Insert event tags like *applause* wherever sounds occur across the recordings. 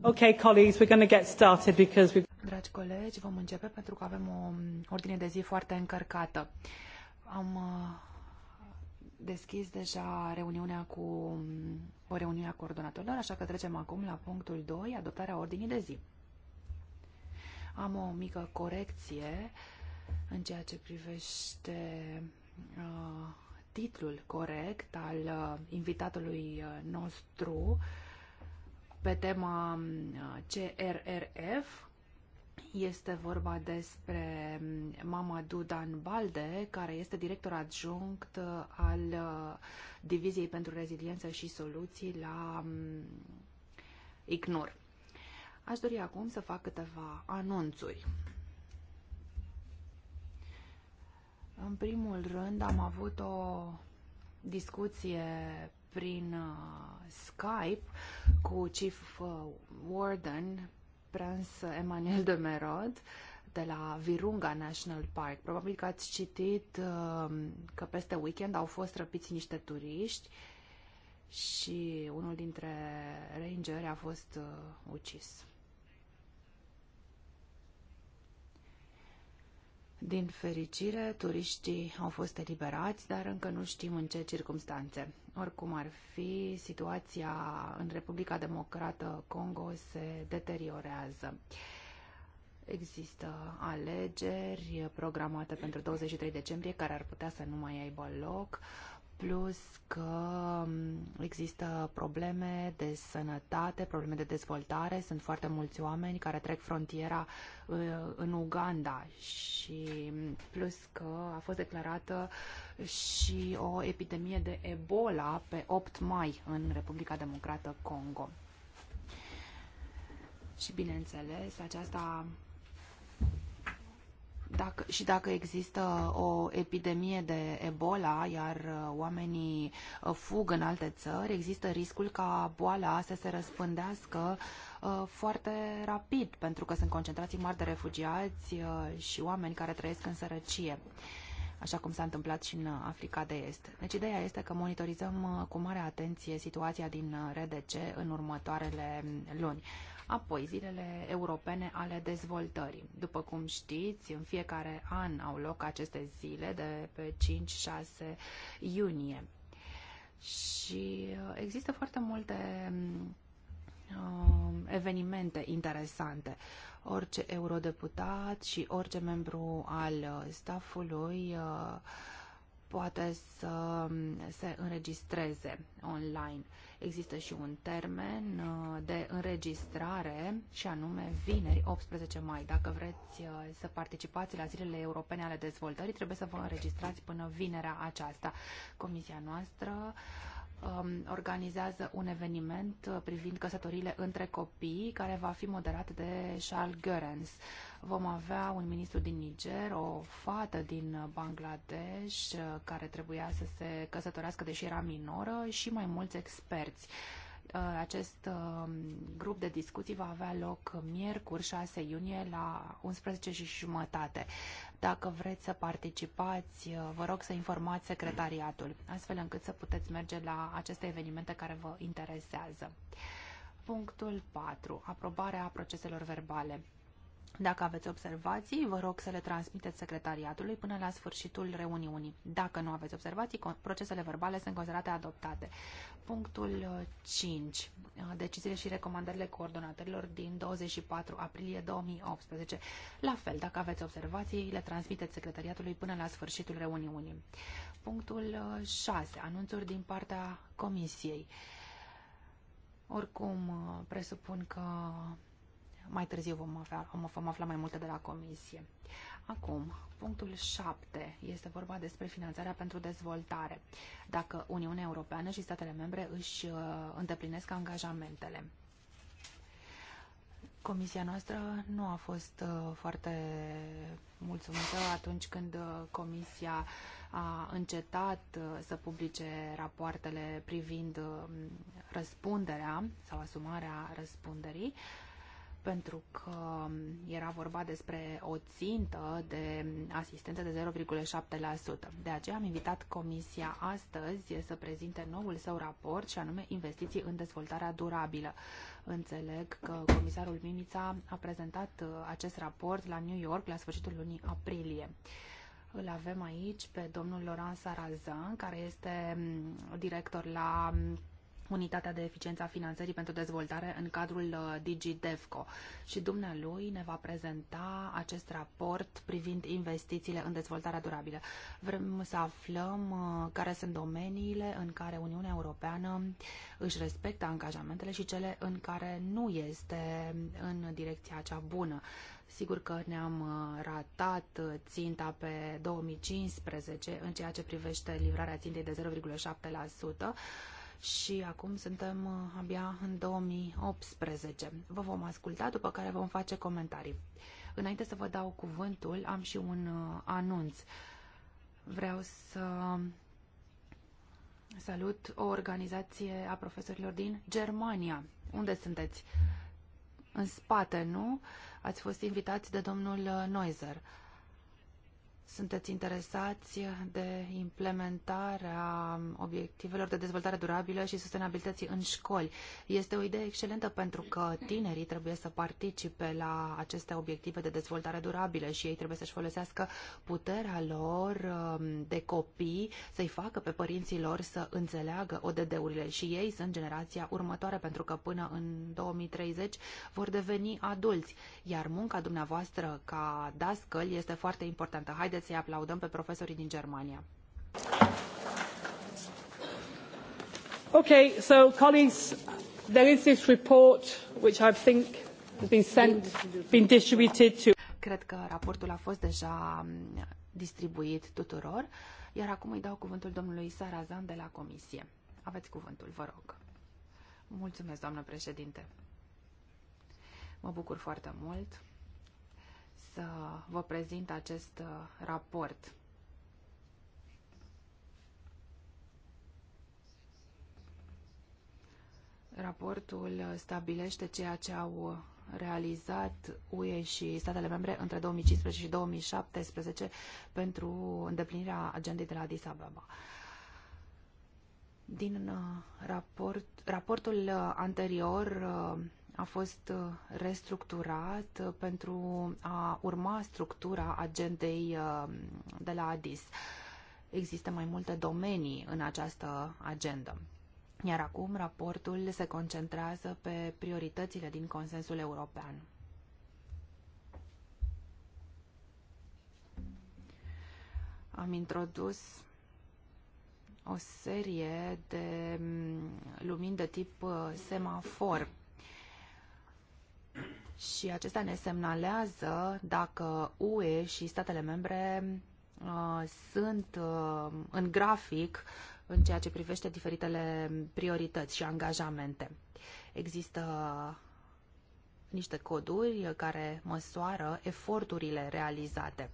Okay, colleagues, we're going to get started because we... Dragi colegi, vom începe pentru că avem o ordine de zi foarte încărcată. Am uh, deschis deja reuniunea cu o reuniune a coordonatorilor, așa că trecem acum la punctul 2, adoptarea ordinii de zi. Am o mică corecție în ceea ce privește uh, titlul corect al uh, invitatului uh, nostru uh, pe tema uh, CRRF. Este vorba despre mm, Mama Dudan Balde, care este director adjunct uh, al uh, Diviziei pentru Reziliență și Soluții la mm, ICNUR. Aș dori acum să fac câteva anunțuri. În primul rând am avut o discuție prin uh, Skype cu Chief uh, Warden Prins Emanuel de Merod de la Virunga National Park. Probabil că ați citit um, că peste weekend au fost răpiți niște turiști și unul dintre rangeri a fost uh, ucis. Din fericire, turiștii au fost eliberați, dar încă nu știm în ce circunstanțe. Oricum ar fi, situația în Republica Democrată Congo se deteriorează. Există alegeri programate pentru 23 decembrie care ar putea să nu mai aibă loc plus că um, există probleme de sănătate, probleme de dezvoltare. Sunt foarte mulți oameni care trec frontiera uh, în Uganda și um, plus că a fost declarată și o epidemie de Ebola pe 8 mai în Republica Democrată Congo. Și bineînțeles, aceasta dacă, și dacă există o epidemie de Ebola, iar uh, oamenii uh, fug în alte țări, există riscul ca boala să se răspândească uh, foarte rapid, pentru că sunt concentrații mari de refugiați și oameni care trăiesc în sărăcie așa cum s-a întâmplat și în Africa de Est. Deci ideea este că monitorizăm cu mare atenție situația din RDC în următoarele mm, luni. Apoi, zilele europene ale dezvoltării. După cum știți, în fiecare an au loc aceste zile de pe 5-6 iunie. Și uh, există foarte multe um, uh, evenimente interesante. Orice eurodeputat și orice membru al uh, staffului poate să um, se înregistreze online. Există și un termen uh, de înregistrare și anume vineri 18 mai. Dacă vreți uh, să participați la zilele europene ale dezvoltării, trebuie să vă înregistrați până vinerea aceasta. Comisia noastră uh, um, organizează un eveniment uh, privind căsătorile între copii, care va fi moderat de Charles Görens. Vom avea un ministru din Niger, o fată din Bangladesh, uh, care trebuia să se căsătorească deși era minoră, și mai mulți experți. Uh, acest um, grup de discuții va avea loc miercuri 6 iunie la 11 și jumătate. Dacă vreți să participați, uh, vă rog să informați secretariatul, astfel încât să puteți merge la aceste evenimente care vă interesează. Punctul 4. Aprobarea proceselor verbale. Dacă aveți observații, vă rog să le transmiteți secretariatului până la sfârșitul reuniunii. Dacă nu aveți observații, procesele verbale sunt considerate adoptate. Punctul 5. Uh, uh, deciziile și recomandările coordonatorilor din 24 aprilie 2018. La fel, dacă aveți observații, le transmiteți secretariatului până la sfârșitul reuniunii. Punctul 6. Uh, anunțuri din partea Comisiei. Oricum, presupun că mai târziu vom afla, vom afla mai multe de la comisie. Acum, punctul 7 este vorba despre finanțarea pentru dezvoltare. Dacă Uniunea Europeană și statele membre își uh, îndeplinesc angajamentele. Comisia noastră nu a fost uh, foarte mulțumită atunci când uh, Comisia a încetat să publice rapoartele privind răspunderea sau asumarea răspunderii pentru că era vorba despre o țintă de asistență de 0,7%. De aceea am invitat Comisia astăzi să prezinte noul său raport și anume investiții în dezvoltarea durabilă. Înțeleg că comisarul Mimița a prezentat acest raport la New York la sfârșitul lunii aprilie. Îl avem aici pe domnul Laurent Sarazan, care este director la Unitatea de Eficiență a Finanțării pentru Dezvoltare în cadrul uh, DigiDevco și dumnealui ne va prezenta acest raport privind investițiile în dezvoltarea durabilă. Vrem să aflăm uh, care sunt domeniile în care Uniunea Europeană își respectă angajamentele și cele în care nu este în direcția cea bună. Sigur că ne-am uh, ratat ținta pe 2015 în ceea ce privește livrarea țintei de 0,7%, și acum suntem uh, abia în 2018. Vă vom asculta, după care vom face comentarii. Înainte să vă dau cuvântul, am și un uh, anunț. Vreau să salut o organizație a profesorilor din Germania. Unde sunteți? În spate, nu? Ați fost invitați de domnul uh, Neuser sunteți interesați de implementarea obiectivelor de dezvoltare durabilă și sustenabilității în școli. Este o idee excelentă pentru că tinerii trebuie să participe la aceste obiective de dezvoltare durabilă și ei trebuie să-și folosească puterea lor um, de copii, să-i facă pe părinții lor să înțeleagă ODD-urile și ei sunt generația următoare pentru că până în 2030 vor deveni adulți, iar munca dumneavoastră ca dascăl este foarte importantă. Haideți Haideți să-i aplaudăm pe profesorii din Germania. Okay, so colleagues, there is this report which I think has been sent, been distributed to... Cred că raportul a fost deja um, distribuit tuturor, iar acum îi dau cuvântul domnului Sarazan de la Comisie. Aveți cuvântul, vă rog. Mulțumesc, doamnă președinte. Mă bucur foarte mult să vă prezint acest uh, raport. Raportul stabilește ceea ce au realizat UE și statele membre între 2015 și 2017 pentru îndeplinirea agendei de la Addis Ababa. Din uh, raport, raportul uh, anterior a fost uh, restructurat uh, pentru a urma structura agendei uh, de la ADIS. Există mai multe domenii în această agendă. Iar acum raportul se concentrează pe prioritățile din consensul european. Am introdus o serie de mm, lumini de tip semafor și acesta ne semnalează dacă UE și statele membre uh, sunt uh, în grafic în ceea ce privește diferitele priorități și angajamente. Există niște coduri care măsoară eforturile realizate.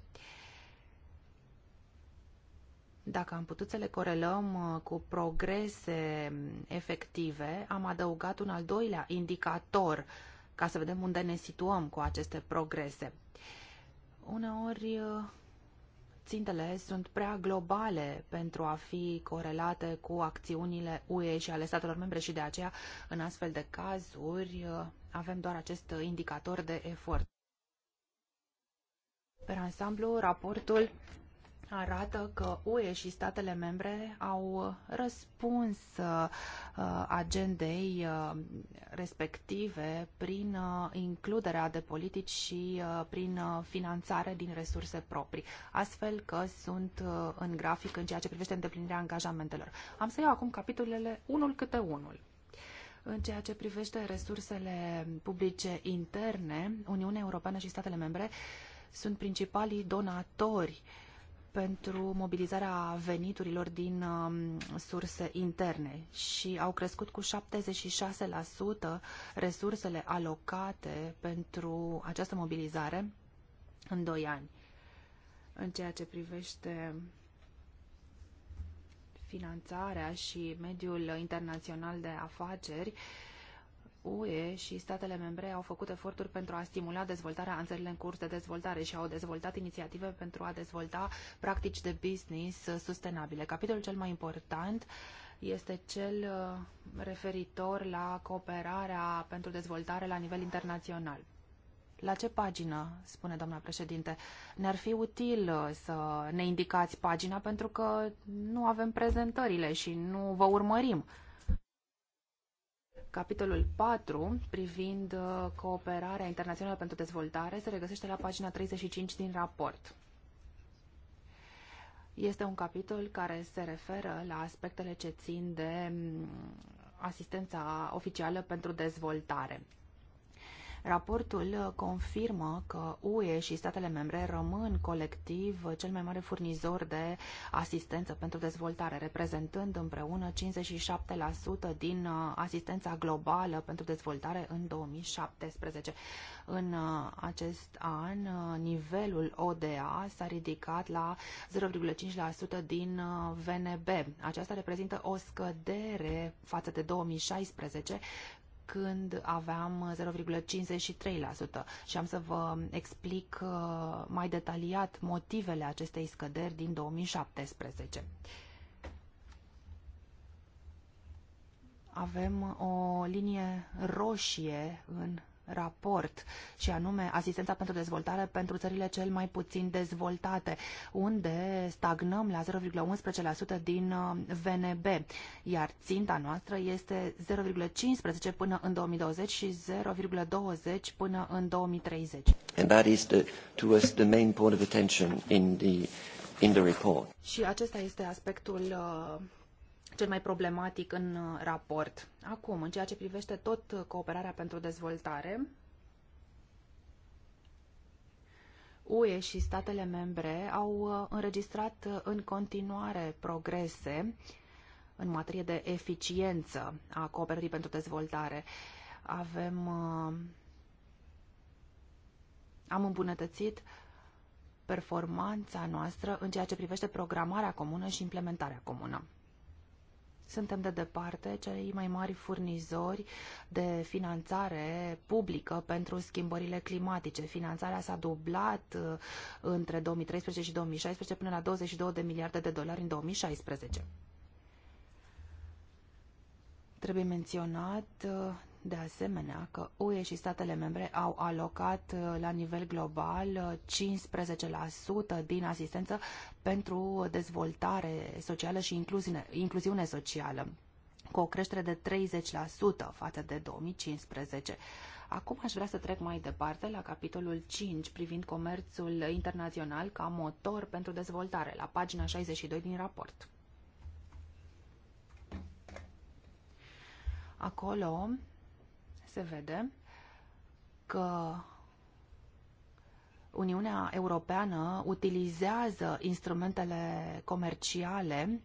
Dacă am putut să le corelăm uh, cu progrese efective, am adăugat un al doilea indicator uh, ca să vedem unde ne situăm cu aceste progrese. Uneori uh, țintele sunt prea globale pentru a fi corelate cu acțiunile UE și ale statelor membre și de aceea, în astfel de cazuri, uh, avem doar acest indicator de efort. Per ansamblu, raportul arată că UE și statele membre au răspuns uh, agendei uh, respective prin uh, includerea de politici și prin finanțare din resurse proprii, astfel că sunt în grafic în ceea ce privește îndeplinirea angajamentelor. Am să iau acum capitolele unul câte unul. În ceea ce privește resursele publice interne, Uniunea Europeană și statele membre sunt principalii donatori uh, pentru mobilizarea veniturilor din um, surse interne și au crescut cu 76% resursele alocate pentru această mobilizare în 2 ani. În ceea ce privește finanțarea și mediul internațional de afaceri, uh, UE și statele membre au făcut eforturi pentru a stimula dezvoltarea în țările în curs de dezvoltare și au dezvoltat inițiative pentru a dezvolta practici de business sustenabile. Capitolul cel mai important este cel uh, referitor la cooperarea pentru dezvoltare la nivel internațional. La ce pagină, spune doamna președinte, ne-ar fi util uh, să ne indicați pagina pentru că nu avem prezentările și nu vă urmărim. Capitolul 4, privind uh, cooperarea internațională pentru dezvoltare, se regăsește la pagina 35 din raport. Este un capitol care se referă la aspectele ce țin de mm, asistența oficială pentru dezvoltare. Raportul uh, confirmă că UE și statele membre rămân colectiv uh, cel mai mare furnizor de asistență pentru dezvoltare, reprezentând împreună 57% din uh, asistența globală pentru dezvoltare în 2017. În acest an, nivelul ODA s-a ridicat la 0,5% din VNB. Aceasta reprezintă o scădere față de 2016, când aveam 0,53% uh, și am să vă explic uh, mai detaliat motivele acestei scăderi din 2017. Avem uh, o linie roșie în raport, și anume asistența pentru dezvoltare pentru țările cel mai puțin dezvoltate, unde stagnăm la 0,11% din uh, VNB, iar ținta noastră este 0,15 până în 2020 și 0,20 până în 2030. And that is the, to us the main point of attention in the, in the report. Și acesta este aspectul uh, cel mai problematic în uh, raport. Acum, în ceea ce privește tot cooperarea pentru dezvoltare, UE și statele membre au uh, înregistrat uh, în continuare progrese în materie de eficiență a cooperării pentru dezvoltare. Avem am îmbunătățit performanța noastră în ceea ce privește programarea comună și implementarea comună. Suntem de departe cei mai mari furnizori de finanțare publică pentru schimbările climatice. Finanțarea s-a dublat uh, între 2013 și 2016 până la 22 de miliarde de dolari în 2016. Trebuie menționat uh, de asemenea că UE și statele membre au alocat uh, la nivel global 15% din asistență pentru dezvoltare socială și incluziune, socială, cu o creștere de 30% față de 2015. Acum aș vrea să trec mai departe la capitolul 5 privind comerțul internațional ca motor pentru dezvoltare, la pagina 62 din raport. Acolo se vede că Uniunea Europeană utilizează instrumentele comerciale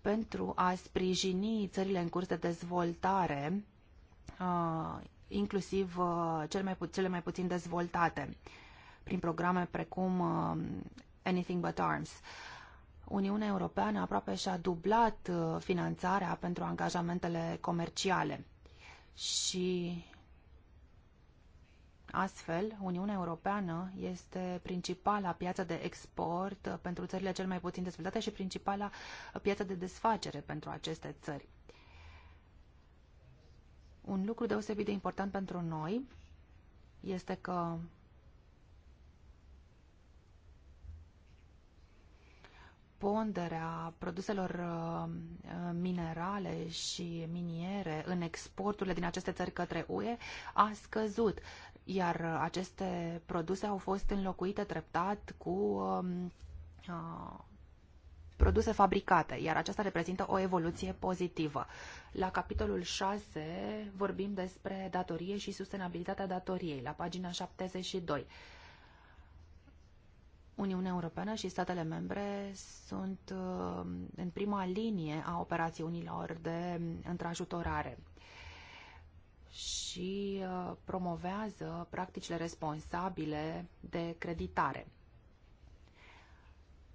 pentru a sprijini țările în curs de dezvoltare, inclusiv cele mai, pu- cele mai puțin dezvoltate, prin programe precum Anything But Arms. Uniunea Europeană aproape și-a dublat finanțarea pentru angajamentele comerciale și Astfel, Uniunea Europeană este principala piață de export pentru țările cel mai puțin dezvoltate și principala piață de desfacere pentru aceste țări. Un lucru deosebit de important pentru noi este că ponderea produselor uh, minerale și miniere în exporturile din aceste țări către UE a scăzut, iar aceste produse au fost înlocuite treptat cu um, uh, produse fabricate, iar aceasta reprezintă o evoluție pozitivă. La capitolul 6 vorbim despre datorie și sustenabilitatea datoriei, la pagina 72. Uniunea Europeană și statele membre sunt uh, în prima linie a operațiunilor de întrajutorare și uh, promovează practicile responsabile de creditare.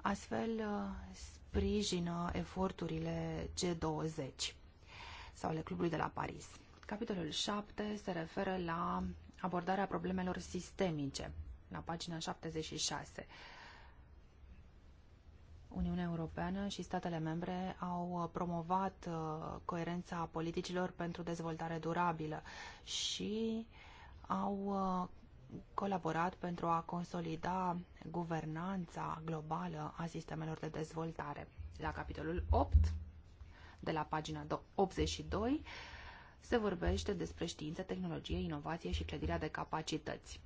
Astfel, uh, sprijină eforturile G20 sau ale Clubului de la Paris. Capitolul 7 se referă la abordarea problemelor sistemice, la pagina 76. Uniunea Europeană și statele membre au uh, promovat uh, coerența politicilor pentru dezvoltare durabilă și au uh, colaborat pentru a consolida guvernanța globală a sistemelor de dezvoltare. La capitolul 8, de la pagina 82, se vorbește despre știință, tehnologie, inovație și clădirea de capacități.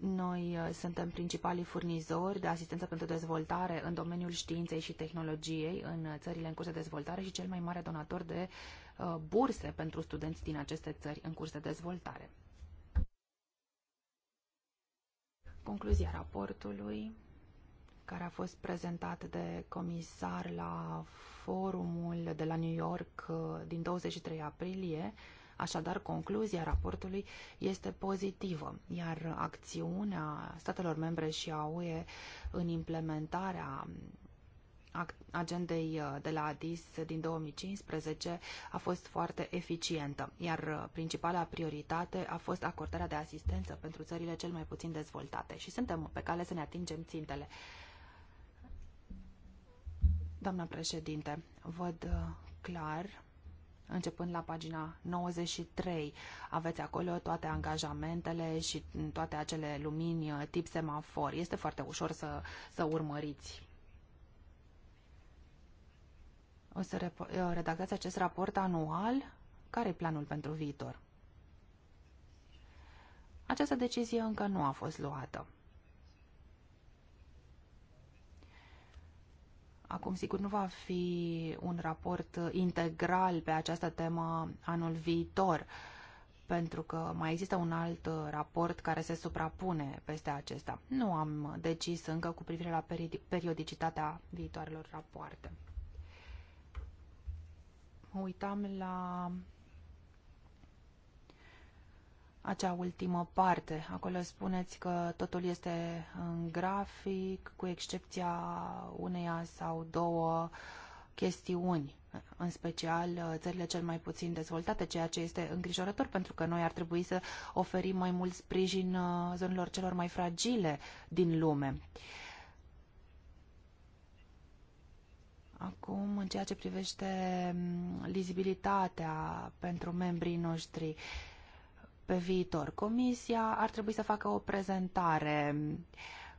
Noi uh, suntem principalii furnizori de asistență pentru dezvoltare în domeniul științei și tehnologiei în uh, țările în curs de dezvoltare și cel mai mare donator de uh, burse pentru studenți din aceste țări în curs de dezvoltare. Concluzia raportului care a fost prezentat de comisar la forumul de la New York din 23 aprilie Așadar, concluzia raportului este pozitivă, iar acțiunea statelor membre și a UE în implementarea agendei uh, de la Adis din 2015 a fost foarte eficientă, iar uh, principala prioritate a fost acordarea de asistență pentru țările cel mai puțin dezvoltate și suntem pe cale să ne atingem țintele. Doamna președinte, văd uh, clar începând la pagina 93. Aveți acolo toate angajamentele și toate acele lumini uh, tip semafor. Este foarte ușor să, să urmăriți. O să uh, redactați acest raport anual? Care e planul pentru viitor? Această decizie încă nu a fost luată. Acum, sigur, nu va fi un raport integral pe această temă anul viitor, pentru că mai există un alt raport care se suprapune peste acesta. Nu am decis încă cu privire la periodicitatea viitoarelor rapoarte. Mă uitam la acea ultimă parte. Acolo spuneți că totul este în grafic, cu excepția uneia sau două chestiuni, în special uh, țările cel mai puțin dezvoltate, ceea ce este îngrijorător pentru că noi ar trebui să oferim mai mult sprijin uh, zonelor celor mai fragile din lume. Acum, în ceea ce privește mm, lizibilitatea pentru membrii noștri, uh, pe viitor. Comisia ar trebui să facă o prezentare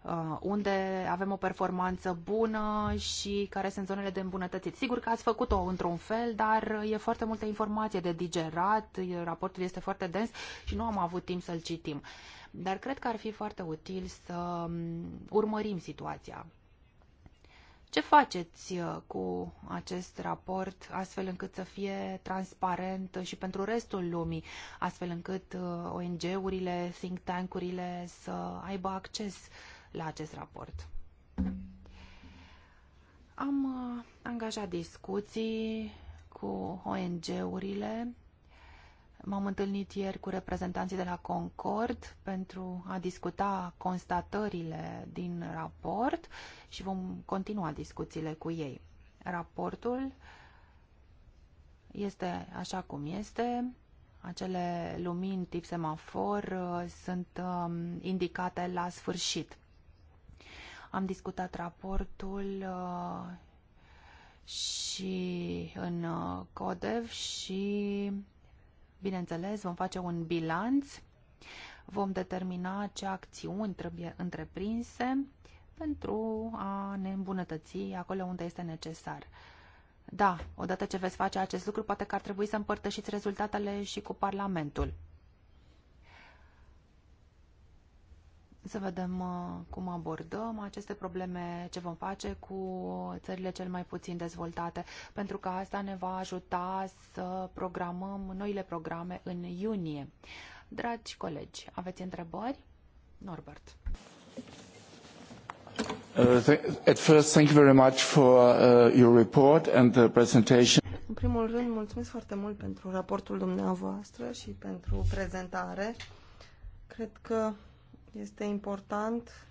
uh, unde avem o performanță bună și care sunt zonele de îmbunătățit. Sigur că ați făcut-o într-un fel, dar e foarte multă informație de digerat, raportul este foarte dens și nu am avut timp să-l citim. Dar cred că ar fi foarte util să um, urmărim situația ce faceți uh, cu acest raport astfel încât să fie transparent și pentru restul lumii, astfel încât uh, ONG-urile, think tank-urile să aibă acces la acest raport? Am uh, angajat discuții cu ONG-urile M-am întâlnit ieri cu reprezentanții de la Concord pentru a discuta constatările din raport și vom continua discuțiile cu ei. Raportul este așa cum este. Acele lumini tip semafor uh, sunt um, indicate la sfârșit. Am discutat raportul uh, și în uh, CODEV și Bineînțeles, vom face un bilanț, vom determina ce acțiuni trebuie întreprinse pentru a ne îmbunătăți acolo unde este necesar. Da, odată ce veți face acest lucru, poate că ar trebui să împărtășiți rezultatele și cu Parlamentul. să vedem uh, cum abordăm aceste probleme, ce vom face cu țările cel mai puțin dezvoltate, pentru că asta ne va ajuta să programăm noile programe în iunie. Dragi colegi, aveți întrebări? Norbert. Uh, at first, thank you very much for uh, your report and the presentation. În primul rând, mulțumesc foarte mult pentru raportul dumneavoastră și pentru prezentare. Cred că este important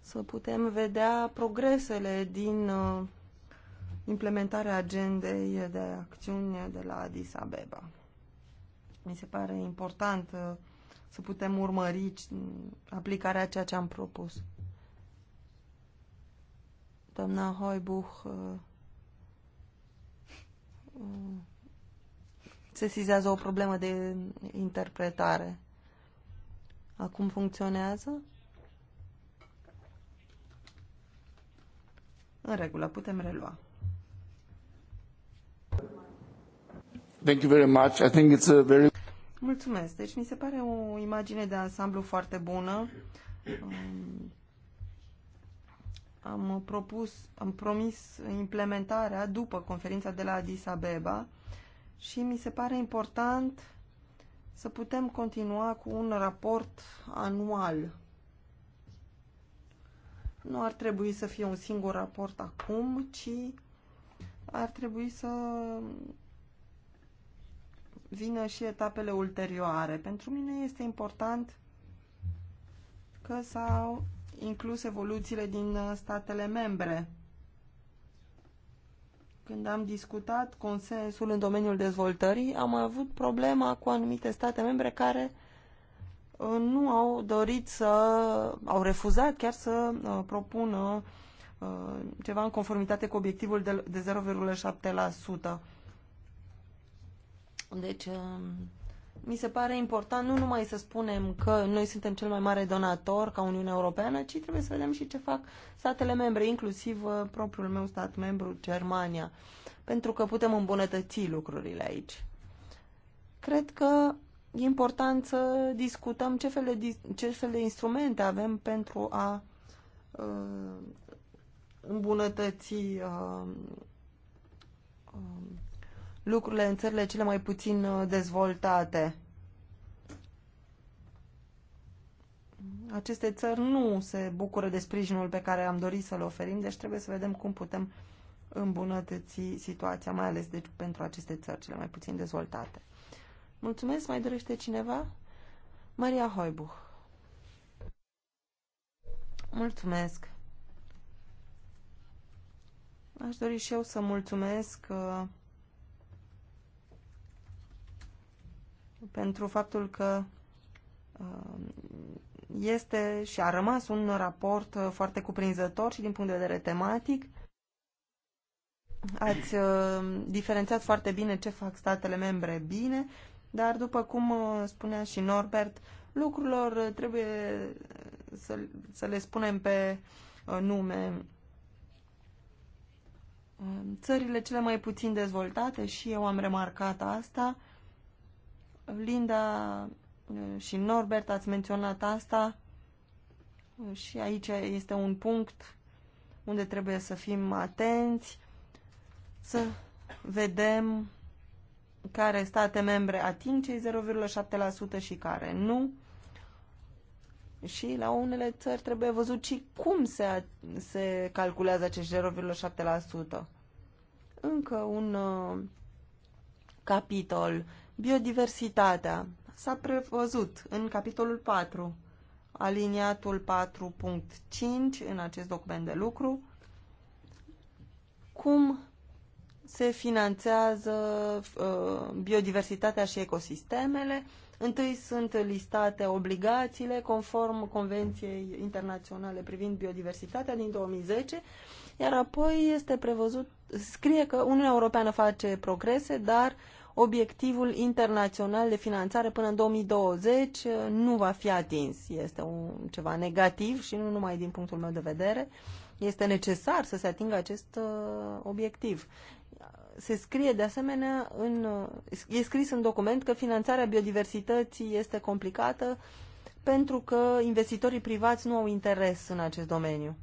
să putem vedea progresele din uh, implementarea agendei de acțiune de la Addis Abeba. Mi se pare important uh, să putem urmări mm, aplicarea ceea ce am propus. Doamna Hoibuch uh, sesizează o problemă de interpretare. Acum funcționează? În regulă, putem relua. Thank you very much. I think it's a very... Mulțumesc. Deci mi se pare o imagine de ansamblu foarte bună. Um, am propus, am promis implementarea după conferința de la Addis Abeba și mi se pare important să putem continua cu un raport anual. Nu ar trebui să fie un singur raport acum, ci ar trebui să vină și etapele ulterioare. Pentru mine este important că s-au inclus evoluțiile din statele membre. Când am discutat consensul în domeniul dezvoltării, am avut problema cu anumite state membre care uh, nu au dorit să, au refuzat chiar să uh, propună uh, ceva în conformitate cu obiectivul de 0,7%. Deci, um, mi se pare important nu numai să spunem că noi suntem cel mai mare donator ca Uniunea Europeană, ci trebuie să vedem și ce fac statele membre, inclusiv uh, propriul meu stat membru, Germania, pentru că putem îmbunătăți lucrurile aici. Cred că e important să discutăm ce fel de, ce fel de instrumente avem pentru a uh, îmbunătăți uh, uh, lucrurile în țările cele mai puțin uh, dezvoltate. Aceste țări nu se bucură de sprijinul pe care am dorit să-l oferim, deci trebuie să vedem cum putem îmbunătăți situația, mai ales deci, pentru aceste țări cele mai puțin dezvoltate. Mulțumesc, mai dorește cineva? Maria Hoibuch. Mulțumesc. Aș dori și eu să mulțumesc uh, pentru faptul că uh, este și a rămas un raport uh, foarte cuprinzător și din punct de vedere tematic. Ați uh, diferențiat foarte bine ce fac statele membre bine, dar după cum spunea și Norbert, lucrurilor trebuie să, să le spunem pe nume. Țările cele mai puțin dezvoltate, și eu am remarcat asta, Linda uh, și Norbert ați menționat asta uh, și aici este un punct unde trebuie să fim atenți, să vedem care state membre ating cei 0,7% și care nu. Și la unele țări trebuie văzut și cum se, se calculează acești 0,7%. Încă un uh, capitol Biodiversitatea. S-a prevăzut în capitolul 4, aliniatul 4.5 în acest document de lucru, cum se finanțează uh, biodiversitatea și ecosistemele. Întâi sunt listate obligațiile conform Convenției Internaționale privind biodiversitatea din 2010, iar apoi este prevăzut, scrie că Uniunea Europeană face progrese, dar obiectivul internațional de finanțare până în 2020 uh, nu va fi atins. Este un, ceva negativ și nu numai din punctul meu de vedere. Este necesar să se atingă acest uh, obiectiv. Se scrie de asemenea în, uh, e scris în document că finanțarea biodiversității este complicată pentru că investitorii privați nu au interes în acest domeniu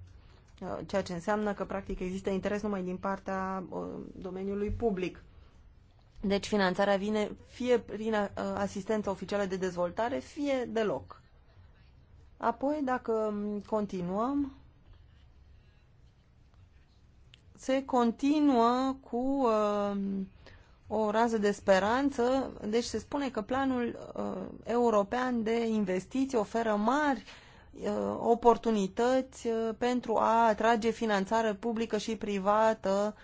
uh, ceea ce înseamnă că practic există interes numai din partea domeniului public. Deci finanțarea vine fie prin uh, asistența oficială de dezvoltare, fie deloc. Apoi, dacă um, continuăm, se continuă cu uh, o rază de speranță. Deci se spune că planul uh, european de investiții oferă mari uh, oportunități uh, pentru a atrage finanțare publică și privată uh,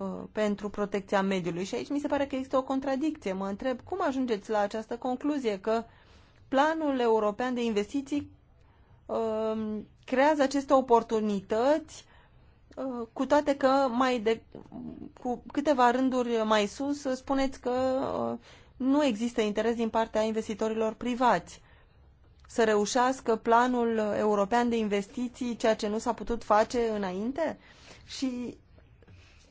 Uh, pentru protecția mediului. Și aici mi se pare că există o contradicție. Mă întreb cum ajungeți la această concluzie că planul european de investiții uh, creează aceste oportunități uh, cu toate că mai de, cu câteva rânduri mai sus spuneți că uh, nu există interes din partea investitorilor privați să reușească planul european de investiții, ceea ce nu s-a putut face înainte? Și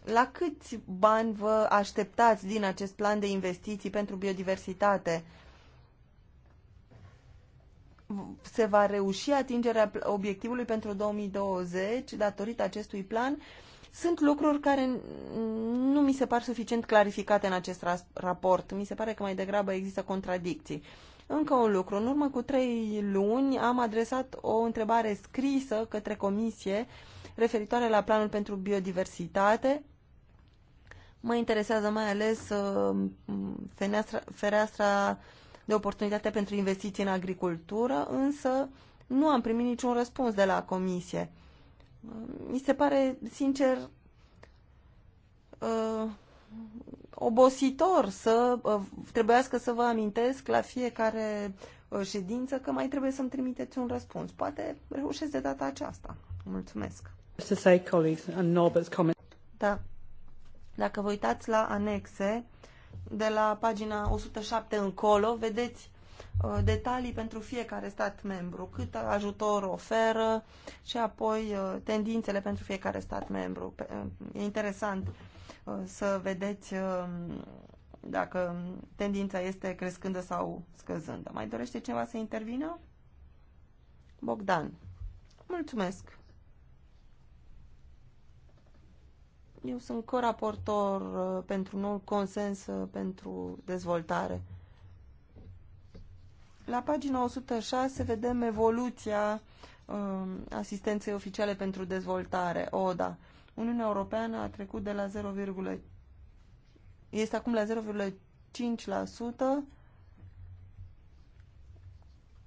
la câți bani vă așteptați din acest plan de investiții pentru biodiversitate? Se va reuși atingerea obiectivului pentru 2020 datorită acestui plan? Sunt lucruri care nu mi se par suficient clarificate în acest raport. Mi se pare că mai degrabă există contradicții. Încă un lucru. În urmă cu trei luni am adresat o întrebare scrisă către comisie referitoare la planul pentru biodiversitate Mă interesează mai ales uh, fereastra, fereastra de oportunitate pentru investiții în agricultură, însă nu am primit niciun răspuns de la comisie. Mi se pare, sincer, uh, obositor să uh, trebuiască să vă amintesc la fiecare ședință că mai trebuie să-mi trimiteți un răspuns. Poate reușesc de data aceasta. Mulțumesc. Da, dacă vă uitați la anexe, de la pagina 107 încolo, vedeți uh, detalii pentru fiecare stat membru, cât ajutor oferă și apoi uh, tendințele pentru fiecare stat membru. Uh, e interesant să vedeți um, dacă tendința este crescândă sau scăzândă. Mai dorește ceva să intervină? Bogdan. Mulțumesc. Eu sunt coraportor uh, pentru noul consens uh, pentru dezvoltare. La pagina 106 vedem evoluția um, asistenței oficiale pentru dezvoltare, ODA. Uniunea Europeană a trecut de la 0, este acum la 0,5%,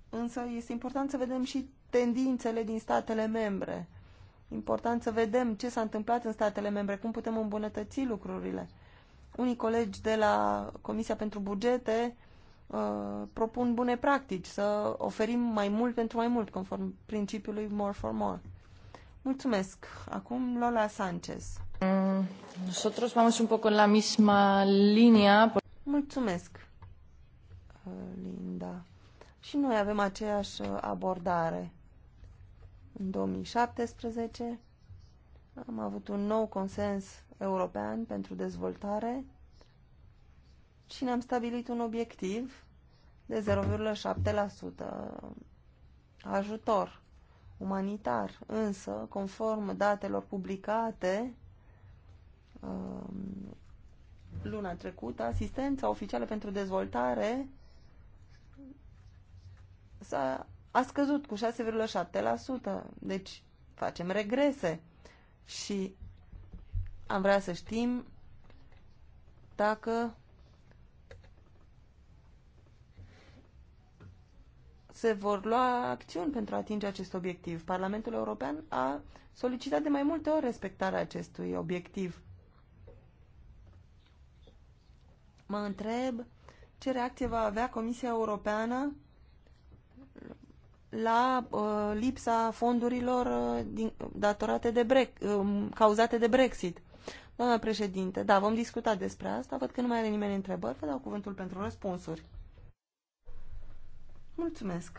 însă este important să vedem și tendințele din statele membre important să vedem ce s-a întâmplat în statele membre, cum putem îmbunătăți lucrurile. Unii colegi de la Comisia pentru Bugete uh, propun bune practici, să oferim mai mult pentru mai mult, conform principiului more for more. Mulțumesc. Acum Lola Sanchez. Mm, nosotros vamos un poco en la misma línea. Mulțumesc, uh, Linda. Și noi avem aceeași uh, abordare în 2017 am avut un nou consens european pentru dezvoltare și ne-am stabilit un obiectiv de 0,7% ajutor umanitar. Însă, conform datelor publicate um, luna trecută, asistența oficială pentru dezvoltare s-a a scăzut cu 6,7%. Deci facem regrese și am vrea să știm dacă se vor lua acțiuni pentru a atinge acest obiectiv. Parlamentul European a solicitat de mai multe ori respectarea acestui obiectiv. Mă întreb ce reacție va avea Comisia Europeană la uh, lipsa fondurilor uh, din, datorate de brec, uh, um, cauzate de Brexit. Doamna președinte, da, vom discuta despre asta. Văd că nu mai are nimeni întrebări. Vă dau cuvântul pentru răspunsuri. Mulțumesc.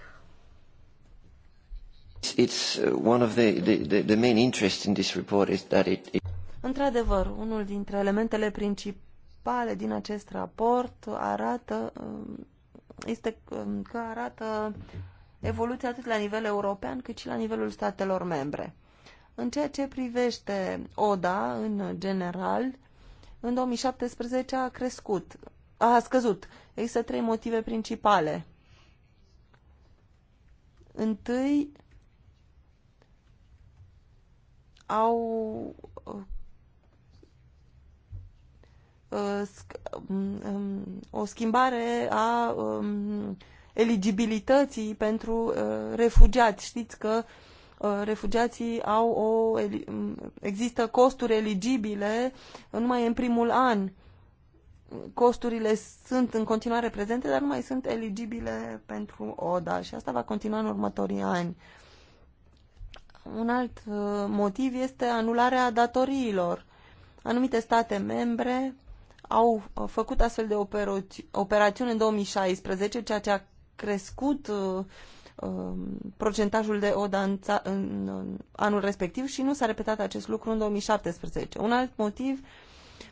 It's uh, one of the, the, the main interest in this report is that it, it... Într-adevăr, unul dintre elementele principale din acest raport arată um, este um, că arată evoluție atât la nivel european cât și la nivelul statelor membre. În ceea ce privește ODA, în general, în 2017 a crescut, a scăzut. Există trei motive principale. Întâi, au uh, um, um, o schimbare a um, eligibilității pentru uh, refugiați. Știți că uh, refugiații au o, mm, există costuri eligibile numai în primul an. Costurile sunt în continuare prezente, dar nu mai sunt eligibile pentru ODA și asta va continua în următorii ani. Un alt uh, motiv este anularea datoriilor. Anumite state membre au făcut astfel de operațiuni în 2016, ceea ce a crescut uh, um, procentajul de ODA în, în anul respectiv și nu s-a repetat acest lucru în 2017. Un alt motiv,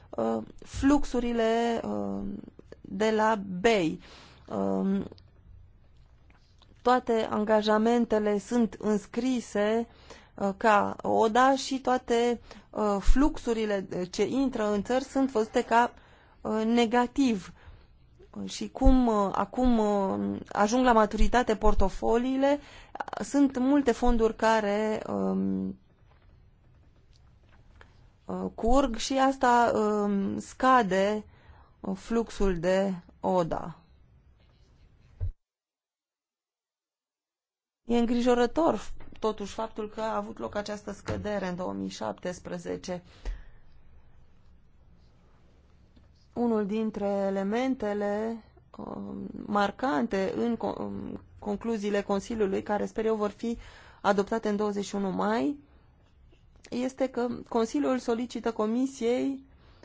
uh, fluxurile um, de la BEI. Um, toate angajamentele sunt înscrise uh, ca ODA și toate fluxurile ce intră în țări sunt văzute ca negativ și cum uh, acum uh, ajung la maturitate portofoliile, sunt multe fonduri care um, uh, curg și asta um, scade fluxul de ODA. E îngrijorător totuși faptul că a avut loc această scădere în 2017 unul dintre elementele um, marcante în um, concluziile Consiliului, care sper eu vor fi adoptate în 21 mai, este că Consiliul solicită Comisiei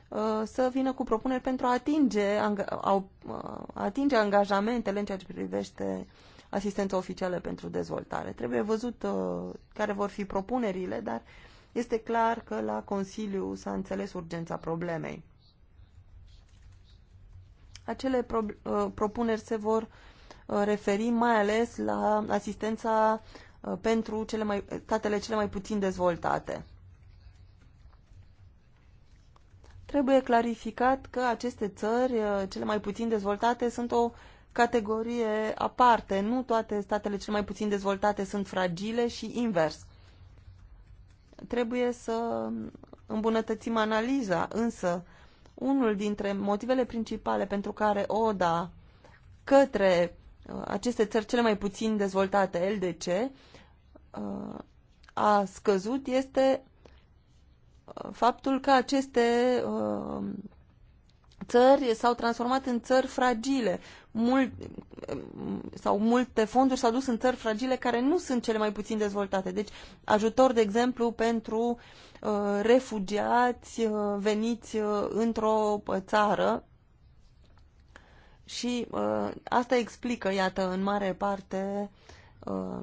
uh, să vină cu propuneri pentru a atinge, a uh, atinge angajamentele în ceea ce privește asistența oficială pentru dezvoltare. Trebuie văzut uh, care vor fi propunerile, dar este clar că la Consiliu s-a înțeles urgența problemei acele pro, uh, propuneri se vor uh, referi mai ales la asistența uh, pentru cele mai, statele cele mai puțin dezvoltate. Trebuie clarificat că aceste țări, uh, cele mai puțin dezvoltate, sunt o categorie aparte. Nu toate statele cele mai puțin dezvoltate sunt fragile și invers. Trebuie să îmbunătățim analiza, însă unul dintre motivele principale pentru care ODA către uh, aceste țări cele mai puțin dezvoltate, LDC, uh, a scăzut este uh, faptul că aceste țări s-au transformat în țări fragile. Mult, sau multe fonduri s-au dus în țări fragile care nu sunt cele mai puțin dezvoltate. Deci ajutor, de exemplu, pentru uh, refugiați uh, veniți uh, într-o uh, țară și uh, asta explică, iată, în mare parte uh,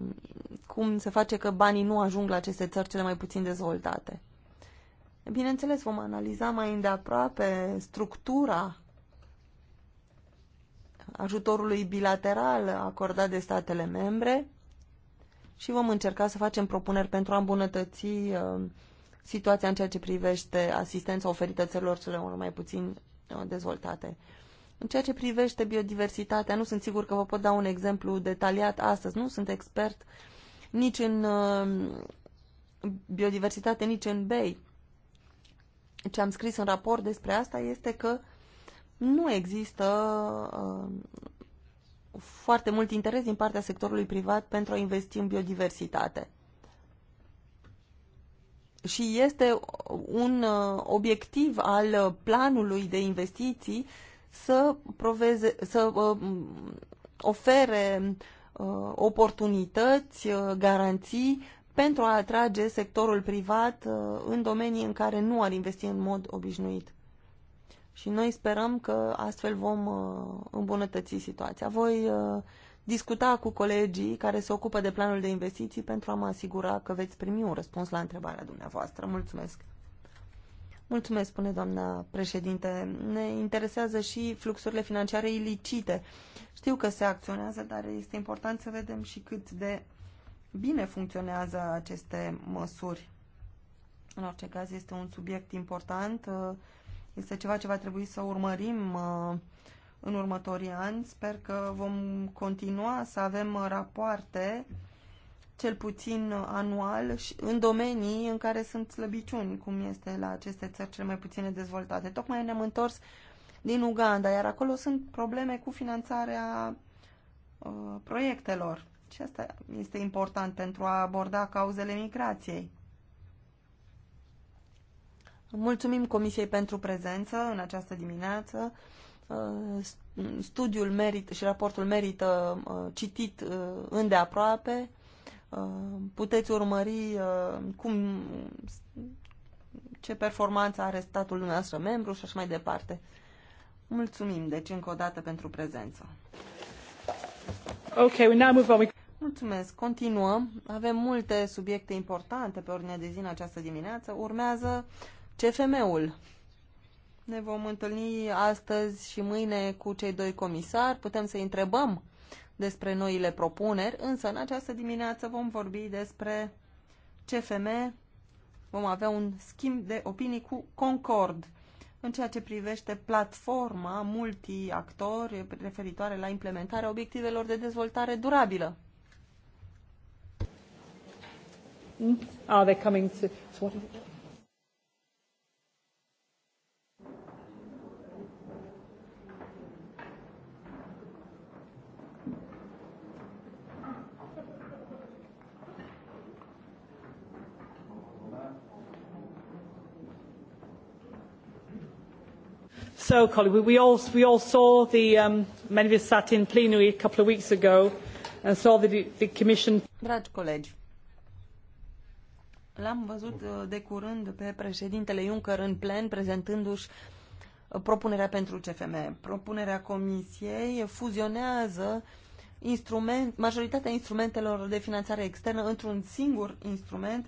cum se face că banii nu ajung la aceste țări cele mai puțin dezvoltate. Bineînțeles, vom analiza mai îndeaproape structura ajutorului bilateral acordat de statele membre și vom încerca să facem propuneri pentru a îmbunătăți uh, situația în ceea ce privește asistența oferită țărilor cele mai puțin uh, dezvoltate. În ceea ce privește biodiversitatea, nu sunt sigur că vă pot da un exemplu detaliat astăzi, nu sunt expert nici în uh, biodiversitate, nici în bei ce am scris în raport despre asta este că nu există uh, foarte mult interes din partea sectorului privat pentru a investi în biodiversitate. Și este un uh, obiectiv al uh, planului de investiții să, proveze, să uh, ofere uh, oportunități, uh, garanții pentru a atrage sectorul privat uh, în domenii în care nu ar investi în mod obișnuit. Și noi sperăm că astfel vom uh, îmbunătăți situația. Voi uh, discuta cu colegii care se ocupă de planul de investiții pentru a mă asigura că veți primi un răspuns la întrebarea dumneavoastră. Mulțumesc! Mulțumesc, spune doamna președinte. Ne interesează și fluxurile financiare ilicite. Știu că se acționează, dar este important să vedem și cât de bine funcționează aceste măsuri. În orice caz, este un subiect important, este ceva ce va trebui să urmărim uh, în următorii ani. Sper că vom continua să avem rapoarte, cel puțin anual, în domenii în care sunt slăbiciuni, cum este la aceste țări cele mai puține dezvoltate. Tocmai ne-am întors din Uganda, iar acolo sunt probleme cu finanțarea uh, proiectelor și asta este important pentru a aborda cauzele migrației. Mulțumim Comisiei pentru prezență în această dimineață. Uh, studiul merit și raportul merită uh, citit uh, îndeaproape. Puteți urmări cum, ce performanță are statul dumneavoastră membru și așa mai departe. Mulțumim, deci, încă o dată pentru prezență. Okay, we now move on. Mulțumesc. Continuăm. Avem multe subiecte importante pe ordinea de zi în această dimineață. Urmează CFM-ul. Ne vom întâlni astăzi și mâine cu cei doi comisari. Putem să întrebăm despre noile propuneri, însă în această dimineață vom vorbi despre CFM. Vom avea un schimb de opinii cu Concord în ceea ce privește platforma multi-actori referitoare la implementarea obiectivelor de dezvoltare durabilă. Hmm? Are they coming to... So what is it? So, colleague, we all, we all saw the, um, many of us sat in plenary a couple of weeks ago and saw the, the Commission. Dragi colegi, L-am văzut uh, de curând pe președintele Juncker în plen prezentându-și uh, propunerea pentru CFM. Propunerea comisiei fuzionează instrument, majoritatea instrumentelor de finanțare externă într-un singur instrument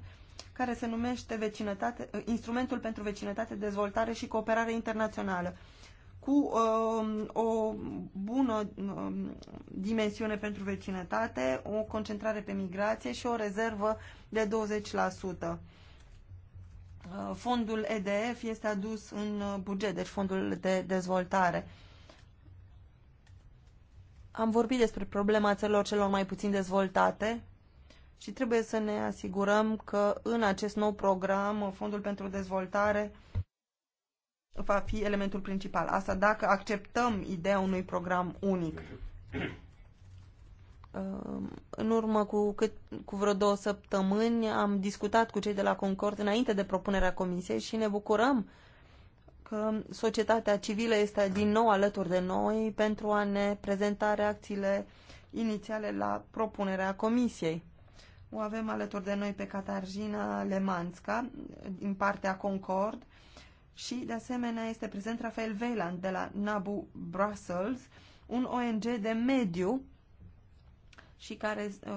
care se numește vecinătate, uh, instrumentul pentru vecinătate, dezvoltare și cooperare internațională cu uh, o bună uh, dimensiune pentru vecinătate, o concentrare pe migrație și o rezervă de 20%. Uh, fondul EDF este adus în uh, buget, deci fondul de dezvoltare. Am vorbit despre problema țărilor celor mai puțin dezvoltate și trebuie să ne asigurăm că în acest nou program, uh, Fondul pentru Dezvoltare, uh, va fi elementul principal. Asta dacă acceptăm ideea unui program unic. Ehm, în urmă cu, cât, cu vreo două săptămâni am discutat cu cei de la Concord înainte de propunerea comisiei și ne bucurăm că societatea civilă este din nou alături de noi pentru a ne prezenta reacțiile inițiale la propunerea comisiei. O avem alături de noi pe Catarina Lemanska din partea Concord, și, de asemenea, este prezent Rafael Veland de la Nabu Brussels, un ONG de mediu și care... Uh,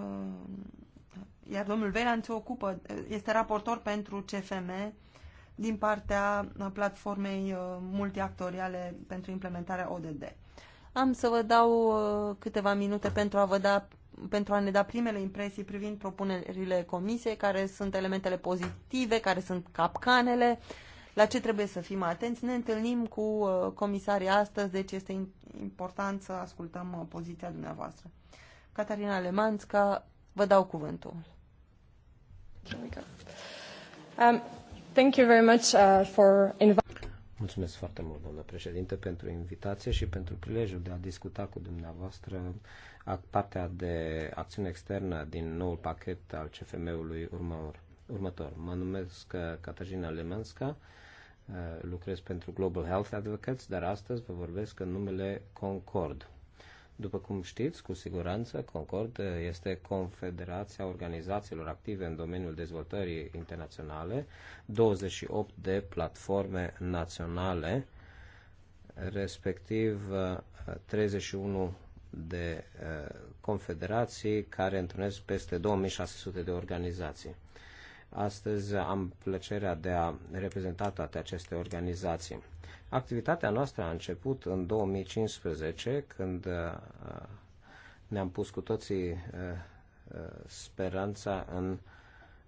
iar domnul Veland se ocupă, este raportor pentru CFM din partea platformei uh, multiactoriale pentru implementarea ODD. Am să vă dau uh, câteva minute pentru a, vă da, pentru a ne da primele impresii privind propunerile comisiei, care sunt elementele pozitive, care sunt capcanele, uh, la ce trebuie să fim atenți. Ne întâlnim cu uh, comisarii astăzi, deci este important să ascultăm uh, poziția dumneavoastră. Catarina Lemanțca, vă dau cuvântul. Um, thank you very much uh, for Mulțumesc foarte mult, doamnă președinte, pentru invitație și pentru prilejul de a discuta cu dumneavoastră partea de acțiune externă din noul pachet al CFM-ului următor. Mă numesc uh, Catarina Lemanska, Eh, lucrez pentru Global Health Advocates, dar astăzi vă vorbesc în numele Concord. După cum știți, cu siguranță, Concord eh, este Confederația Organizațiilor Active în domeniul dezvoltării internaționale, 28 de platforme naționale, respectiv 31 eh, de confederații care întâlnesc peste 2600 de organizații. Astăzi am plăcerea de a reprezenta toate aceste organizații. Activitatea noastră a început în 2015, când uh, ne-am pus cu toții uh, uh, speranța în,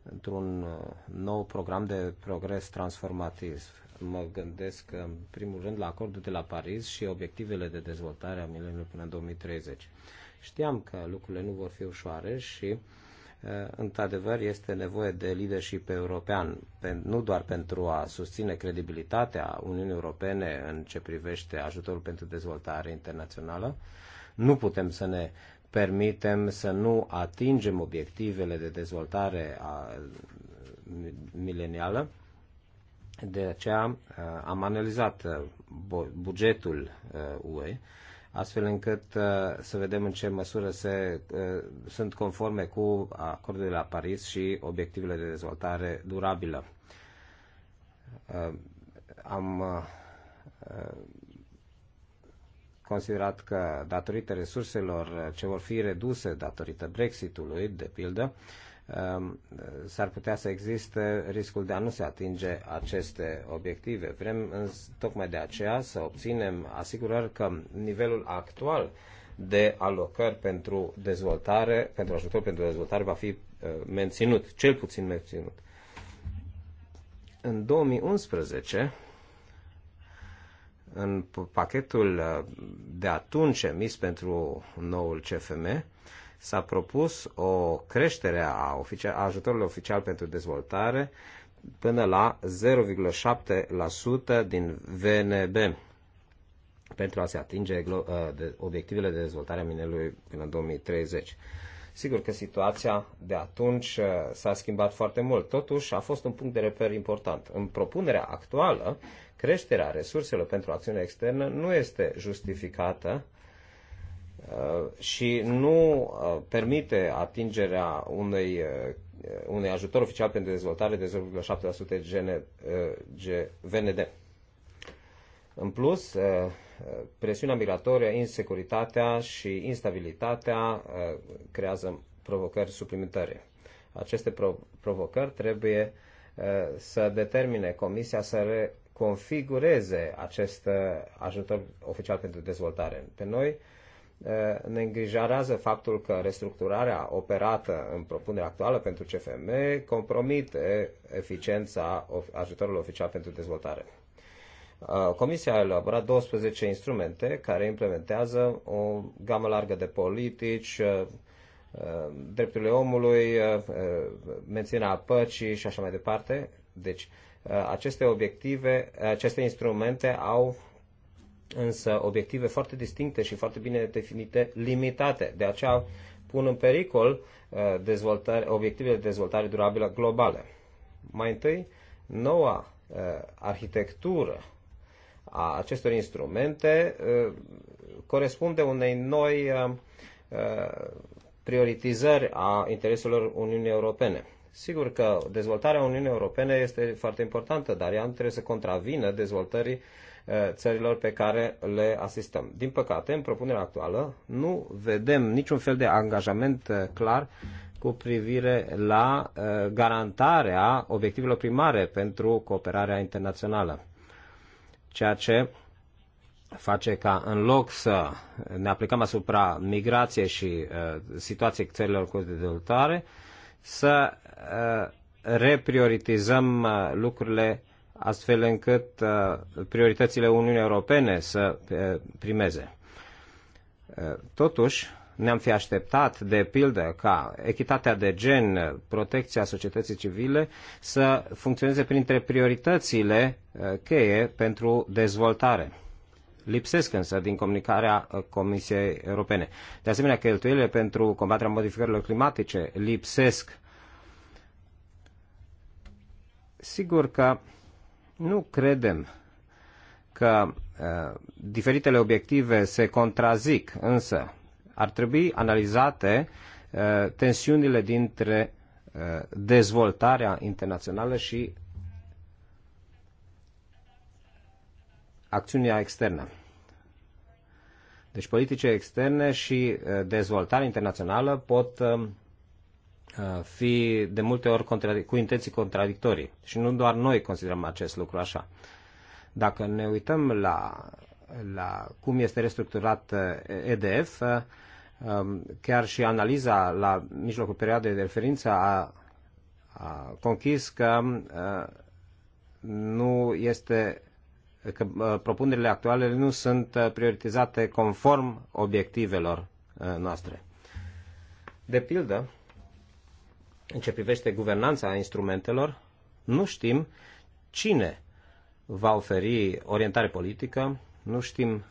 într-un nou program de progres transformativ. Mă gândesc în primul rând la acordul de la Paris și obiectivele de dezvoltare a mileniului până în 2030. Știam că lucrurile nu vor fi ușoare și uh, Eh, într-adevăr, este nevoie de leadership european, nu doar pentru a susține credibilitatea Uniunii Europene în ce privește ajutorul pentru dezvoltare internațională. Nu putem să ne permitem să nu atingem obiectivele de dezvoltare a milenială. De aceea eh, am analizat eh, bugetul UE astfel încât uh, să vedem în ce măsură se, uh, sunt conforme cu acordul de la Paris și obiectivele de dezvoltare durabilă. Uh, am considerat că datorită resurselor ce vor fi reduse datorită Brexitului, de pildă, Um, s-ar putea să existe riscul de a nu se atinge aceste obiective. Vrem tocmai de aceea să obținem asigurări că nivelul actual de alocări pentru dezvoltare, pentru ajutor pentru dezvoltare va fi uh, menținut, cel puțin menținut. În 2011, în pachetul uh, de atunci emis pentru noul CFM, s-a propus o creștere a, oficial, a ajutorului oficial pentru dezvoltare până la 0,7% din VNB pentru a se atinge uh, obiectivele de dezvoltare a minerului până în 2030. Sigur că situația de atunci uh, s-a schimbat foarte mult, totuși a fost un punct de reper important. În propunerea actuală, creșterea resurselor pentru acțiune externă nu este justificată Uh, și nu uh, permite atingerea unei, uh, unei ajutor oficial pentru dezvoltare de 0,7% VND. În plus, presiunea migratorie, insecuritatea și instabilitatea creează provocări suplimentare. Aceste provocări trebuie să determine Comisia să reconfigureze acest ajutor oficial pentru dezvoltare. Pe noi ne îngrijorează faptul că restructurarea operată în propunerea actuală pentru CFM compromite eficiența ajutorului oficial pentru dezvoltare. Comisia a elaborat 12 instrumente care implementează o gamă largă de politici, drepturile omului, menținerea păcii și așa mai departe. Deci, aceste obiective, aceste instrumente au însă obiective foarte distincte și foarte bine definite, limitate. De aceea pun în pericol uh, dezvoltare, obiectivele de dezvoltare durabilă globale. Mai întâi, noua uh, arhitectură a acestor instrumente uh, corespunde unei noi prioritizări a intereselor Uniunii Europene. Sigur că dezvoltarea Uniunii Europene este foarte importantă, dar ea nu trebuie să contravină dezvoltării Eh, țărilor pe care le asistăm. Din păcate, în propunerea actuală, nu vedem niciun fel de angajament eh, clar cu privire la eh, garantarea obiectivelor primare pentru cooperarea internațională. Ceea ce face ca în loc să ne aplicăm asupra migrației și uh, situației țărilor cu dezvoltare, să uh, reprioritizăm uh, lucrurile astfel încât uh, prioritățile Uniunii Europene să uh, primeze. Uh, totuși, ne-am fi așteptat, de pildă, ca echitatea de gen, protecția societății civile să funcționeze printre prioritățile cheie pentru dezvoltare. Lipsesc însă din comunicarea Comisiei Europene. De asemenea, cheltuielile pentru combaterea modificărilor climatice lipsesc. Sigur că nu credem că uh, diferitele obiective se contrazic, însă ar trebui analizate uh, tensiunile dintre uh, dezvoltarea internațională și acțiunea externă. Deci politice externe și dezvoltarea internațională pot fi de multe ori cu intenții contradictorii. Și nu doar noi considerăm acest lucru așa. Dacă ne uităm la, la cum este restructurat EDF, chiar și analiza la mijlocul perioadei de referință a, a conchis că nu este că propunerile actuale nu sunt prioritizate conform obiectivelor noastre. De pildă, în ce privește guvernanța instrumentelor, nu știm cine va oferi orientare politică, nu știm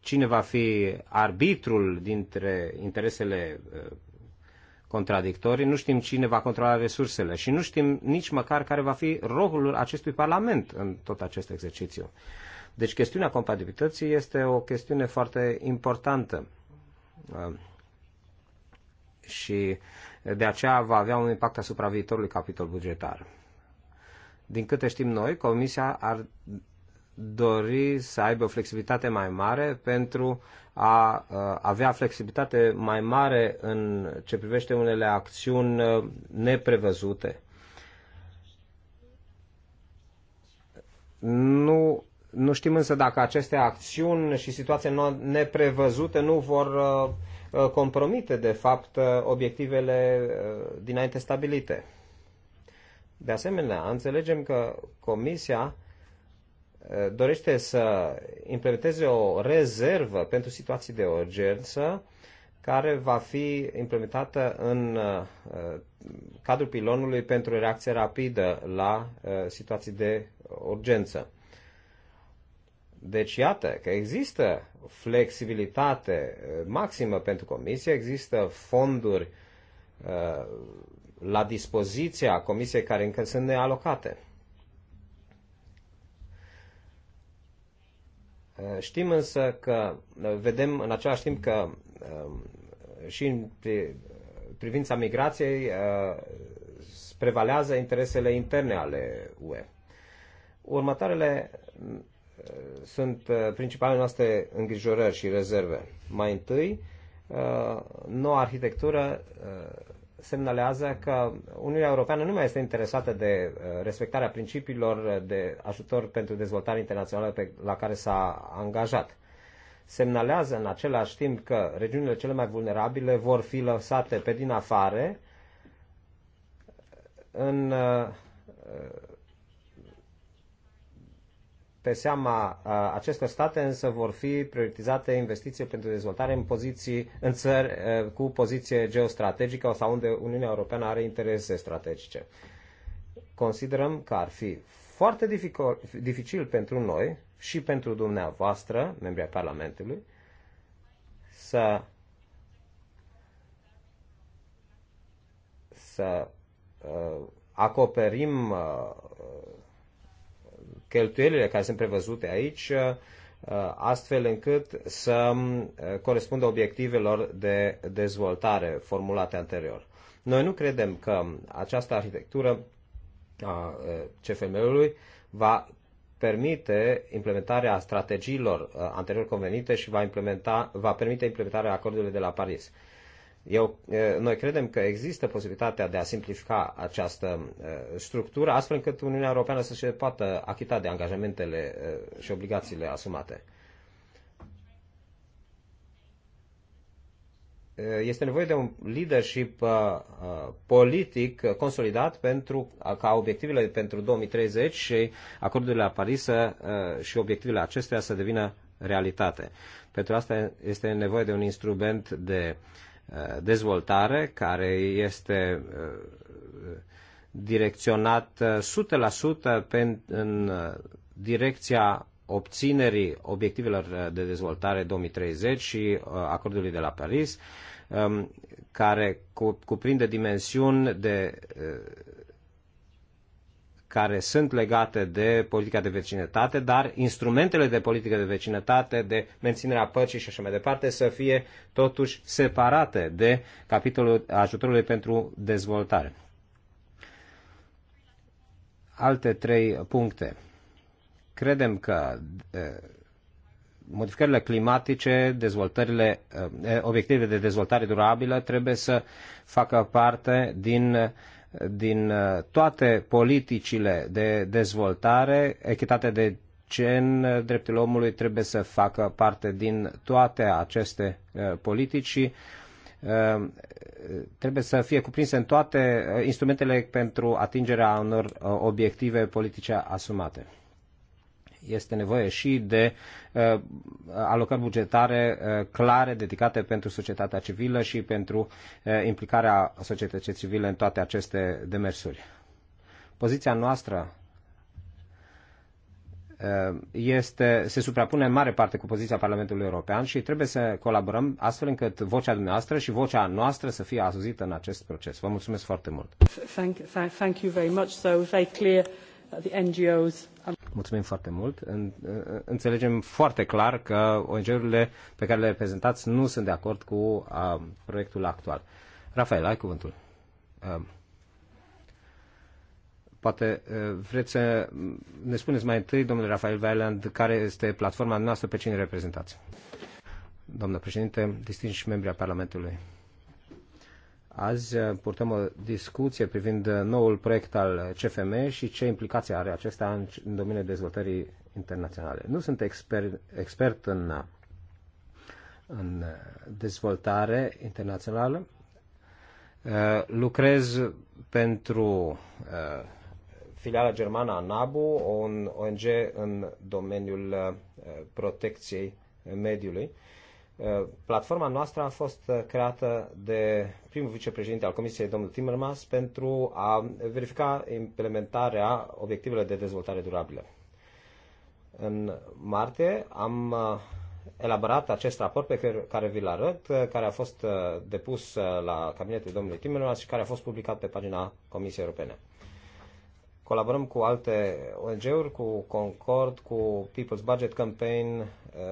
cine va fi arbitrul dintre interesele uh, contradictorii, nu știm cine va controla resursele și nu știm nici măcar care va fi rolul acestui Parlament în tot acest exercițiu. Deci chestiunea compatibilității este o chestiune foarte importantă. Uh, și de aceea va avea un impact asupra viitorului capitol bugetar. Din câte știm noi, Comisia ar dori să aibă o flexibilitate mai mare pentru a avea flexibilitate mai mare în ce privește unele acțiuni uh, neprevăzute. Nu, nu știm însă dacă aceste acțiuni și situații neprevăzute nu vor uh, Uh, compromite, de fapt, uh, obiectivele uh, dinainte stabilite. De asemenea, înțelegem că Comisia dorește să implementeze o rezervă pentru situații de urgență care va fi implementată în cadrul pilonului pentru reacție rapidă la situații de urgență. Deci, iată că există flexibilitate eh, maximă pentru comisie, există fonduri uh, la dispoziția comisiei care încă sunt nealocate. Eh, știm însă că, vedem în același timp că și în privința migrației prevalează interesele interne ale UE. Următoarele sunt uh, principalele noastre îngrijorări și rezerve. Mai întâi, uh, noua arhitectură uh, semnalează că Uniunea Europeană nu mai este interesată de respectarea principiilor de ajutor pentru dezvoltare internațională pe, la care s-a angajat. Semnalează în același timp că regiunile cele mai vulnerabile vor fi lăsate pe din afară în pe seama acestor state, însă vor fi prioritizate investiții pentru dezvoltare în, poziții, în țări cu poziție geostrategică sau unde Uniunea Europeană are interese strategice. Considerăm că ar fi foarte dificil pentru noi și pentru dumneavoastră, membrii ai Parlamentului, să să uh, acoperim uh, cheltuielile care sunt prevăzute aici, uh, uh, astfel încât să uh, corespundă obiectivelor de dezvoltare formulate anterior. Noi nu credem că această arhitectură a CFM-ului va permite implementarea strategiilor anterior convenite și va, implementa, va permite implementarea acordului de la Paris. Eu, noi credem că există posibilitatea de a simplifica această structură, astfel încât Uniunea Europeană să se poată achita de angajamentele și obligațiile asumate. Este nevoie de un leadership politic consolidat pentru ca obiectivele pentru 2030 și acordurile la Paris să, și obiectivele acestea să devină realitate. Pentru asta este nevoie de un instrument de uh, Uh, dezvoltare care este uh, direcționat 100% uh, în direcția obținerii obiectivelor de dezvoltare 2030 și acordului de la Paris, um, care cuprinde dimensiuni de care sunt legate de politica de vecinătate, dar instrumentele de politică de vecinătate, de menținerea păcii și așa mai departe, să fie totuși separate de capitolul ajutorului pentru dezvoltare. Alte trei puncte. Credem că modificările climatice, dezvoltările, obiectivele de dezvoltare durabilă trebuie să facă parte din din uh, toate politicile de dezvoltare, echitate de gen, drepturile omului trebuie să facă parte din toate aceste uh, politici uh, trebuie să fie cuprinse în toate instrumentele pentru atingerea unor obiective politice asumate este nevoie și de uh, alocări bugetare uh, clare, dedicate pentru societatea civilă și pentru uh, implicarea societății civile în toate aceste demersuri. Poziția noastră uh, este, se suprapune în mare parte cu poziția Parlamentului European și trebuie să colaborăm astfel încât vocea dumneavoastră și vocea noastră să fie auzită în acest proces. Vă mulțumesc foarte mult. Thank, thank, thank you very much. So very clear Uh, the NGOs. Um, Mulțumim foarte mult. Uh, înțelegem foarte clar că ONG-urile pe care le reprezentați nu sunt de acord cu uh, proiectul actual. Rafael, ai cuvântul. Poate vreți să ne spuneți mai întâi, domnule Rafael Weiland, care este platforma noastră, pe cine reprezentați? Doamnă președinte, distinși membri a Parlamentului, Azi eh, purtăm o discuție privind eh, noul proiect al CFM și ce implicații are acesta în, în domeniul dezvoltării internaționale. Nu sunt expert, expert în, eh, în dezvoltare internațională. Lucrez pentru filiala germană a NABU, un ONG în domeniul protecției mediului Uh, platforma noastră a fost uh, creată de primul vicepreședinte al Comisiei, domnul Timmermans, pentru a verifica implementarea obiectivelor de dezvoltare durabilă. În martie am uh, elaborat acest raport pe care vi-l arăt, care a fost depus la cabinetul domnului Timmermans și care a fost publicat pe pagina Comisiei Europene. Colaborăm cu alte ONG-uri, cu Concord, cu People's Budget Campaign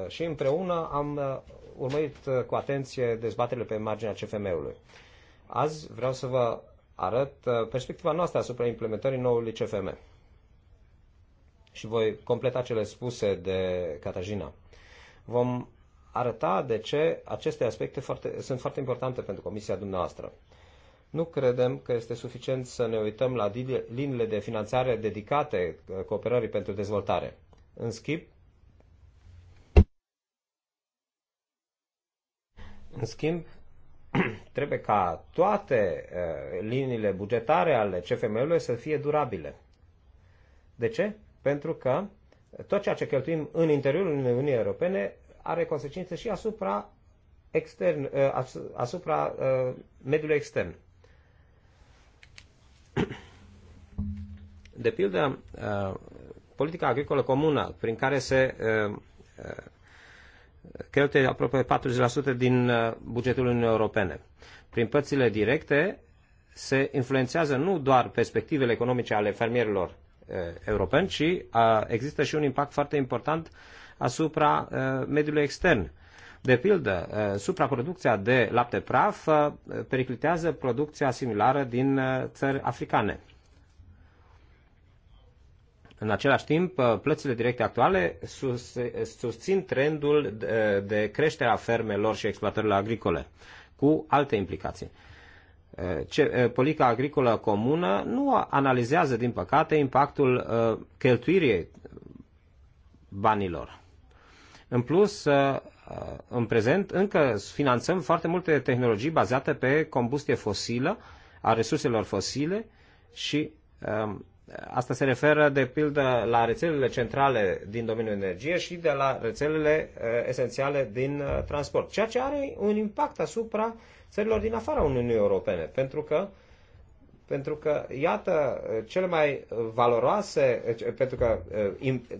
și împreună am urmărit uh, cu atenție dezbaterile pe marginea CFM-ului. Azi vreau să vă arăt uh, perspectiva noastră asupra implementării noului CFM. Și voi completa cele spuse de Catajina. Vom arăta de ce aceste aspecte foarte, sunt foarte importante pentru comisia dumneavoastră. Nu credem că este suficient să ne uităm la liniile de finanțare dedicate uh, cooperării pentru dezvoltare. În schimb, În schimb, *clears throat* trebuie ca toate eh, liniile bugetare ale CFM-ului să fie durabile. De ce? Pentru că tot ceea ce cheltuim în interiorul Uniunii Europene are consecințe și asupra, extern, eh, asupra eh, mediului extern. *clears throat* De pildă, politica agricolă comună, prin care se cheltuie aproape 40% din uh, bugetul Uniunii Europene. Prin plățile directe se influențează nu doar perspectivele economice ale fermierilor uh, europeni, ci uh, există și un impact foarte important asupra mediului extern. De pildă, supraproducția de lapte praf periclitează producția similară din țări africane. În același timp, uh, plățile directe actuale susțin trendul de, creștere a fermelor și exploatărilor agricole, cu alte implicații. Uh, ce, uh, politica agricolă comună nu analizează, din păcate, impactul cheltuirii banilor. În plus, în prezent, încă finanțăm foarte multe tehnologii bazate pe combustie fosilă, a resurselor fosile și um, Asta se referă, de pildă, la rețelele centrale din domeniul energie și de la rețelele eh, esențiale din eh, transport, ceea ce are un impact asupra țărilor din afara Uniunii Europene, pentru că pentru că, iată, eh, cele mai valoroase, pentru că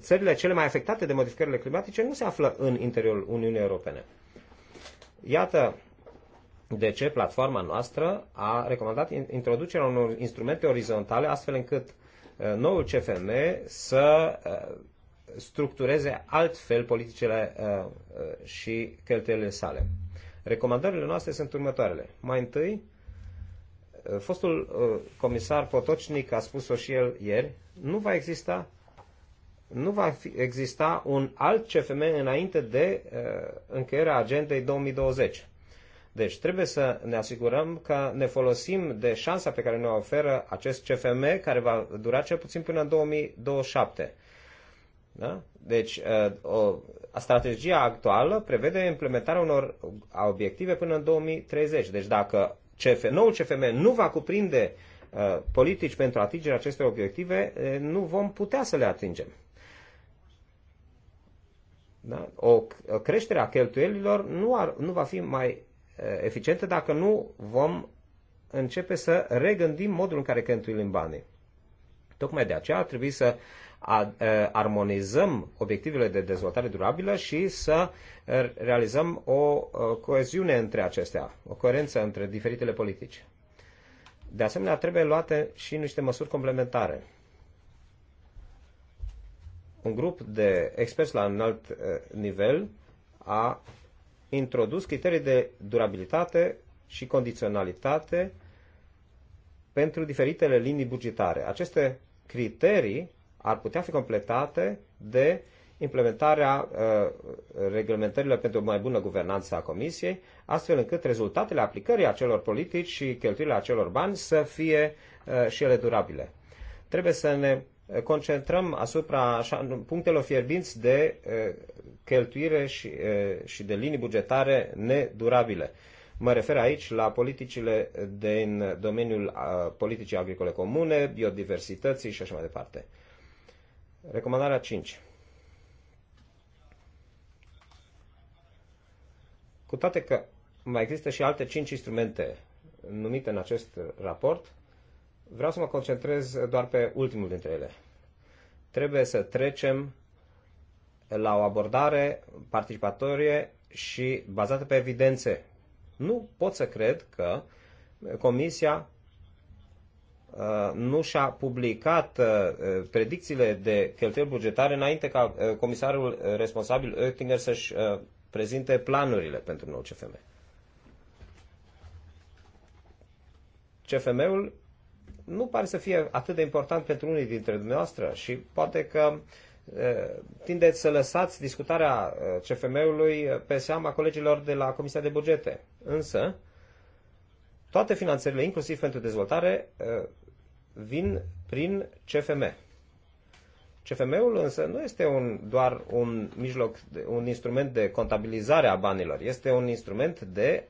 țările cele mai afectate de modificările climatice nu se află în interiorul Uniunii Europene. Iată de ce platforma noastră a recomandat introducerea unor instrumente orizontale, astfel încât uh, Uh, noul CFM să uh, structureze altfel politicile uh, și cheltuielile sale. Recomandările noastre sunt următoarele. Mai întâi, fostul comisar Potocnic a spus-o și el ieri, nu va exista nu va fi, exista un alt CFM înainte de uh, încheierea agendei 2020. Deci trebuie să ne asigurăm că ne folosim de șansa pe care ne oferă acest CFM, care va dura cel puțin până în 2027. Da? Deci, uh, o, strategia actuală prevede implementarea unor obiective până în 2030. Deci, dacă CF, noul CFM nu va cuprinde uh, politici pentru atingerea acestor obiective, uh, nu vom putea să le atingem. Da? O, o creștere a cheltuielilor nu, ar, nu va fi mai Eh, eficiente dacă nu vom începe să regândim modul în care cheltuim banii. Tocmai de aceea ar trebui să eh, armonizăm obiectivele de dezvoltare durabilă și să eh, realizăm o coeziune între acestea, o coerență între diferitele politici. De asemenea, trebuie luate și niște măsuri complementare. Un grup de experți la înalt nivel a introdus criterii de durabilitate și condiționalitate pentru diferitele linii bugetare. Aceste criterii ar putea fi completate de implementarea uh, reglementărilor pentru o mai bună guvernanță a Comisiei, astfel încât rezultatele aplicării acelor politici și cheltuielile acelor bani să fie uh, și ele durabile. Trebuie să ne concentrăm asupra așa, punctelor fierbinți de cheltuire și, și de linii bugetare nedurabile. Mă refer aici la politicile din domeniul politicii agricole comune, biodiversității și așa mai departe. Recomandarea 5. Cu toate că mai există și alte 5 instrumente numite în acest raport, Vreau să mă concentrez doar pe ultimul dintre ele. Trebuie să trecem la o abordare participatorie și bazată pe evidențe. Nu pot să cred că Comisia uh, nu și-a publicat uh, predicțiile de cheltuieli bugetare înainte ca uh, comisarul responsabil Oettinger să-și prezinte planurile pentru nou CFM. CFM-ul nu pare să fie atât de important pentru unii dintre dumneavoastră și poate că tindeți să lăsați discutarea CFM-ului pe seama colegilor de la Comisia de Bugete. Însă, toate finanțările, inclusiv pentru dezvoltare, vin prin CFM. CFM-ul însă nu este un, doar un mijloc, un instrument de contabilizare a banilor, este un instrument de,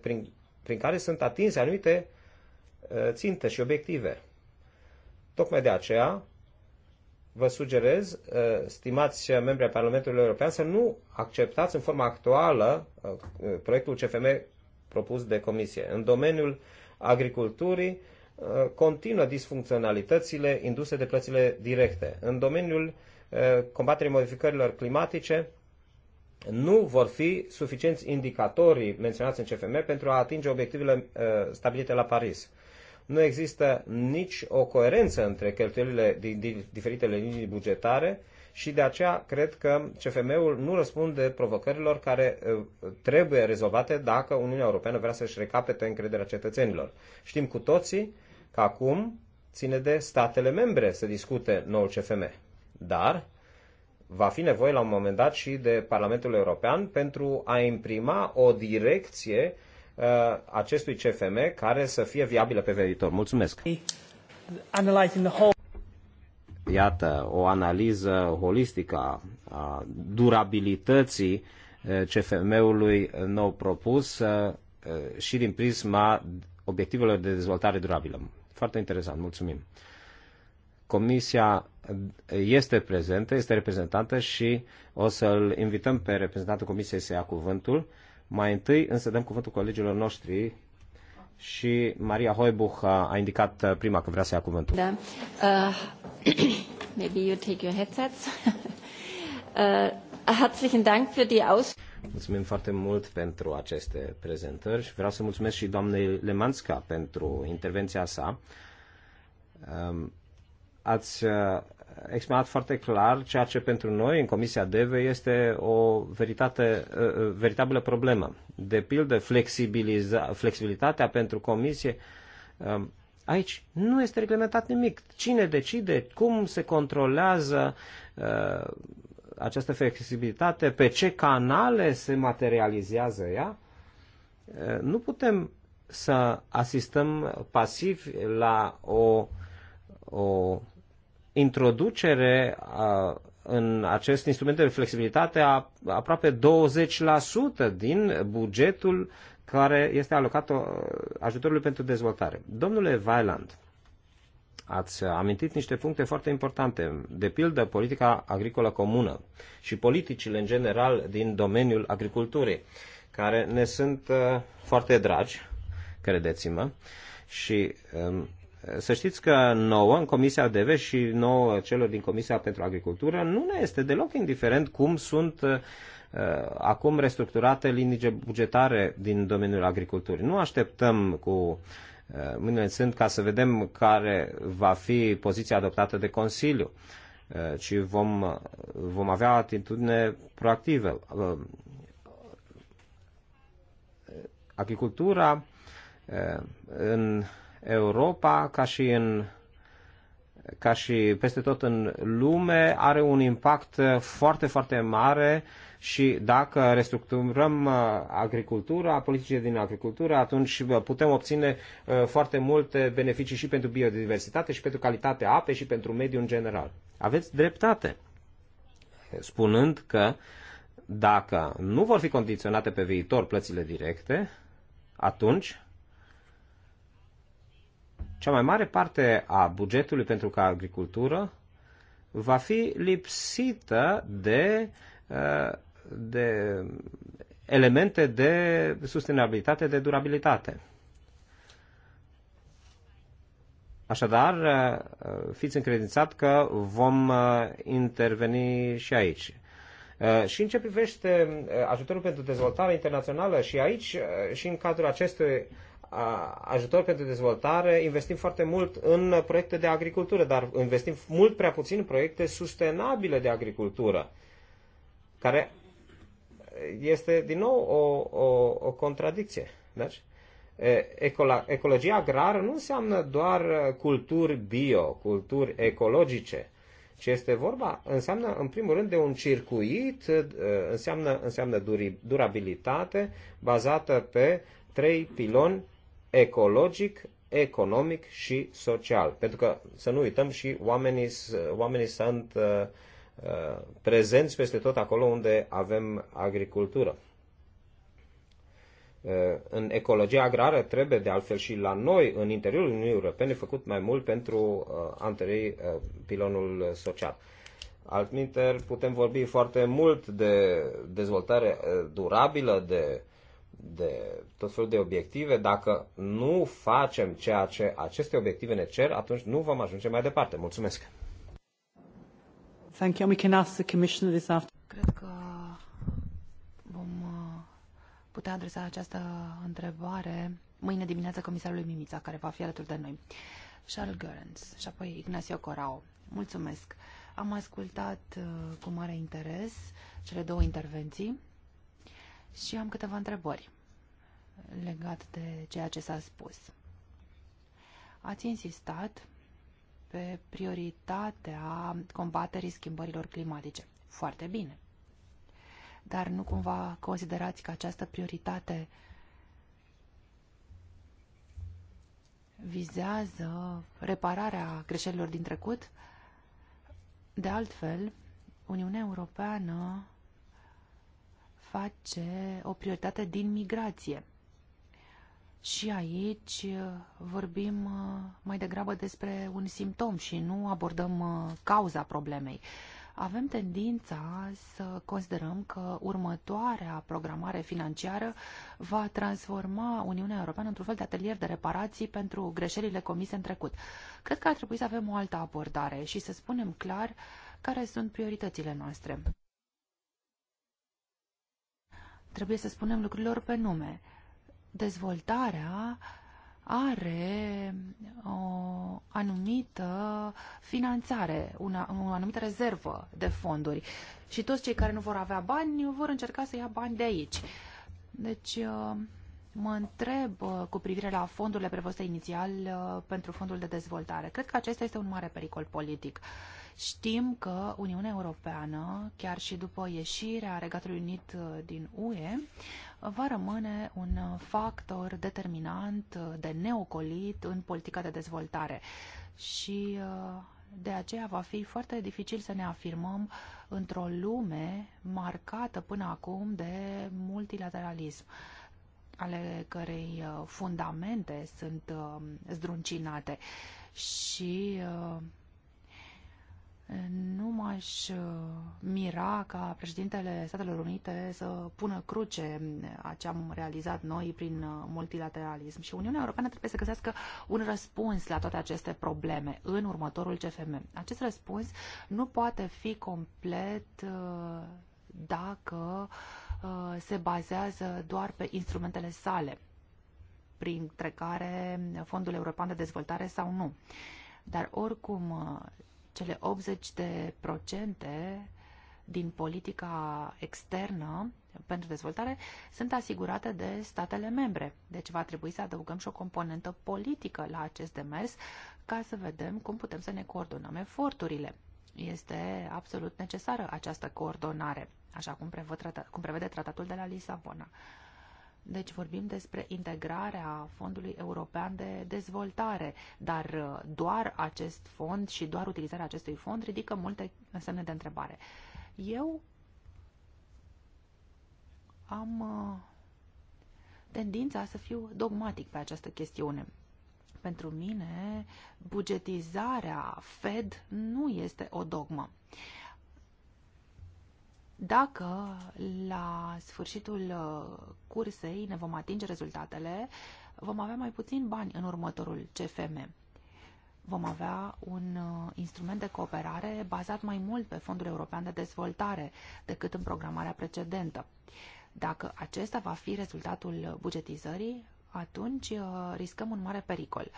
prin, prin care sunt atinse anumite uh, Uh, ținte și obiective. Tocmai de aceea vă sugerez, uh, stimați membri ai Parlamentului European, să nu acceptați în forma actuală uh, proiectul CFM propus de Comisie. În domeniul agriculturii continuă disfuncționalitățile induse de plățile directe. În domeniul combaterii modificărilor climatice, nu vor fi suficienți indicatorii menționați în CFM pentru a atinge obiectivele stabilite la Paris nu există nici o coerență între cheltuielile din diferitele linii bugetare și de aceea cred că CFM-ul nu răspunde provocărilor care trebuie rezolvate dacă Uniunea Europeană vrea să-și recapete încrederea cetățenilor. Știm cu toții că acum ține de statele membre să discute noul CFM. Dar va fi nevoie la un moment dat și de Parlamentul European pentru a imprima o direcție Uh, acestui CFM care să fie viabilă pe viitor. Mulțumesc! Iată, o analiză holistică a durabilității uh, CFM-ului nou propus uh, și din prisma obiectivelor de dezvoltare durabilă. Foarte interesant, mulțumim. Comisia este prezentă, este reprezentată și o să-l invităm pe reprezentantul Comisiei să ia cuvântul mai întâi însă dăm cuvântul colegilor noștri și Maria Hoibuch a, a indicat uh, prima că vrea să ia cuvântul. Da. Uh, *clears throat* maybe you take your headsets. *laughs* uh, herzlichen Dank für die Aus Mulțumim foarte mult pentru aceste prezentări și vreau să mulțumesc și doamnei Lemanska pentru intervenția sa. Um, ați uh, exprimat foarte clar ceea ce pentru noi în Comisia DEVE este o veritate, uh, uh, veritabilă problemă. De pildă, flexibilitatea pentru Comisie. Um, aici nu este reglementat nimic. Cine decide, cum se controlează uh, această flexibilitate, pe ce canale se materializează ea, nu putem să asistăm pasiv la o, o introducere a, în acest instrument de flexibilitate a aproape 20% din bugetul care este alocat uh, ajutorului pentru dezvoltare. Domnule Weiland, ați amintit niște puncte foarte importante, de pildă politica agricolă comună și politicile în general din domeniul agriculturii, care ne sunt uh, foarte dragi, credeți-mă, și um, să știți că nouă, în Comisia DV și nouă celor din Comisia pentru Agricultură, nu ne este deloc indiferent cum sunt uh, acum restructurate linii bugetare din domeniul agriculturii. Nu așteptăm cu uh, mâinile sunt ca să vedem care va fi poziția adoptată de Consiliu, uh, ci vom, vom avea atitudine proactivă. Uh, agricultura uh, în Europa, ca și în ca și peste tot în lume, are un impact foarte, foarte mare și dacă restructurăm uh, agricultura, politicile din agricultură, atunci uh, putem obține uh, foarte multe beneficii și pentru biodiversitate, și pentru calitatea apei, și pentru mediul în general. Aveți dreptate, spunând că dacă nu vor fi condiționate pe viitor plățile directe, atunci cea mai mare parte a bugetului pentru ca agricultură va fi lipsită de, uh, de elemente de sustenabilitate, de durabilitate. Așadar, uh, fiți încredințat că vom uh, interveni și aici. Și în ce privește ajutorul pentru dezvoltare internațională și aici, și în cadrul acestui ajutor pentru dezvoltare, investim foarte mult în proiecte de agricultură, dar investim mult prea puțin în proiecte sustenabile de agricultură, care este din nou o, o, o contradicție. Deci, ecolo ecologia agrară nu înseamnă doar culturi bio, culturi ecologice, ce este vorba, înseamnă în primul rând de un circuit, înseamnă, înseamnă durabilitate bazată pe trei piloni ecologic, economic și social. Pentru că, să nu uităm, și oamenii, oamenii sunt uh, uh, prezenți peste tot acolo unde avem agricultură. Uh, în ecologia agrară trebuie, de altfel, și la noi, în interiorul Uniunii Europene, făcut mai mult pentru uh, a întări uh, pilonul social. Altminteri, putem vorbi foarte mult de dezvoltare uh, durabilă, de de tot felul de obiective, dacă nu facem ceea ce aceste obiective ne cer, atunci nu vom ajunge mai departe. Mulțumesc! Thank you. We can ask the commissioner this after. Cred că vom uh, putea adresa această întrebare mâine dimineața comisarului Mimița, care va fi alături de noi. Charles Görens și apoi Ignacio Corao. Mulțumesc! Am ascultat uh, cu mare interes cele două intervenții și am câteva întrebări legat de ceea ce s-a spus. Ați insistat pe prioritatea combaterii schimbărilor climatice. Foarte bine. Dar nu cumva considerați că această prioritate vizează repararea greșelilor din trecut? De altfel, Uniunea Europeană face o prioritate din migrație. Și aici uh, vorbim uh, mai degrabă despre un simptom și nu abordăm uh, cauza problemei. Avem tendința să considerăm că următoarea programare financiară va transforma Uniunea Europeană într-un fel de atelier de reparații pentru greșelile comise în trecut. Cred că ar trebui să avem o altă abordare și să spunem clar care sunt prioritățile noastre. Trebuie să spunem lucrurilor pe nume dezvoltarea are o anumită finanțare, una, o anumită rezervă de fonduri și toți cei care nu vor avea bani vor încerca să ia bani de aici. Deci uh, mă întreb uh, cu privire la fondurile prevăzute inițial uh, pentru fondul de dezvoltare. Cred că acesta este un mare pericol politic. Știm că Uniunea Europeană, chiar și după ieșirea Regatului Unit uh, din UE, va rămâne un uh, factor determinant uh, de neocolit în politica de dezvoltare. Și de aceea va fi foarte dificil să ne afirmăm într-o lume marcată până acum de multilateralism, ale cărei fundamente sunt zdruncinate. Și nu m-aș uh, mira ca președintele Statelor Unite să pună cruce uh, a ce am realizat noi prin uh, multilateralism. Și Uniunea Europeană trebuie să găsească un răspuns la toate aceste probleme în următorul CFM. Acest răspuns nu poate fi complet dacă se bazează doar pe instrumentele sale, printre care Fondul European de Dezvoltare sau nu. Dar oricum, cele 80 de procente din politica externă pentru dezvoltare sunt asigurate de statele membre. Deci va trebui să adăugăm și o componentă politică la acest demers ca să vedem cum putem să ne coordonăm eforturile. Este absolut necesară această coordonare, așa cum, prevede tratatul de la Lisabona. Deci vorbim despre integrarea Fondului European de Dezvoltare, dar uh, doar acest fond și doar utilizarea acestui fond ridică multe semne de întrebare. Eu am uh, tendința să fiu dogmatic pe această chestiune. Pentru mine, bugetizarea Fed nu este o dogmă. Uh, dacă la sfârșitul uh, cursei ne vom atinge rezultatele, vom avea mai puțin bani în următorul CFM. Vom avea un uh, instrument de cooperare bazat mai mult pe Fondul European de Dezvoltare decât în programarea precedentă. Dacă acesta va fi rezultatul bugetizării, atunci uh, riscăm un mare pericol.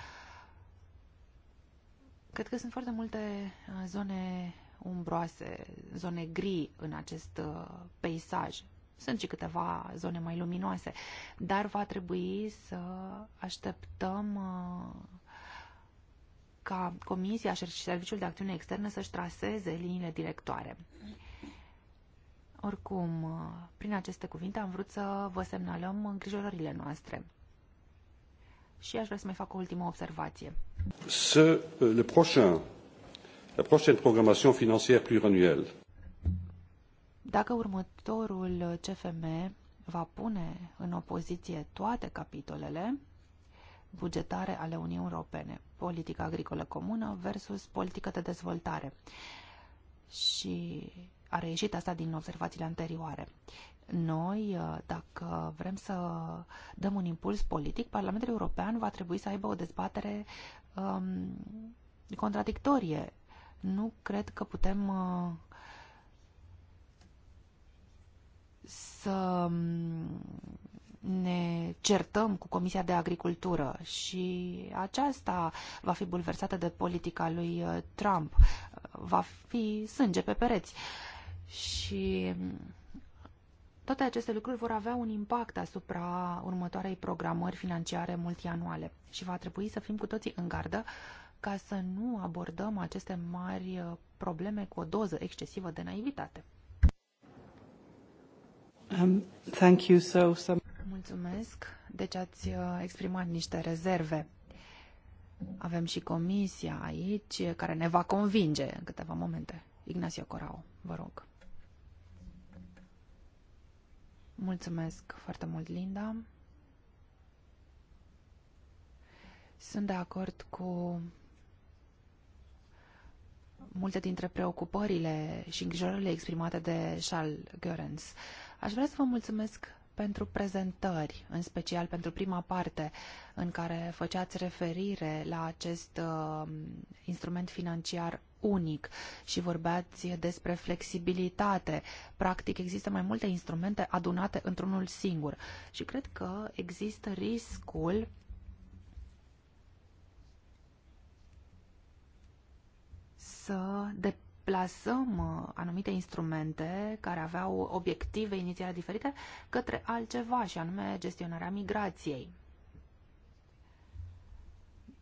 Cred că sunt foarte multe zone umbroase, zone gri în acest uh, peisaj. Sunt și câteva zone mai luminoase, dar va trebui să așteptăm uh, ca Comisia și Serviciul de Acțiune Externă să-și traseze liniile directoare. Oricum, uh, prin aceste cuvinte am vrut să vă semnalăm îngrijorările noastre. Și aș vrea să mai fac o ultimă observație. Ce, le prochain la prochaine programmation financière pluriannuelle. Dacă următorul CFM va pune în opoziție toate capitolele bugetare ale Uniunii Europene, politica agricolă comună versus politică de dezvoltare. Și a reieșit asta din observațiile anterioare. Noi, dacă vrem să dăm un impuls politic, Parlamentul European va trebui să aibă o dezbatere um, contradictorie nu cred că putem uh, să mm, ne certăm cu Comisia de Agricultură și aceasta va fi bulversată de politica lui uh, Trump. Uh, va fi sânge pe pereți. Și mm, toate aceste lucruri vor avea un impact asupra următoarei programări financiare multianuale și va trebui să fim cu toții în gardă uh, ca să nu abordăm aceste mari uh, probleme cu o doză excesivă de naivitate. Um, thank you. So, so... Mulțumesc. Deci ați uh, exprimat niște rezerve. Avem și comisia aici uh, care ne va convinge în câteva momente. Ignacio Corau, vă rog. Mulțumesc foarte mult, Linda. Sunt de acord cu multe dintre preocupările și îngrijorările exprimate de Charles Görens. Aș vrea să vă mulțumesc pentru prezentări, în special pentru prima parte în care făceați referire la acest uh, instrument financiar unic și vorbeați despre flexibilitate. Practic există mai multe instrumente adunate într-unul singur și cred că există riscul să deplasăm uh, anumite instrumente care aveau obiective inițiale diferite către altceva, și anume gestionarea migrației.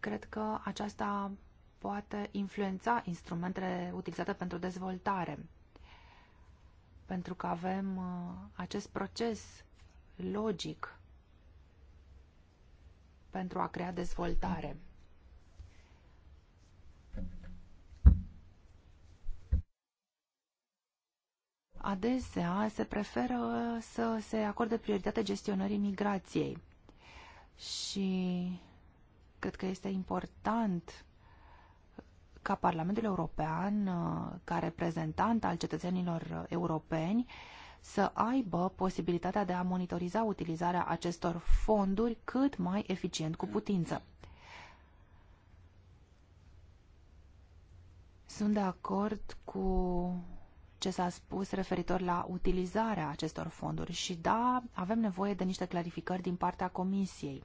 Cred că aceasta poate influența instrumentele utilizate pentru dezvoltare, pentru că avem uh, acest proces logic pentru a crea dezvoltare. Mm. adesea se preferă să se acorde prioritate gestionării migrației. Și cred că este important ca Parlamentul European, ca reprezentant al cetățenilor europeni, să aibă posibilitatea de a monitoriza utilizarea acestor fonduri cât mai eficient cu putință. Sunt de acord cu ce s-a spus referitor la utilizarea acestor fonduri și da, avem nevoie de niște clarificări din partea Comisiei.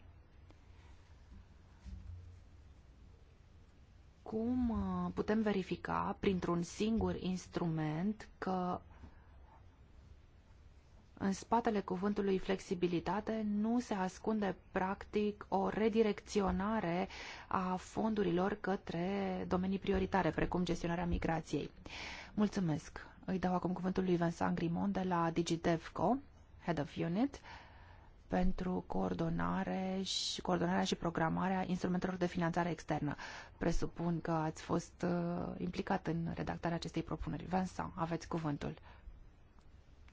Cum uh, putem verifica printr-un singur instrument că în spatele cuvântului flexibilitate nu se ascunde practic o redirecționare a fondurilor către domenii prioritare, precum gestionarea migrației. Mulțumesc! Îi dau acum cuvântul lui Vincent Grimond de la DigiDevco, Head of Unit, pentru coordonare și, coordonarea și programarea instrumentelor de finanțare externă. Presupun că ați fost uh, implicat în redactarea acestei propuneri. Vincent, aveți cuvântul.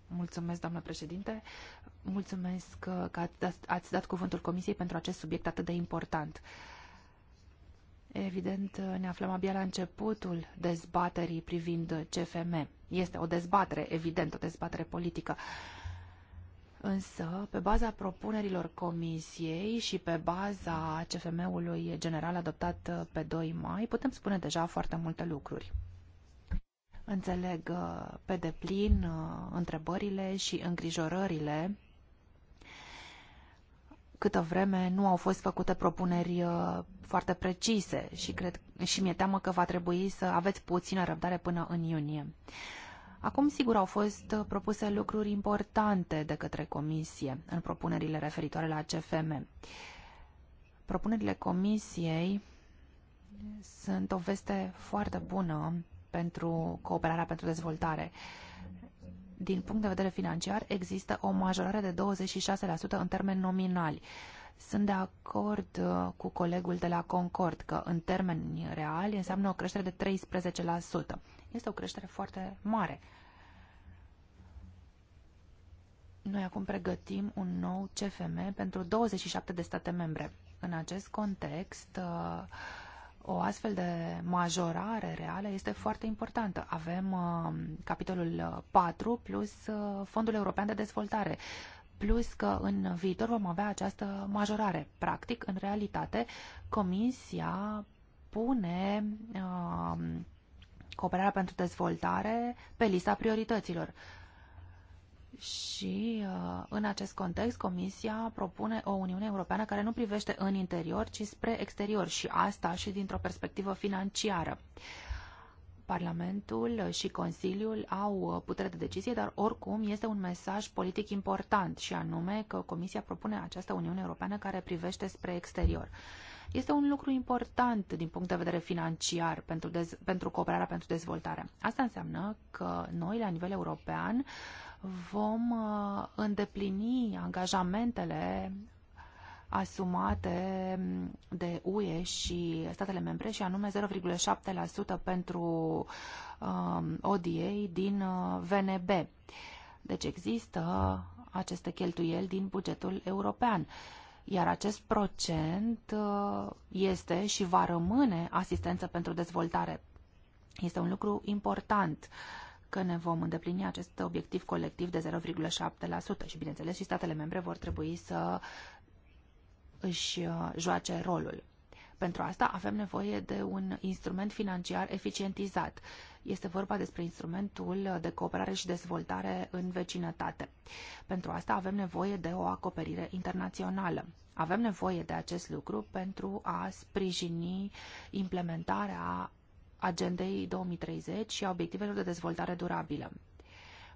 Mulțumesc, doamnă președinte. Mulțumesc uh, că ați dat, ați dat cuvântul Comisiei pentru acest subiect atât de important. Uh, Evident, ne aflăm abia la începutul dezbaterii privind CFM. Este o dezbatere, evident, o dezbatere politică. Însă, pe baza propunerilor comisiei și pe baza CFM-ului general adoptat uh, pe 2 mai, putem spune deja foarte multe lucruri. Înțeleg uh, pe deplin uh, întrebările și îngrijorările câtă vreme nu au fost făcute propuneri foarte precise și, cred, și mi-e teamă că va trebui să aveți puțină răbdare până în iunie. Acum, sigur, au fost propuse lucruri importante de către Comisie în propunerile referitoare la CFM. Propunerile Comisiei sunt o veste foarte bună pentru cooperarea pentru dezvoltare. Din punct de vedere financiar, există o majorare de 26% în termeni nominali. Sunt de acord uh, cu colegul de la Concord că în termeni reali înseamnă o creștere de 13%. Este o creștere foarte mare. Noi acum pregătim un nou CFM pentru 27 de state membre. În acest context, uh, o astfel de majorare reală este foarte importantă. Avem uh, capitolul 4 plus Fondul European de Dezvoltare, plus că în viitor vom avea această majorare. Practic, în realitate, Comisia pune uh, cooperarea pentru dezvoltare pe lista priorităților. Și uh, în acest context, Comisia propune o Uniune Europeană care nu privește în interior, ci spre exterior și asta și dintr-o perspectivă financiară. Uh, Parlamentul și Consiliul au putere de decizie, dar oricum este un mesaj politic important și anume că Comisia propune această Uniune Europeană care privește spre exterior. Este un lucru important din punct de vedere financiar pentru, dez- pentru cooperarea pentru dezvoltare. Asta înseamnă că noi, la nivel european, vom uh, îndeplini angajamentele asumate de UE și statele membre și anume 0,7% pentru um, ODA din uh, VNB. Deci există aceste cheltuieli din bugetul european. Iar acest procent uh, este și va rămâne asistență pentru dezvoltare. Este un lucru important că ne vom îndeplini acest obiectiv colectiv de 0,7% și, bineînțeles, și statele membre vor trebui să își uh, joace rolul. Pentru asta avem nevoie de un instrument financiar eficientizat. Este vorba despre instrumentul de cooperare și dezvoltare în vecinătate. Pentru asta avem nevoie de o acoperire internațională. Avem nevoie de acest lucru pentru a sprijini implementarea agendei 2030 și a obiectivelor de dezvoltare durabilă.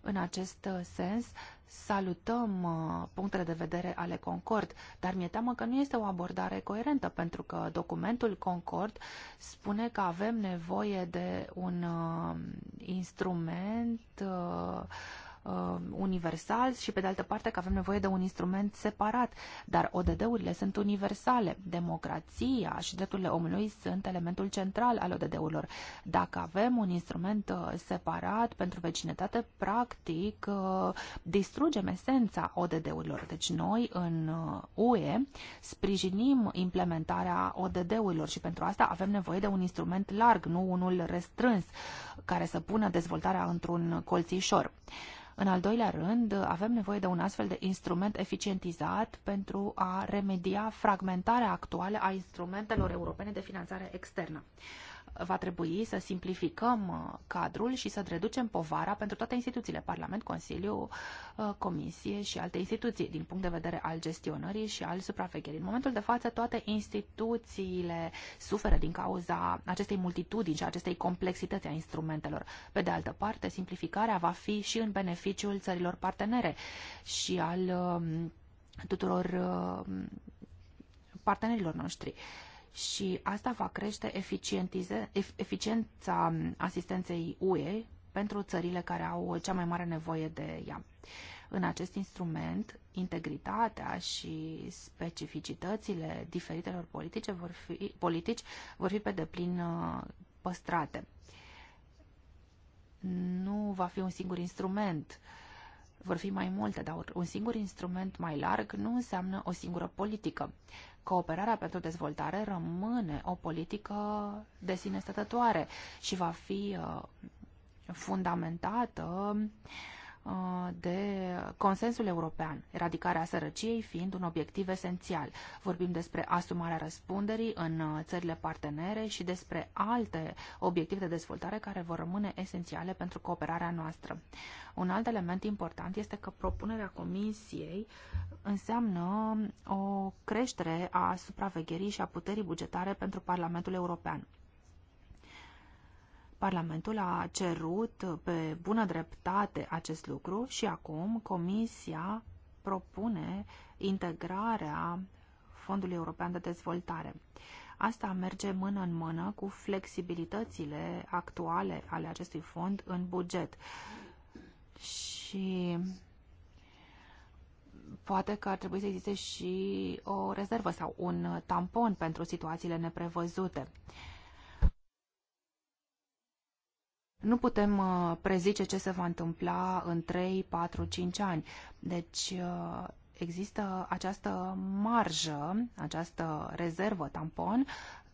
În acest uh, sens, salutăm uh, punctele de vedere ale Concord, dar mi-e teamă că nu este o abordare coerentă, pentru că documentul Concord spune că avem nevoie de un uh, instrument uh, universal și pe de altă parte că avem nevoie de un instrument separat, dar ODD-urile sunt universale. Democrația și drepturile omului sunt elementul central al ODD-urilor. Dacă avem un instrument uh, separat pentru vecinătate, practic uh, distrugem esența ODD-urilor. Deci noi în UE uh, sprijinim implementarea ODD-urilor și pentru asta avem nevoie de un instrument larg, nu unul restrâns, care să pună dezvoltarea într-un colțișor. Uh, în al doilea rând, avem nevoie de un astfel de instrument eficientizat pentru a remedia fragmentarea actuală a instrumentelor europene de finanțare externă va trebui să simplificăm uh, cadrul și să reducem povara pentru toate instituțiile, Parlament, Consiliu, uh, Comisie și alte instituții, din punct de vedere al gestionării și al supravegherii. În momentul de față, toate instituțiile suferă din cauza acestei multitudini și acestei complexități a instrumentelor. Pe de altă parte, simplificarea va fi și în beneficiul țărilor partenere și al um, tuturor um, partenerilor noștri. Uh, și asta va crește eficiența asistenței UE pentru țările care au cea mai mare nevoie de ea. În acest instrument, integritatea și specificitățile diferitelor politice vor fi, politici vor fi pe deplin uh, păstrate. Nu va fi un singur instrument uh, vor fi mai multe, dar un singur instrument mai larg nu înseamnă o singură politică. Cooperarea pentru dezvoltare rămâne o politică de sine stătătoare și va fi uh, fundamentată uh, Uh, de consensul european, eradicarea sărăciei fiind un obiectiv esențial. Vorbim despre asumarea răspunderii în uh, țările partenere și despre alte obiective de dezvoltare care vor rămâne esențiale pentru cooperarea noastră. Un alt element important este că propunerea Comisiei înseamnă o creștere a supravegherii și a puterii bugetare pentru Parlamentul European. Parlamentul a cerut pe bună dreptate acest lucru și acum Comisia propune integrarea Fondului European de Dezvoltare. Asta merge mână în mână cu flexibilitățile actuale ale acestui fond în buget. Și poate că ar trebui să existe și o rezervă sau un tampon pentru situațiile neprevăzute. Nu putem uh, prezice ce se va întâmpla în 3, 4, 5 ani. Deci uh, există această marjă, această rezervă tampon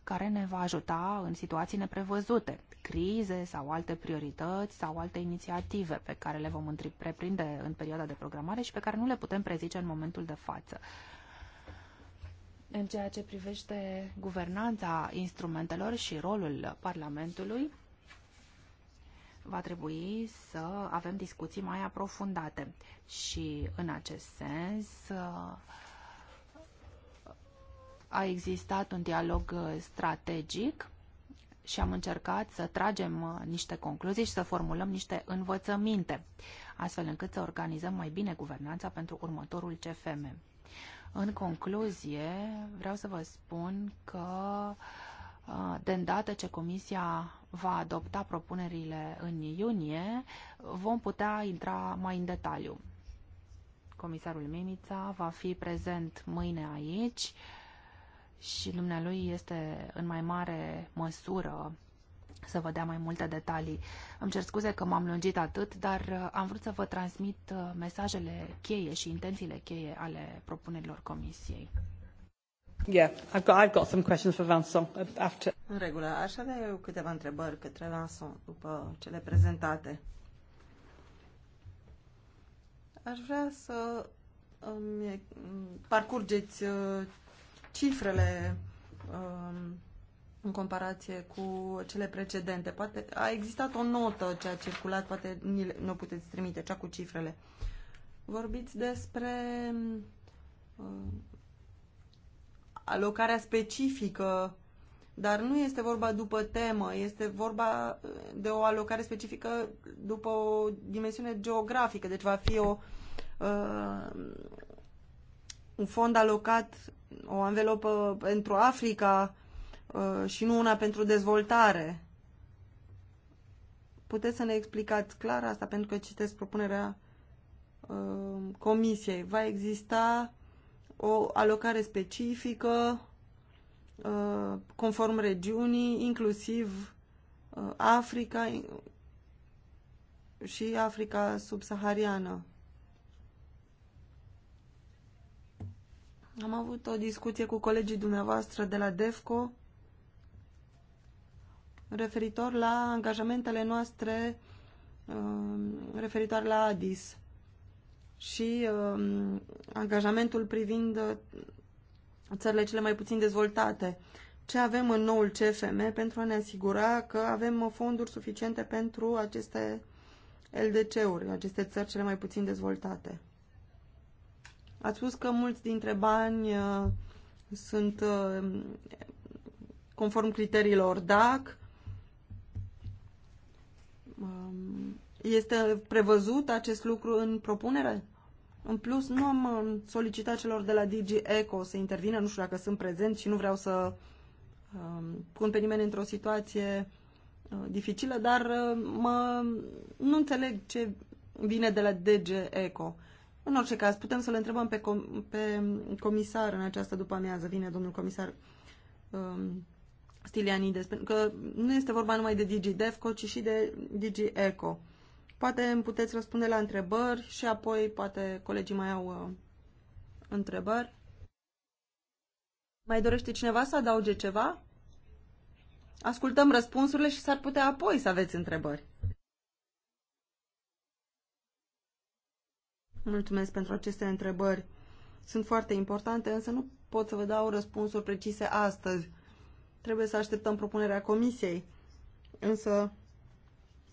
care ne va ajuta în situații neprevăzute, crize sau alte priorități sau alte inițiative pe care le vom întreprinde în perioada de programare și pe care nu le putem prezice în momentul de față. În ceea ce privește guvernanța instrumentelor și rolul Parlamentului, va trebui să avem discuții mai aprofundate. Și în acest sens a existat un dialog strategic și am încercat să tragem niște concluzii și să formulăm niște învățăminte, astfel încât să organizăm mai bine guvernanța pentru următorul CFM. În concluzie, vreau să vă spun că uh, Uh, de îndată ce Comisia va adopta propunerile în iunie, vom putea intra mai în detaliu. Comisarul Mimița va fi prezent mâine aici și dumnealui este în mai mare măsură să vă dea mai multe detalii. Îmi cer scuze că m-am lungit atât, dar uh, am vrut să vă transmit uh, mesajele cheie și intențiile cheie ale propunerilor Comisiei. Yeah, I've got, I've got some questions for Vincent uh, after. În regulă, aș avea eu câteva întrebări către Vincent după cele prezentate. Aș vrea să îmi um, parcurgeți uh, cifrele um, în comparație cu cele precedente. Poate a existat o notă ce a circulat, poate nu o puteți trimite, cea cu cifrele. Vorbiți despre um, alocarea specifică, dar nu este vorba după temă, este vorba uh, de o alocare specifică după o dimensiune geografică, deci va fi o, uh, un fond alocat, o anvelopă pentru Africa uh, și nu una pentru dezvoltare. Puteți să ne explicați clar asta, pentru că citesc propunerea uh, comisiei. Va exista uh, o alocare specifică uh, conform regiunii, inclusiv uh, Africa și Africa subsahariană. Am avut o discuție cu colegii dumneavoastră de la DEFCO referitor la angajamentele noastre uh, referitor la ADIS și uh, angajamentul privind uh, țările cele mai puțin dezvoltate. Ce avem în noul CFM pentru a ne asigura că avem uh, fonduri suficiente pentru aceste LDC-uri, aceste țări cele mai puțin dezvoltate? Ați spus că mulți dintre bani uh, sunt uh, conform criteriilor DAC. Um, este prevăzut acest lucru în propunere? În plus, nu am um, solicitat celor de la DG Eco să intervină, nu știu dacă sunt prezenți și nu vreau să um, pun pe nimeni într-o situație uh, dificilă, dar uh, mă, nu înțeleg ce vine de la DG Eco. În orice caz, putem să-l întrebăm pe, com- pe comisar în această după amiază. Vine domnul comisar um, Stilianides, pentru că nu este vorba numai de Defco, ci și de Eco. Poate îmi puteți răspunde la întrebări și apoi poate colegii mai au uh, întrebări. Mai dorește cineva să adauge ceva? Ascultăm răspunsurile și s-ar putea apoi să aveți întrebări. Mulțumesc pentru aceste întrebări. Sunt foarte importante, însă nu pot să vă dau răspunsuri precise astăzi. Trebuie să așteptăm propunerea comisiei. Însă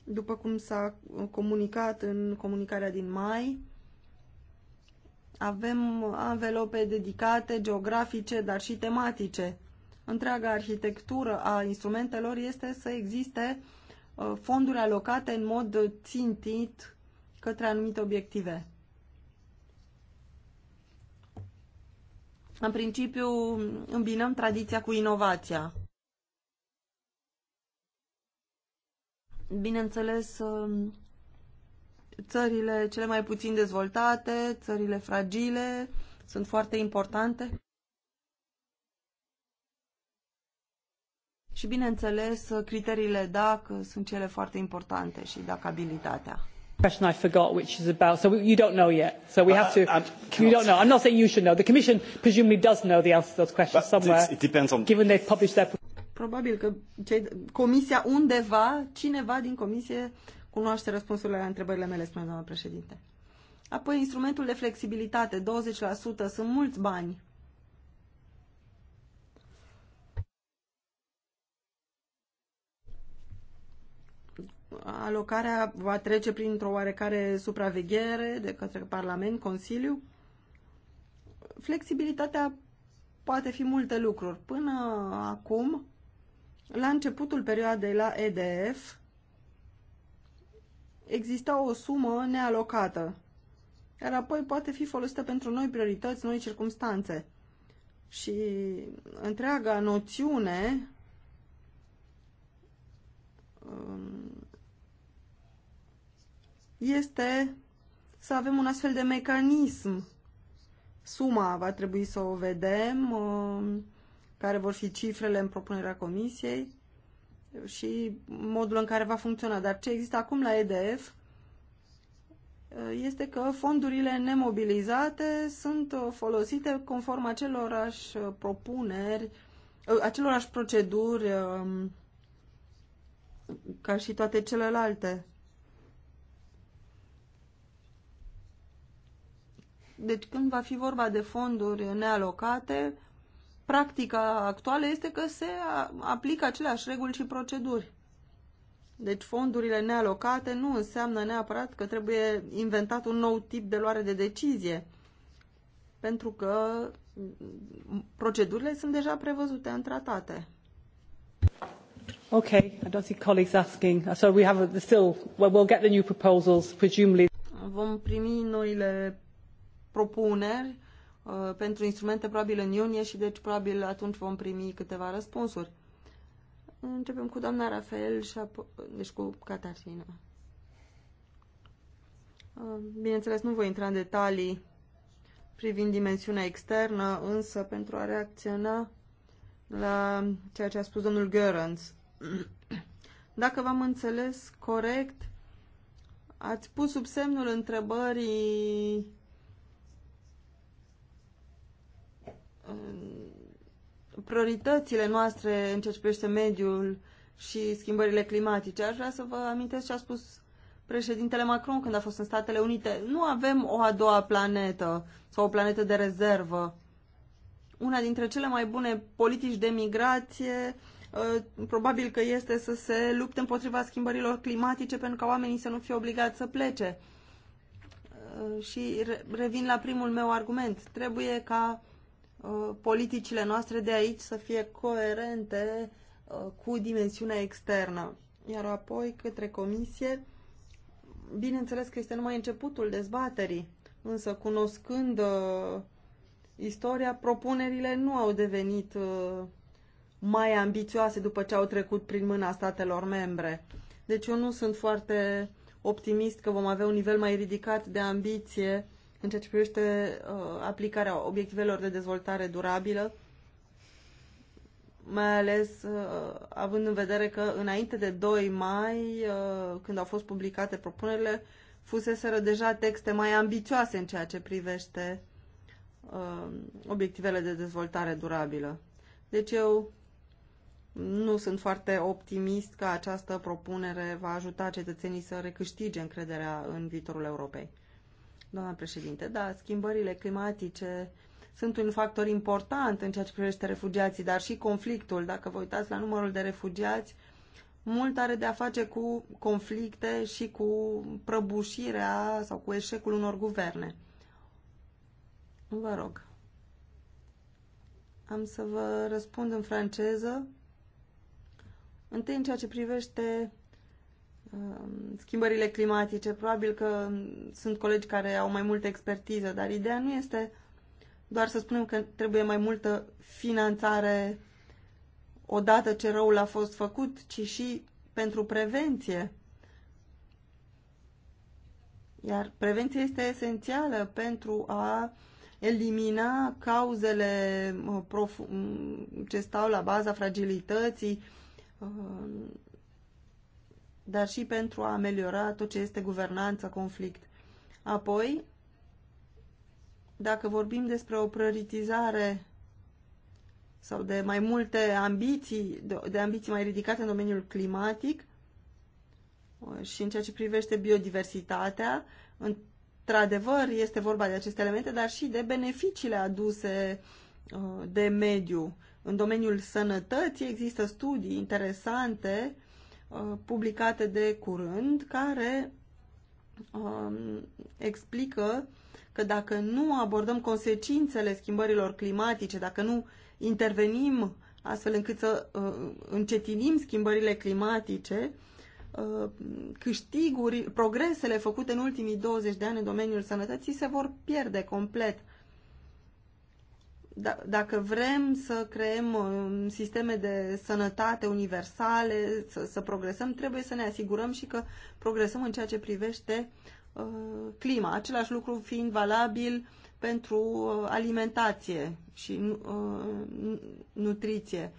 după cum s-a comunicat în comunicarea din mai, avem anvelope dedicate, geografice, dar și tematice. Întreaga arhitectură a instrumentelor este să existe uh, fonduri alocate în mod țintit către anumite obiective. În principiu, îmbinăm tradiția cu inovația. bineînțeles, um, țările cele mai puțin dezvoltate, țările fragile, sunt foarte importante. Și, bineînțeles, criteriile DAC sunt cele foarte importante și DAC abilitatea. Question I forgot, which is about. So you don't know yet. So we have uh, to. Uh, uh, you don't know. I'm not saying you should know. The Commission presumably does know the answer to those questions somewhere. It depends on. Given they've published their. Probabil că cei, comisia undeva, cineva din comisie cunoaște răspunsurile la întrebările mele, spune doamna președinte. Apoi, instrumentul de flexibilitate, 20%, sunt mulți bani. Alocarea va trece printr-o oarecare supraveghere de către Parlament, Consiliu. Flexibilitatea poate fi multe lucruri. Până acum, la începutul perioadei la EDF exista o sumă nealocată, care apoi poate fi folosită pentru noi priorități, noi circumstanțe. Și întreaga noțiune um, este să avem un astfel de mecanism. Suma va trebui să o vedem um, care vor fi cifrele în propunerea comisiei și modul în care va funcționa. Dar ce există acum la EDF este că fondurile nemobilizate sunt uh, folosite conform acelorași uh, propuneri, uh, acelorași proceduri um, ca și toate celelalte. Deci când va fi vorba de fonduri nealocate, practica actuală este că se aplică aceleași reguli și proceduri. Deci fondurile nealocate nu înseamnă neapărat că trebuie inventat un nou tip de luare de decizie, pentru că procedurile sunt deja prevăzute în tratate. Okay, I don't see colleagues asking. Uh, so we have still, we'll get the new proposals, presumably. Vom primi noile propuneri Uh, pentru instrumente probabil în iunie și deci probabil atunci vom primi câteva răspunsuri. Începem cu doamna Rafael și apoi, deci cu Catarina. Uh, bineînțeles, nu voi intra în detalii privind dimensiunea externă, însă pentru a reacționa la ceea ce a spus domnul Görans. *clears throat* Dacă v-am înțeles corect, ați pus sub semnul întrebării Um, prioritățile noastre în ceea ce privește mediul și schimbările climatice. Aș vrea să vă amintesc ce a spus președintele Macron când a fost în Statele Unite. Nu avem o a doua planetă sau o planetă de rezervă. Una dintre cele mai bune politici de migrație uh, probabil că este să se lupte împotriva schimbărilor climatice pentru ca oamenii să nu fie obligați să plece. Uh, și revin la primul meu argument. Trebuie ca Uh, politicile noastre de aici să fie coerente uh, cu dimensiunea externă. Iar apoi, către comisie, bineînțeles că este numai începutul dezbaterii, însă cunoscând uh, istoria, propunerile nu au devenit uh, mai ambițioase după ce au trecut prin mâna statelor membre. Deci eu nu sunt foarte optimist că vom avea un nivel mai ridicat de ambiție în ceea ce privește uh, aplicarea obiectivelor de dezvoltare durabilă, mai ales uh, având în vedere că înainte de 2 mai, uh, când au fost publicate propunerile, fuseseră deja texte mai ambițioase în ceea ce privește obiectivele de dezvoltare durabilă. Deci eu nu sunt foarte optimist că această propunere va ajuta cetățenii să recâștige încrederea în viitorul Europei. Doamna președinte, da, schimbările climatice sunt un factor important în ceea ce privește refugiații, dar și conflictul. Dacă vă uitați la numărul de refugiați, mult are de a face cu conflicte și cu prăbușirea sau cu eșecul unor guverne. Vă rog. Am să vă răspund în franceză. Întâi, în ceea ce privește Um, schimbările climatice. Probabil că sunt colegi care au mai multă expertiză, dar ideea nu este doar să spunem că trebuie mai multă finanțare odată ce răul a fost făcut, ci și pentru prevenție. Iar prevenția este esențială pentru a elimina cauzele uh, ce stau la baza fragilității, uh, dar și pentru a ameliora tot ce este guvernanță, conflict. Apoi, dacă vorbim despre o prioritizare sau de mai multe ambiții, de, ambiții mai ridicate în domeniul climatic și în ceea ce privește biodiversitatea, într-adevăr este vorba de aceste elemente, dar și de beneficiile aduse de mediu. În domeniul sănătății există studii interesante uh, Uh, publicate de curând, care um, explică că dacă nu abordăm consecințele schimbărilor climatice, dacă nu intervenim astfel încât să uh, încetinim schimbările climatice, uh, câștiguri, progresele făcute în ultimii 20 de ani în domeniul sănătății se vor pierde complet. Da, dacă vrem să creăm um, sisteme de sănătate universale, să, să progresăm, trebuie să ne asigurăm și că progresăm în ceea ce privește uh, clima. Același lucru fiind valabil pentru uh, alimentație și uh, nutriție.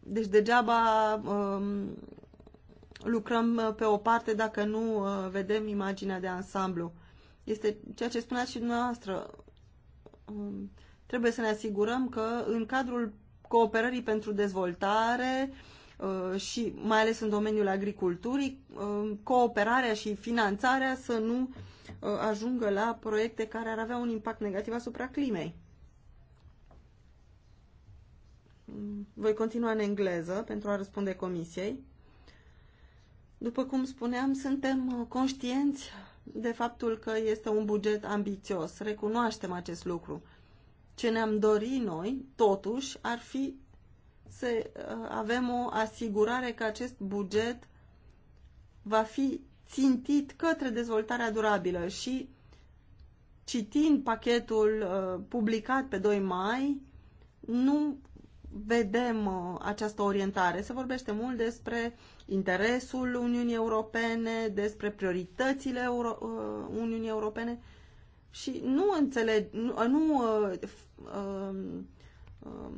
Deci degeaba um, lucrăm uh, pe o parte dacă nu uh, vedem imaginea de ansamblu. Este ceea ce spuneați și dumneavoastră Um, trebuie să ne asigurăm că în cadrul cooperării pentru dezvoltare uh, și mai ales în domeniul agriculturii, um, cooperarea și finanțarea să nu uh, ajungă la proiecte care ar avea un impact negativ asupra climei. Voi continua în engleză pentru a răspunde comisiei. După cum spuneam, suntem uh, conștienți de faptul că este un buget ambițios. Recunoaștem acest lucru. Ce ne-am dorit noi, totuși, ar fi să uh, avem o asigurare că acest buget va fi țintit către dezvoltarea durabilă și citind pachetul uh, publicat pe 2 mai, nu vedem uh, această orientare. Se vorbește mult despre interesul Uniunii Europene, despre prioritățile Euro- uh, Uniunii Europene și nu înțeleg, nu, uh, nu uh, uh, uh,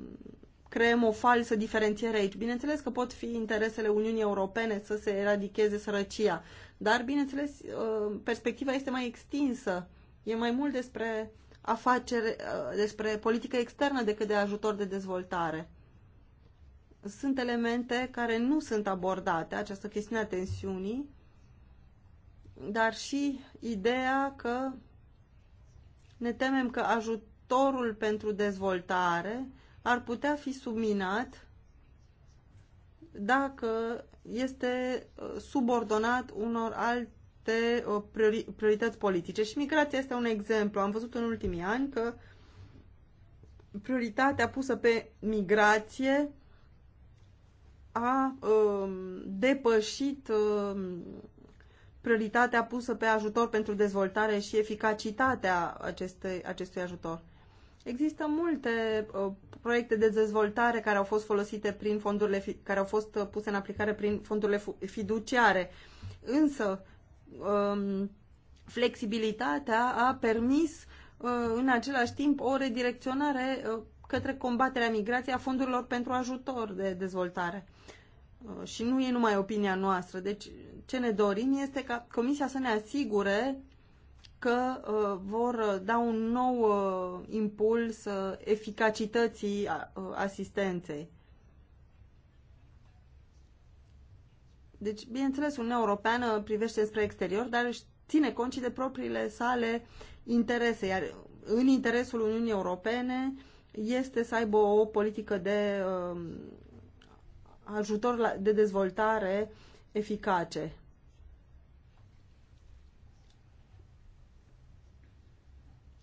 creăm o falsă diferențiere aici. Bineînțeles că pot fi interesele Uniunii Europene să se eradicheze sărăcia, dar, bineînțeles, uh, perspectiva este mai extinsă. E mai mult despre afacere, despre politică externă decât de ajutor de dezvoltare sunt elemente care nu sunt abordate, această chestiune a tensiunii, dar și ideea că ne temem că ajutorul pentru dezvoltare ar putea fi subminat dacă este uh, subordonat unor alte uh, priori priorități politice. Și migrația este un exemplu. Am văzut în ultimii ani că prioritatea pusă pe migrație a um, depășit um, prioritatea pusă pe ajutor pentru dezvoltare și eficacitatea acestei, acestui ajutor. Există multe uh, proiecte de dezvoltare care au fost folosite prin fondurile fi, care au fost uh, puse în aplicare prin fondurile fiduciare. Însă um, flexibilitatea a permis uh, în același timp o redirecționare uh, către combaterea migrației a fondurilor pentru ajutor de dezvoltare. Uh, și nu e numai opinia noastră. Deci ce ne dorim este ca Comisia să ne asigure că uh, vor da un nou uh, impuls eficacității asistenței. Deci, bineînțeles, Uniunea Europeană privește spre exterior, dar își ține cont și de propriile sale interese, iar în interesul Uniunii Europene este să aibă o politică de uh, ajutor la, de dezvoltare eficace.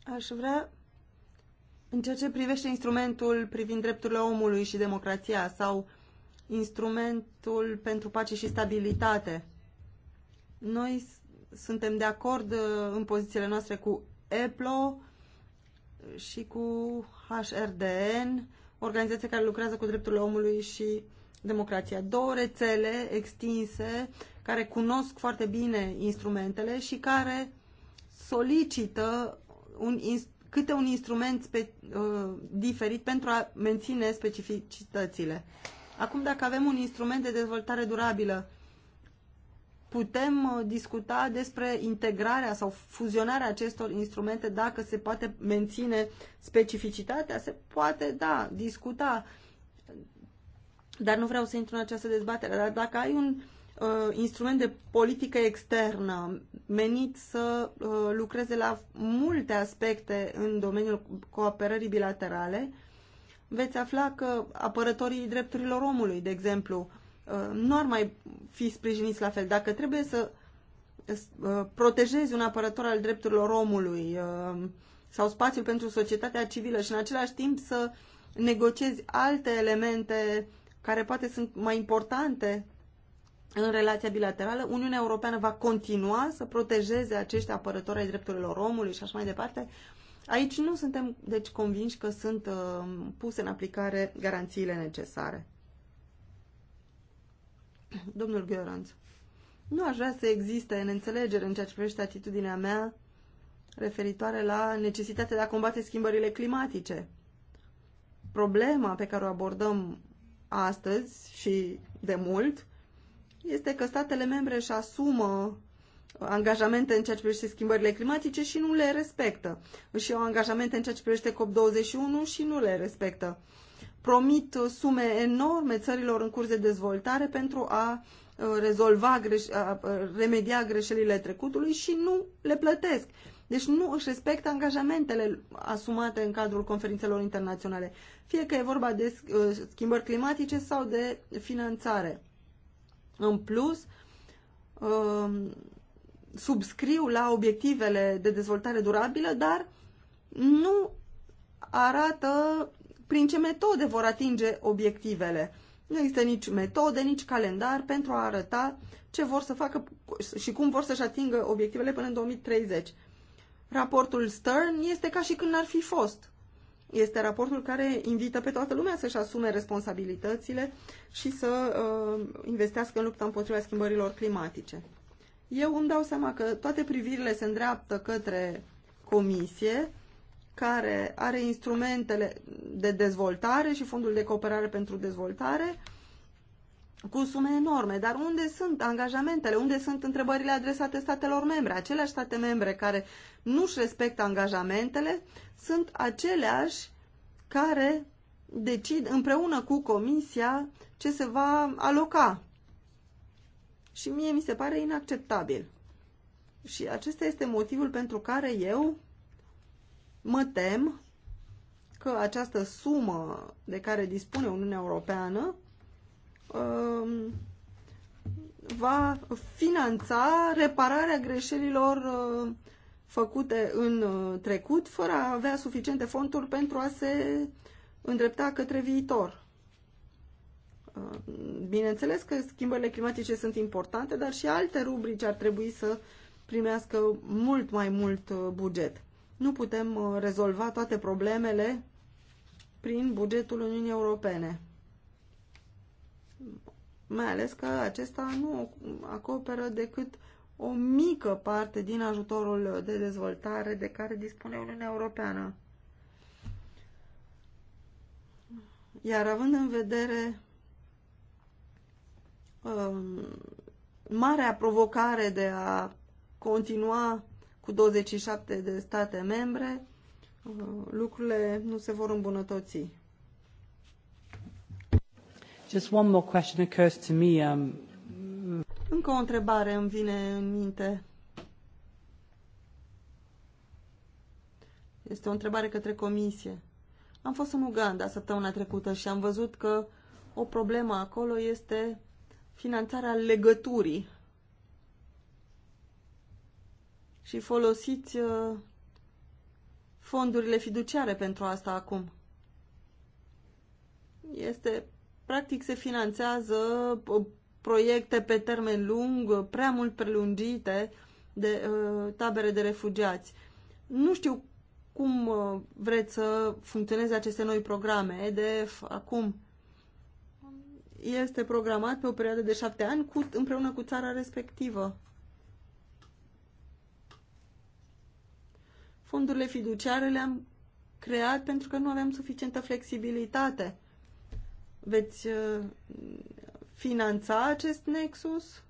Aș vrea, în ceea ce privește instrumentul privind drepturile omului și democrația sau instrumentul pentru pace și stabilitate, noi suntem de acord uh, în pozițiile noastre cu EPLO și cu HRDN, organizație care lucrează cu drepturile omului și democrația. Două rețele extinse care cunosc foarte bine instrumentele și care solicită un, câte un instrument spe, uh, diferit pentru a menține specificitățile. Acum, dacă avem un instrument de dezvoltare durabilă putem uh, discuta despre integrarea sau fuzionarea acestor instrumente, dacă se poate menține specificitatea, se poate, da, discuta. Dar nu vreau să intru în această dezbatere. Dar dacă ai un uh, instrument de politică externă menit să uh, lucreze la multe aspecte în domeniul cooperării bilaterale, veți afla că apărătorii drepturilor omului, de exemplu, Uh, nu ar mai fi sprijiniți la fel. Dacă trebuie să uh, protejezi un apărător al drepturilor omului uh, sau spațiul pentru societatea civilă și în același timp să negociezi alte elemente care poate sunt mai importante în relația bilaterală, Uniunea Europeană va continua să protejeze acești apărători ai drepturilor omului și așa mai departe. Aici nu suntem, deci, convinși că sunt uh, puse în aplicare garanțiile necesare. Domnul Gheoranț, nu aș vrea să existe înțelegere în ceea ce privește atitudinea mea referitoare la necesitatea de a combate schimbările climatice. Problema pe care o abordăm astăzi și de mult este că statele membre își asumă angajamente în ceea ce privește schimbările climatice și nu le respectă. Își iau angajamente în ceea ce privește COP21 și nu le respectă promit uh, sume enorme țărilor în curs de dezvoltare pentru a uh, rezolva, a remedia greșelile trecutului și nu le plătesc. Deci nu își respectă angajamentele asumate în cadrul conferințelor internaționale, fie că e vorba de uh, schimbări climatice sau de finanțare. În plus, um, subscriu la obiectivele de dezvoltare durabilă, dar nu arată prin ce metode vor atinge obiectivele. Nu există nici metode, nici calendar pentru a arăta ce vor să facă și cum vor să-și atingă obiectivele până în 2030. Raportul Stern este ca și când n-ar fi fost. Este raportul care invită pe toată lumea să-și asume responsabilitățile și să uh, investească în lupta împotriva schimbărilor climatice. Eu îmi dau seama că toate privirile se îndreaptă către comisie, care are instrumentele de dezvoltare și fondul de cooperare pentru dezvoltare cu sume enorme. Dar unde sunt angajamentele? Unde sunt întrebările adresate statelor membre? Aceleași state membre care nu își respectă angajamentele sunt aceleași care decid împreună cu Comisia ce se va aloca. Și mie mi se pare inacceptabil. Și acesta este motivul pentru care eu Mă tem că această sumă de care dispune Uniunea Europeană um, va finanța repararea greșelilor uh, făcute în uh, trecut, fără a avea suficiente fonduri pentru a se îndrepta către viitor. Uh, bineînțeles că schimbările climatice sunt importante, dar și alte rubrici ar trebui să primească mult mai mult buget nu putem uh, rezolva toate problemele prin bugetul Uniunii Europene. Mai ales că acesta nu acoperă decât o mică parte din ajutorul de dezvoltare de care dispune Uniunea Europeană. Iar având în vedere um, marea provocare de a continua cu 27 de state membre, uh, lucrurile nu se vor îmbunătăți. Just one more question occurs to me. Um... Încă o întrebare îmi vine în minte. Este o întrebare către comisie. Am fost în Uganda săptămâna trecută și am văzut că o problemă acolo este finanțarea legăturii și folosiți uh, fondurile fiduciare pentru asta acum. Este, practic, se finanțează uh, proiecte pe termen lung, uh, prea mult prelungite de uh, tabere de refugiați. Nu știu cum uh, vreți să funcționeze aceste noi programe. EDF acum este programat pe o perioadă de șapte ani cu, împreună cu țara respectivă. Fondurile fiduciare le-am creat pentru că nu aveam suficientă flexibilitate. Veți uh, finanța acest nexus?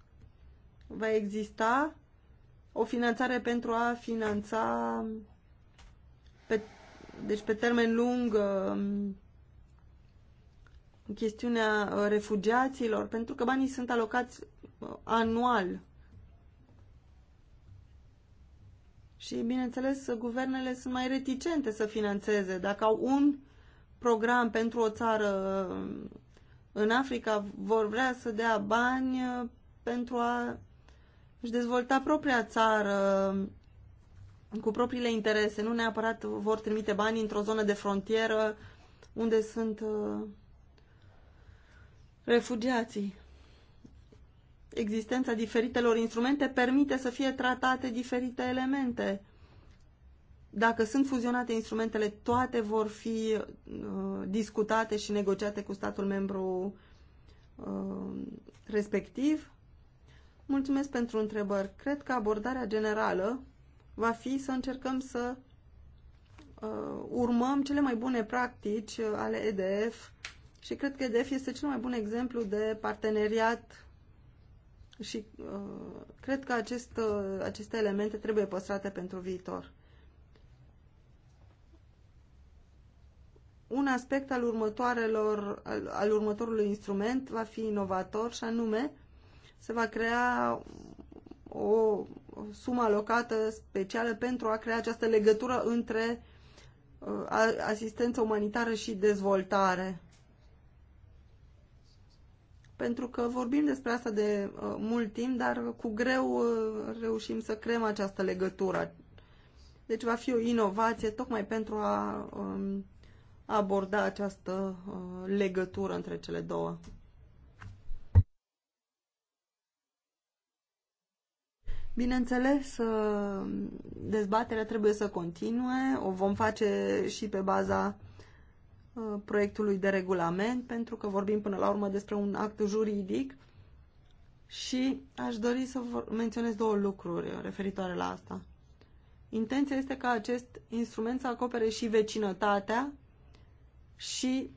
Va exista o finanțare pentru a finanța pe, deci pe termen lung um, chestiunea uh, refugiaților, pentru că banii sunt alocați uh, anual Și, bineînțeles, guvernele sunt mai reticente să financeze. Dacă au un program pentru o țară uh, în Africa, vor vrea să dea bani uh, pentru a își dezvolta propria țară uh, cu propriile interese. Nu neapărat vor trimite bani într-o zonă de frontieră unde sunt refugiații existența diferitelor instrumente permite să fie tratate diferite elemente. Dacă sunt fuzionate instrumentele, toate vor fi uh, discutate și negociate cu statul membru uh, respectiv. Mulțumesc pentru întrebări. Cred că abordarea generală va fi să încercăm să uh, urmăm cele mai bune practici uh, ale EDF și cred că EDF este cel mai bun exemplu de parteneriat și uh, cred că acest, uh, aceste elemente trebuie păstrate pentru viitor. Un aspect al, următoarelor, al, al următorului instrument va fi inovator și anume se va crea o sumă alocată specială pentru a crea această legătură între uh, asistență umanitară și dezvoltare pentru că vorbim despre asta de uh, mult timp, dar cu greu uh, reușim să creăm această legătură. Deci va fi o inovație tocmai pentru a um, aborda această uh, legătură între cele două. Bineînțeles, uh, dezbaterea trebuie să continue, o vom face și pe baza Uh, proiectului de regulament, pentru că vorbim până la urmă despre un act juridic și aș dori să menționez două lucruri referitoare la asta. Intenția este ca acest instrument să acopere și vecinătatea și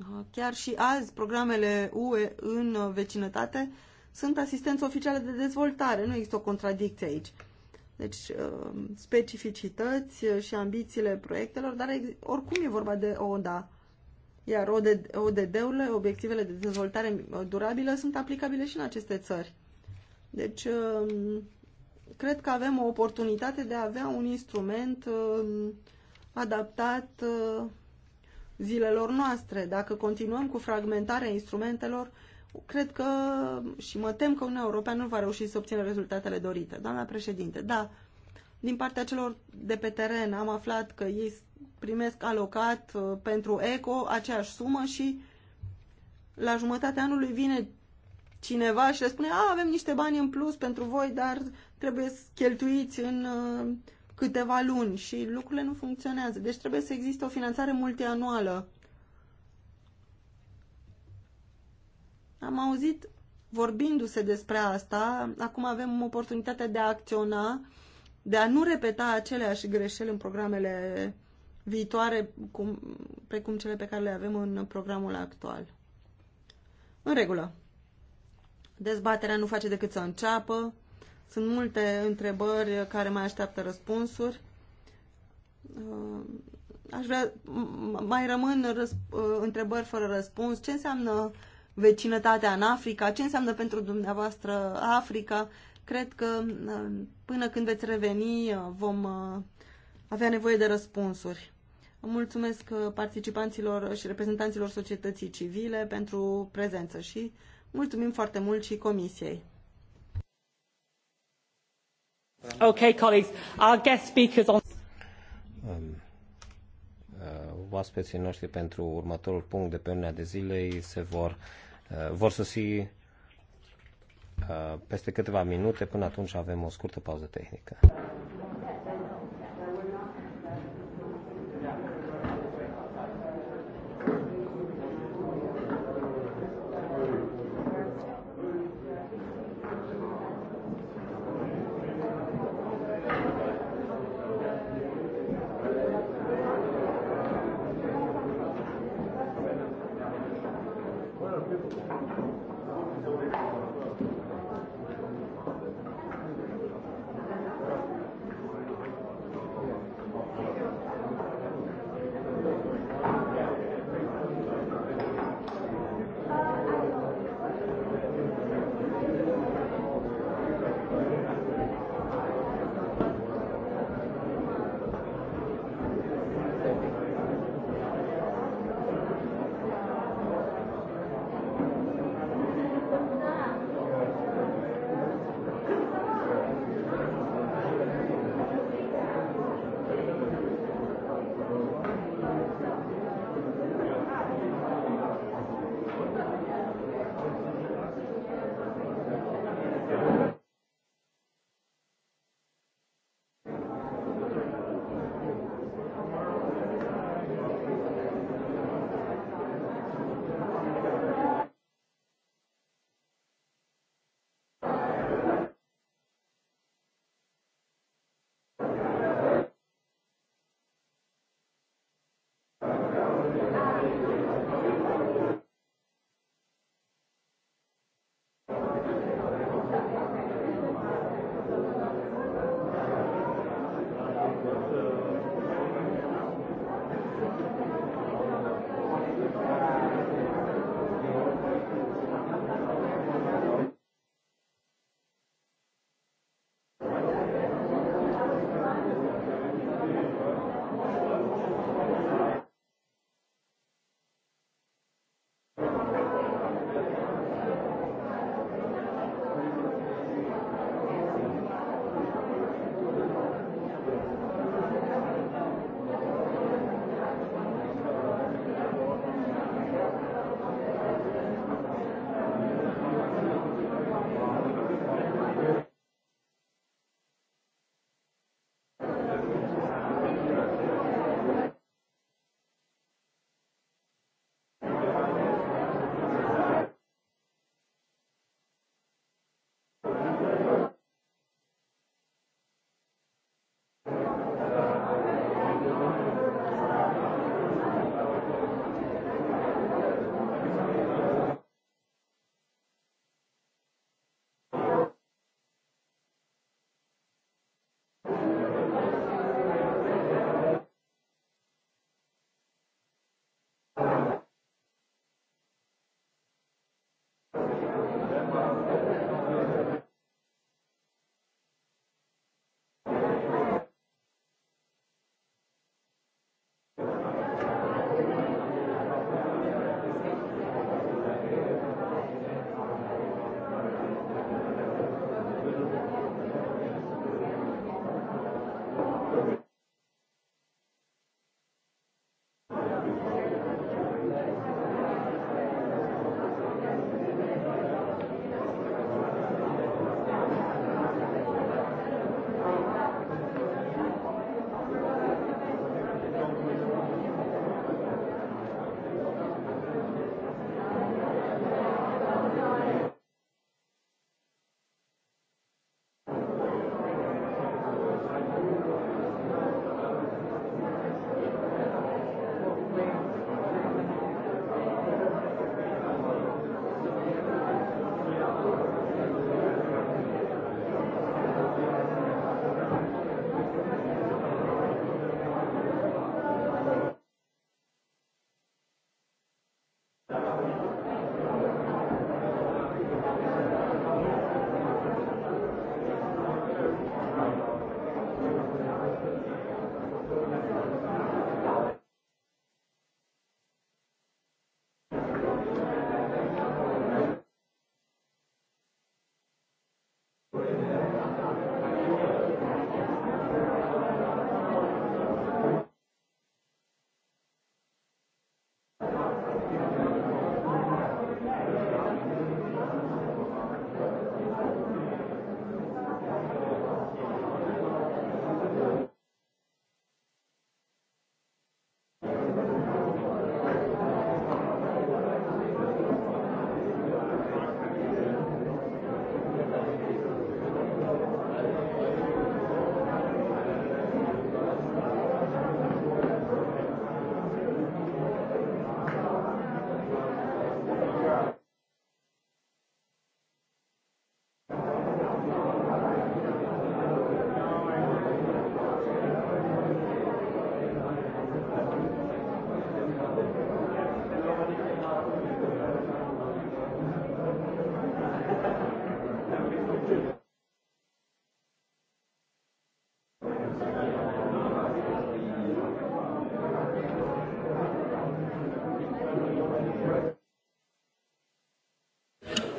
uh, chiar și azi programele UE în vecinătate sunt asistență oficială de dezvoltare. Nu există o contradicție aici. Deci, um, specificități și ambițiile proiectelor, dar oricum e vorba de ODA. Iar ODD-urile, obiectivele de dezvoltare durabilă, sunt aplicabile și în aceste țări. Deci, um, cred că avem o oportunitate de a avea un instrument um, adaptat uh, zilelor noastre. Dacă continuăm cu fragmentarea instrumentelor, cred că și mă tem că Uniunea Europeană nu va reuși să obțină rezultatele dorite. Doamna președinte, da, din partea celor de pe teren am aflat că ei primesc alocat uh, pentru ECO aceeași sumă și la jumătatea anului vine cineva și le spune a, avem niște bani în plus pentru voi, dar trebuie să cheltuiți în uh, câteva luni și lucrurile nu funcționează. Deci trebuie să existe o finanțare multianuală Am auzit vorbindu-se despre asta, acum avem oportunitatea de a acționa, de a nu repeta aceleași greșeli în programele viitoare, cum, precum cele pe care le avem în programul actual. În regulă. Dezbaterea nu face decât să înceapă. Sunt multe întrebări care mai așteaptă răspunsuri. Aș vrea, mai rămân răsp- întrebări fără răspuns. Ce înseamnă vecinătatea în Africa, ce înseamnă pentru dumneavoastră Africa. Cred că uh, până când veți reveni uh, vom uh, avea nevoie de răspunsuri. Mulțumesc participanților și reprezentanților societății civile pentru prezență și mulțumim foarte mult și comisiei. Okay, colleagues, our guest speakers on... Um, uh, oaspeții noștri pentru următorul punct de pe urmea de zilei se vor Uh, vor sosi uh, peste câteva minute. Până atunci avem o scurtă pauză tehnică.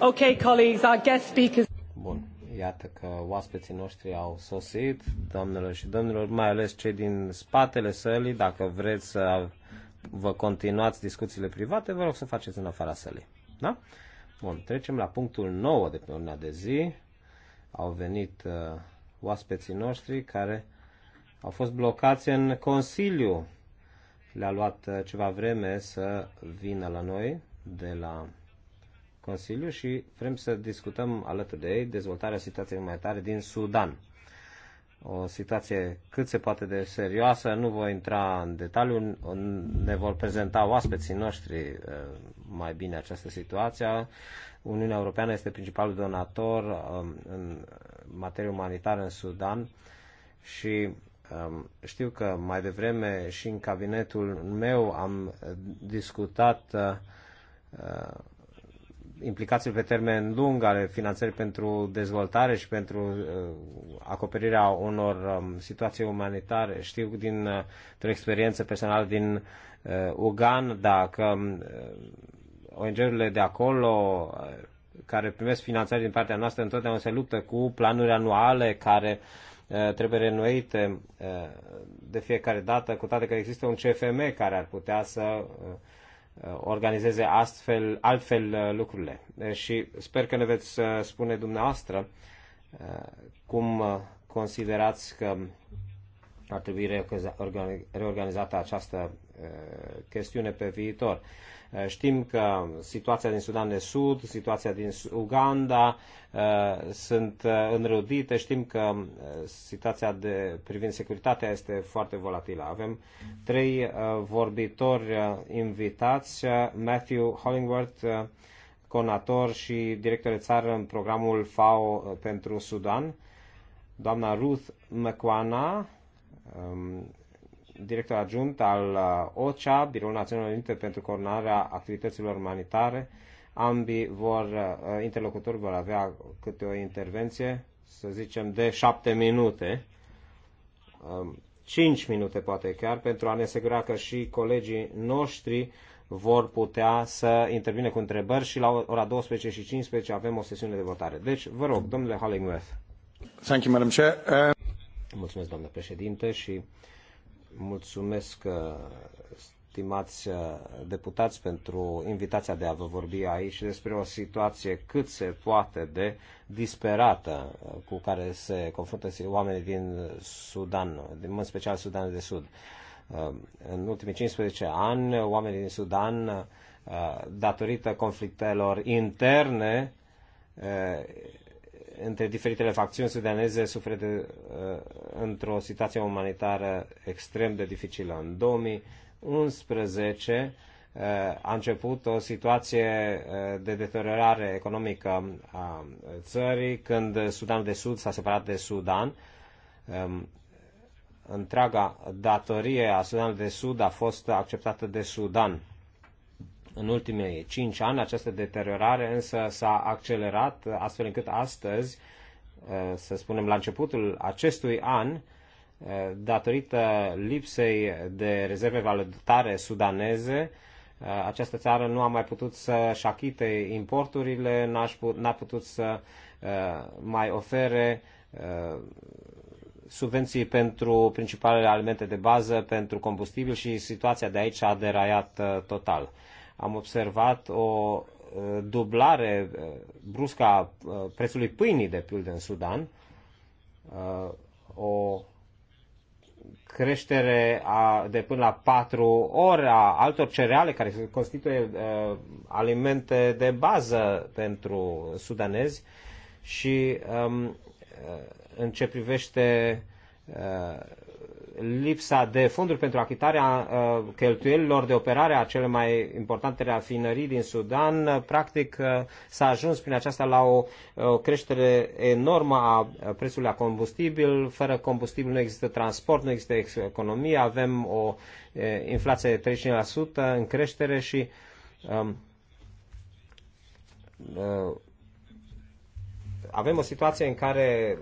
Okay, colleagues, our guest speakers. Bun, iată că oaspeții noștri au sosit, doamnelor și domnilor, mai ales cei din spatele sălii, dacă vreți să vă continuați discuțiile private, vă rog să faceți în afara sălii. Da? Bun, trecem la punctul 9 de pe urmea de zi. Au venit uh, oaspeții noștri care au fost blocați în Consiliu. Le-a luat uh, ceva vreme să vină la noi de la Consiliu și vrem să discutăm alături de ei dezvoltarea situației umanitare din Sudan. O situație cât se poate de serioasă, nu voi intra în detaliu, ne vor prezenta oaspeții noștri eh, mai bine această situație. Uniunea Europeană este principalul donator um, în materie umanitară în Sudan și um, știu că mai devreme și în cabinetul meu am discutat eh, implicații pe termen lung ale finanțării pentru dezvoltare și pentru uh, acoperirea unor um, situații umanitare. Știu din uh, o experiență personală din uh, Uganda că um, ONG-urile de acolo care primesc finanțări din partea noastră întotdeauna se luptă cu planuri anuale care trebuie renuite de fiecare dată, cu toate că există un CFM care ar putea să Uh, organizeze astfel, altfel uh, lucrurile. Și sper că ne veți uh, spune dumneavoastră cum considerați că ar trebui reorganizată această chestiune pe viitor. Eh, știm că situația din Sudan de Sud, situația din Uganda eh, sunt eh, înrăudite, știm că situația de, privind securitatea este foarte volatilă. Avem trei vorbitori invitați, Matthew Hollingworth, conator și director de țară în programul FAO pentru Sudan, doamna Ruth McWana, ehm, director adjunct al uh, OCHA, Biroul Național Unite pentru Coordonarea Activităților Umanitare. Ambii vor, uh, interlocutori vor avea câte o intervenție, să zicem, de șapte minute, um, cinci minute poate chiar, pentru a ne asigura că și colegii noștri vor putea să intervine cu întrebări și la ora 12 și 15 avem o sesiune de votare. Deci, vă rog, domnule Hollingworth. Thank you, Madam Chair. Uh... Mulțumesc, doamnă președinte, și Mulțumesc, uh, stimați uh, deputați, pentru invitația de a vă vorbi aici despre o situație cât se poate de disperată uh, cu care se confruntă oamenii din Sudan, în special Sudan de Sud. În ultimii 15 ani, oamenii din Sudan, datorită conflictelor interne, între diferitele facțiuni sudaneze suferă de, uh, într-o situație umanitară extrem de dificilă. În 2011 uh, a început o situație uh, de deteriorare economică a țării când Sudanul de Sud s-a separat de Sudan. Um, întreaga datorie a Sudanului de Sud a fost acceptată de Sudan în ultimii 5 ani această deteriorare însă s-a accelerat astfel încât astăzi, uh, să spunem la începutul acestui an, uh, datorită lipsei de rezerve valutare sudaneze, uh, această țară nu a mai putut să-și achite importurile, n-a putut să mai ofere subvenții pentru principalele alimente de bază, pentru combustibil și situația de aici a deraiat total am observat o dublare bruscă a prețului pâinii, de pildă, în Sudan, o creștere a, de până la 4 ori a altor cereale care se constituie uh, alimente de bază pentru sudanezi și um, în ce privește uh, lipsa de fonduri pentru achitarea uh, cheltuielilor de operare a cele mai importante rafinării din Sudan, uh, practic uh, s-a ajuns prin aceasta la o, creștere enormă a prețului la combustibil. Fără combustibil nu există transport, nu există economie, avem o inflație de 35% în creștere și um, avem o situație în care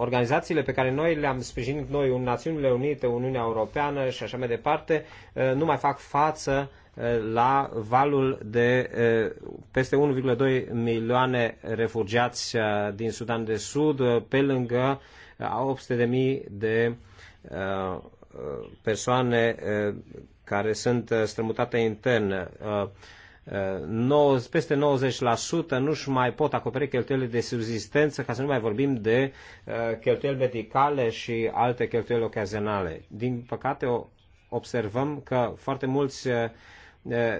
organizațiile pe care noi le-am sprijinit noi în Națiunile Unite, Uniunea Europeană și așa mai departe, uh, nu mai fac față uh, la valul de uh, peste 1,2 milioane refugiați din Sudan de Sud, pe lângă 800.000 de persoane care sunt strămutate intern peste 90% nu-și mai pot acoperi cheltuielile de subzistență, ca să nu mai vorbim de uh, cheltuieli medicale și alte cheltuieli ocazionale. Din păcate, observăm că foarte mulți uh,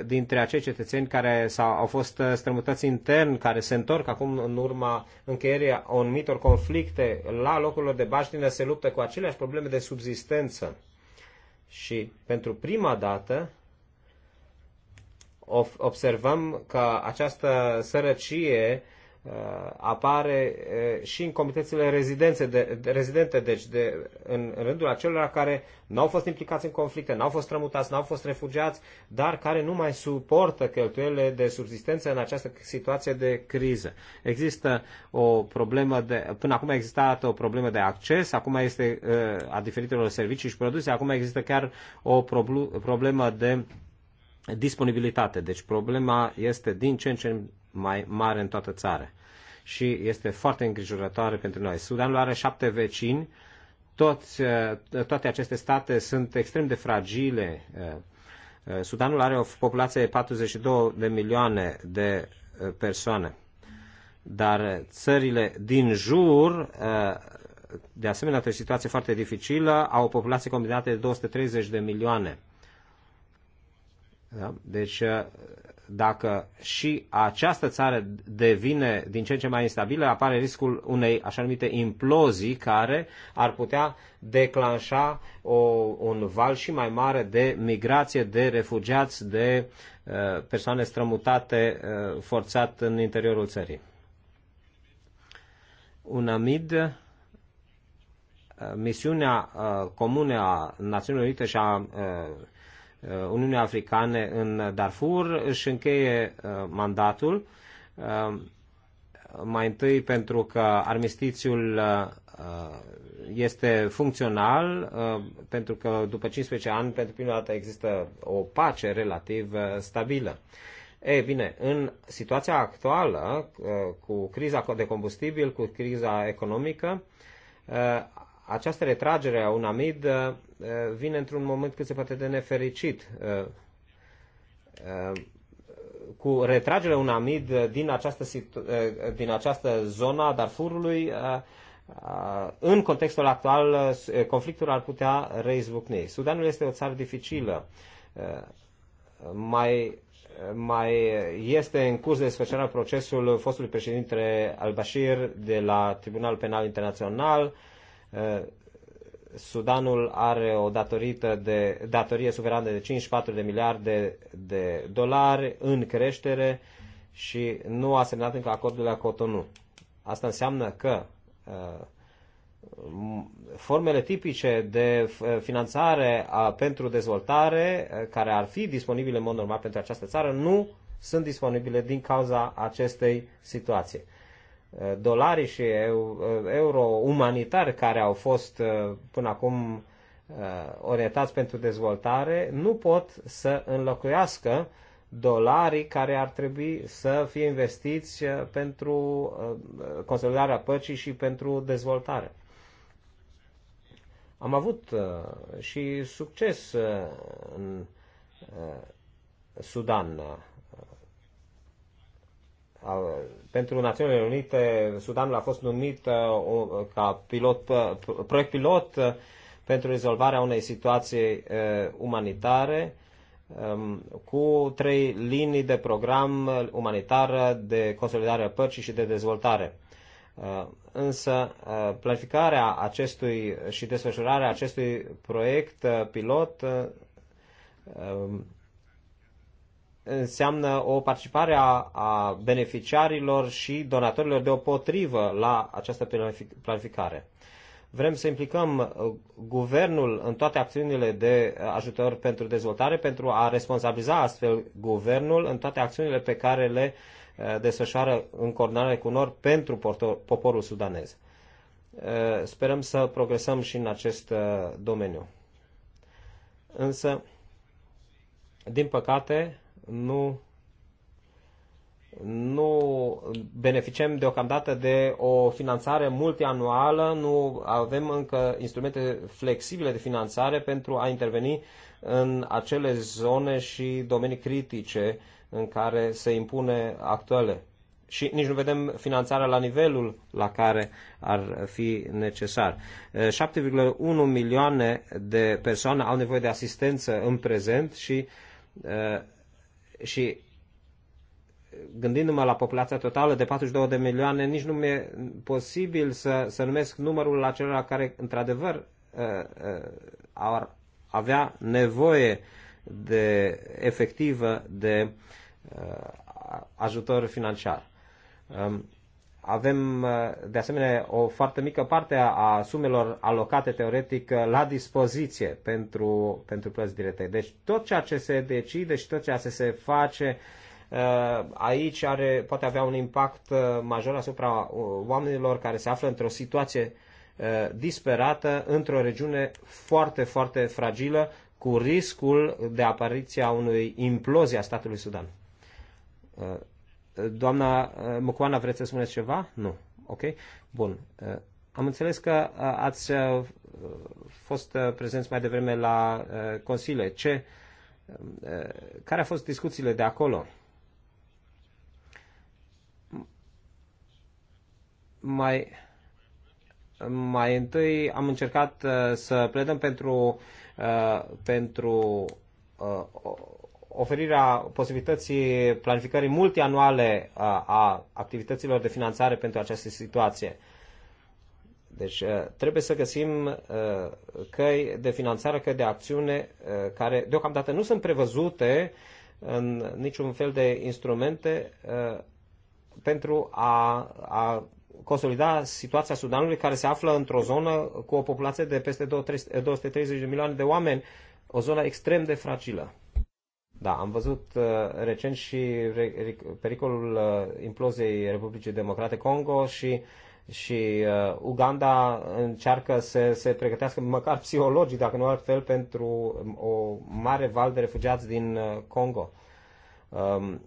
dintre acei cetățeni care s-au, au fost uh, strămutați intern, care se întorc acum în urma încheierii anumitor conflicte la locurile de baștină, se luptă cu aceleași probleme de subzistență. Și pentru prima dată observăm că această sărăcie uh, apare uh, și în comunitățile rezidențe de, de, rezidente, deci de, în, rândul acelor care nu au fost implicați în conflicte, nu au fost strămutați, nu au fost refugiați, dar care nu mai suportă cheltuielile de subsistență în această situație de criză. Există o problemă de, până acum a existat o problemă de acces, acum este uh, a diferitelor servicii și produse, acum există chiar o problemă de disponibilitate. Deci problema este din ce în ce mai mare în toată țara și este foarte îngrijorătoare pentru noi. Sudanul are șapte vecini, toți, eh, toate aceste state sunt extrem de fragile. Eh, eh, Sudanul are o populație de 42 de milioane de persoane, dar țările din jur, de asemenea, într-o situație foarte dificilă, au o populație combinată de 230 de milioane. Da? Deci, uh, dacă și această țară devine din ce în ce mai instabilă, apare riscul unei așa numite implozii care ar putea declanșa o, un val și mai mare de migrație, de refugiați, de uh, persoane strămutate uh, forțat în interiorul țării. UNAMID, uh, misiunea uh, comune a Națiunilor Unite și a uh, Uh, Uniunii Africane în Darfur își încheie uh, mandatul, uh, mai întâi pentru că armistițiul este funcțional, pentru că după 15 ani, pentru prima dată, există o pace relativ stabilă. E bine, în situația actuală, cu criza de combustibil, cu criza economică, această retragere a UNAMID Eh, vine într-un moment cât se poate de nefericit. Eh, eh, cu retragerea un amid din această, din această zona, a Darfurului, în contextul actual, conflictul ar putea reizbucni. Sudanul este o țară dificilă. Mai, mai este în curs de desfășurare procesul fostului președinte al Bashir de la Tribunal Penal Internațional. Sudanul are o datorită de, datorie suverană de 54 de miliarde de dolari în creștere și nu a semnat încă acordul la Cotonou. Asta înseamnă că uh, formele tipice de uh, finanțare a, pentru dezvoltare uh, care ar fi disponibile în mod normal pentru această țară nu sunt disponibile din cauza acestei situații. Uh, dolari și uh, euro umanitari care au fost uh, până acum orientați pentru dezvoltare nu pot să înlocuiască dolarii care ar trebui să fie investiți pentru consolidarea păcii și pentru dezvoltare. Am avut și succes în Sudan pentru Națiunile Unite, Sudanul a fost numit uh, ca pilot, uh, proiect pilot uh, pentru rezolvarea unei situații umanitare um, cu trei linii de program umanitar de consolidare a părții și de dezvoltare. Însă planificarea acestui și desfășurarea acestui proiect pilot um, înseamnă o participare a, a beneficiarilor și donatorilor deopotrivă la această planificare. Vrem să implicăm uh, guvernul în toate acțiunile de uh, ajutor pentru dezvoltare pentru a responsabiliza astfel guvernul în toate acțiunile pe care le uh, desfășoară în coordonare cu NOR pentru poporul sudanez. Sperăm să progresăm și în acest domeniu. Însă, din păcate, nu, nu beneficiem deocamdată de o finanțare multianuală, nu avem încă instrumente flexibile de finanțare pentru a interveni în acele zone și domenii critice în care se impune actuale. Și nici nu vedem finanțarea la nivelul la care ar fi necesar. 7,1 milioane de persoane au nevoie de asistență în prezent și și uh, gândindu-mă la populația totală de 42 de milioane, nici nu mi-e posibil să, să numesc numărul acelora care, într-adevăr, uh, uh, ar avea nevoie de efectivă de ajutor financiar. Um, avem, uh, de asemenea, o foarte mică parte a sumelor alocate teoretic uh, la dispoziție pentru, pentru plăți directe. Deci tot ceea ce se decide și tot ceea ce se face uh, aici are, poate avea un impact major asupra oamenilor care se află într-o situație disperată, într-o regiune foarte, foarte fragilă, cu riscul de apariția unui implozie a statului Sudan. Doamna eh, Mucoana, vreți să spuneți ceva? Nu. Ok. Bun. Eh, am înțeles că eh, ați fost prezenți mai devreme la Consile. Ce, care au fost discuțiile de acolo? Mai, mai întâi am încercat să pledăm pentru, pentru oferirea posibilității planificării multianuale uh, a activităților de finanțare pentru această situație. Deci uh, trebuie să găsim uh, căi de finanțare, căi de acțiune care deocamdată nu sunt prevăzute în niciun fel de instrumente pentru a, a consolida situația Sudanului care se află într-o zonă cu o populație de peste 230 de milioane de oameni, o zonă extrem de fragilă. Da, am văzut uh, recent și pericolul uh, imploziei Republicii Democrate Congo și și uh, Uganda încearcă să se pregătească măcar psihologic, dacă nu altfel, pentru um, o mare val de refugiați din uh, Congo. Um,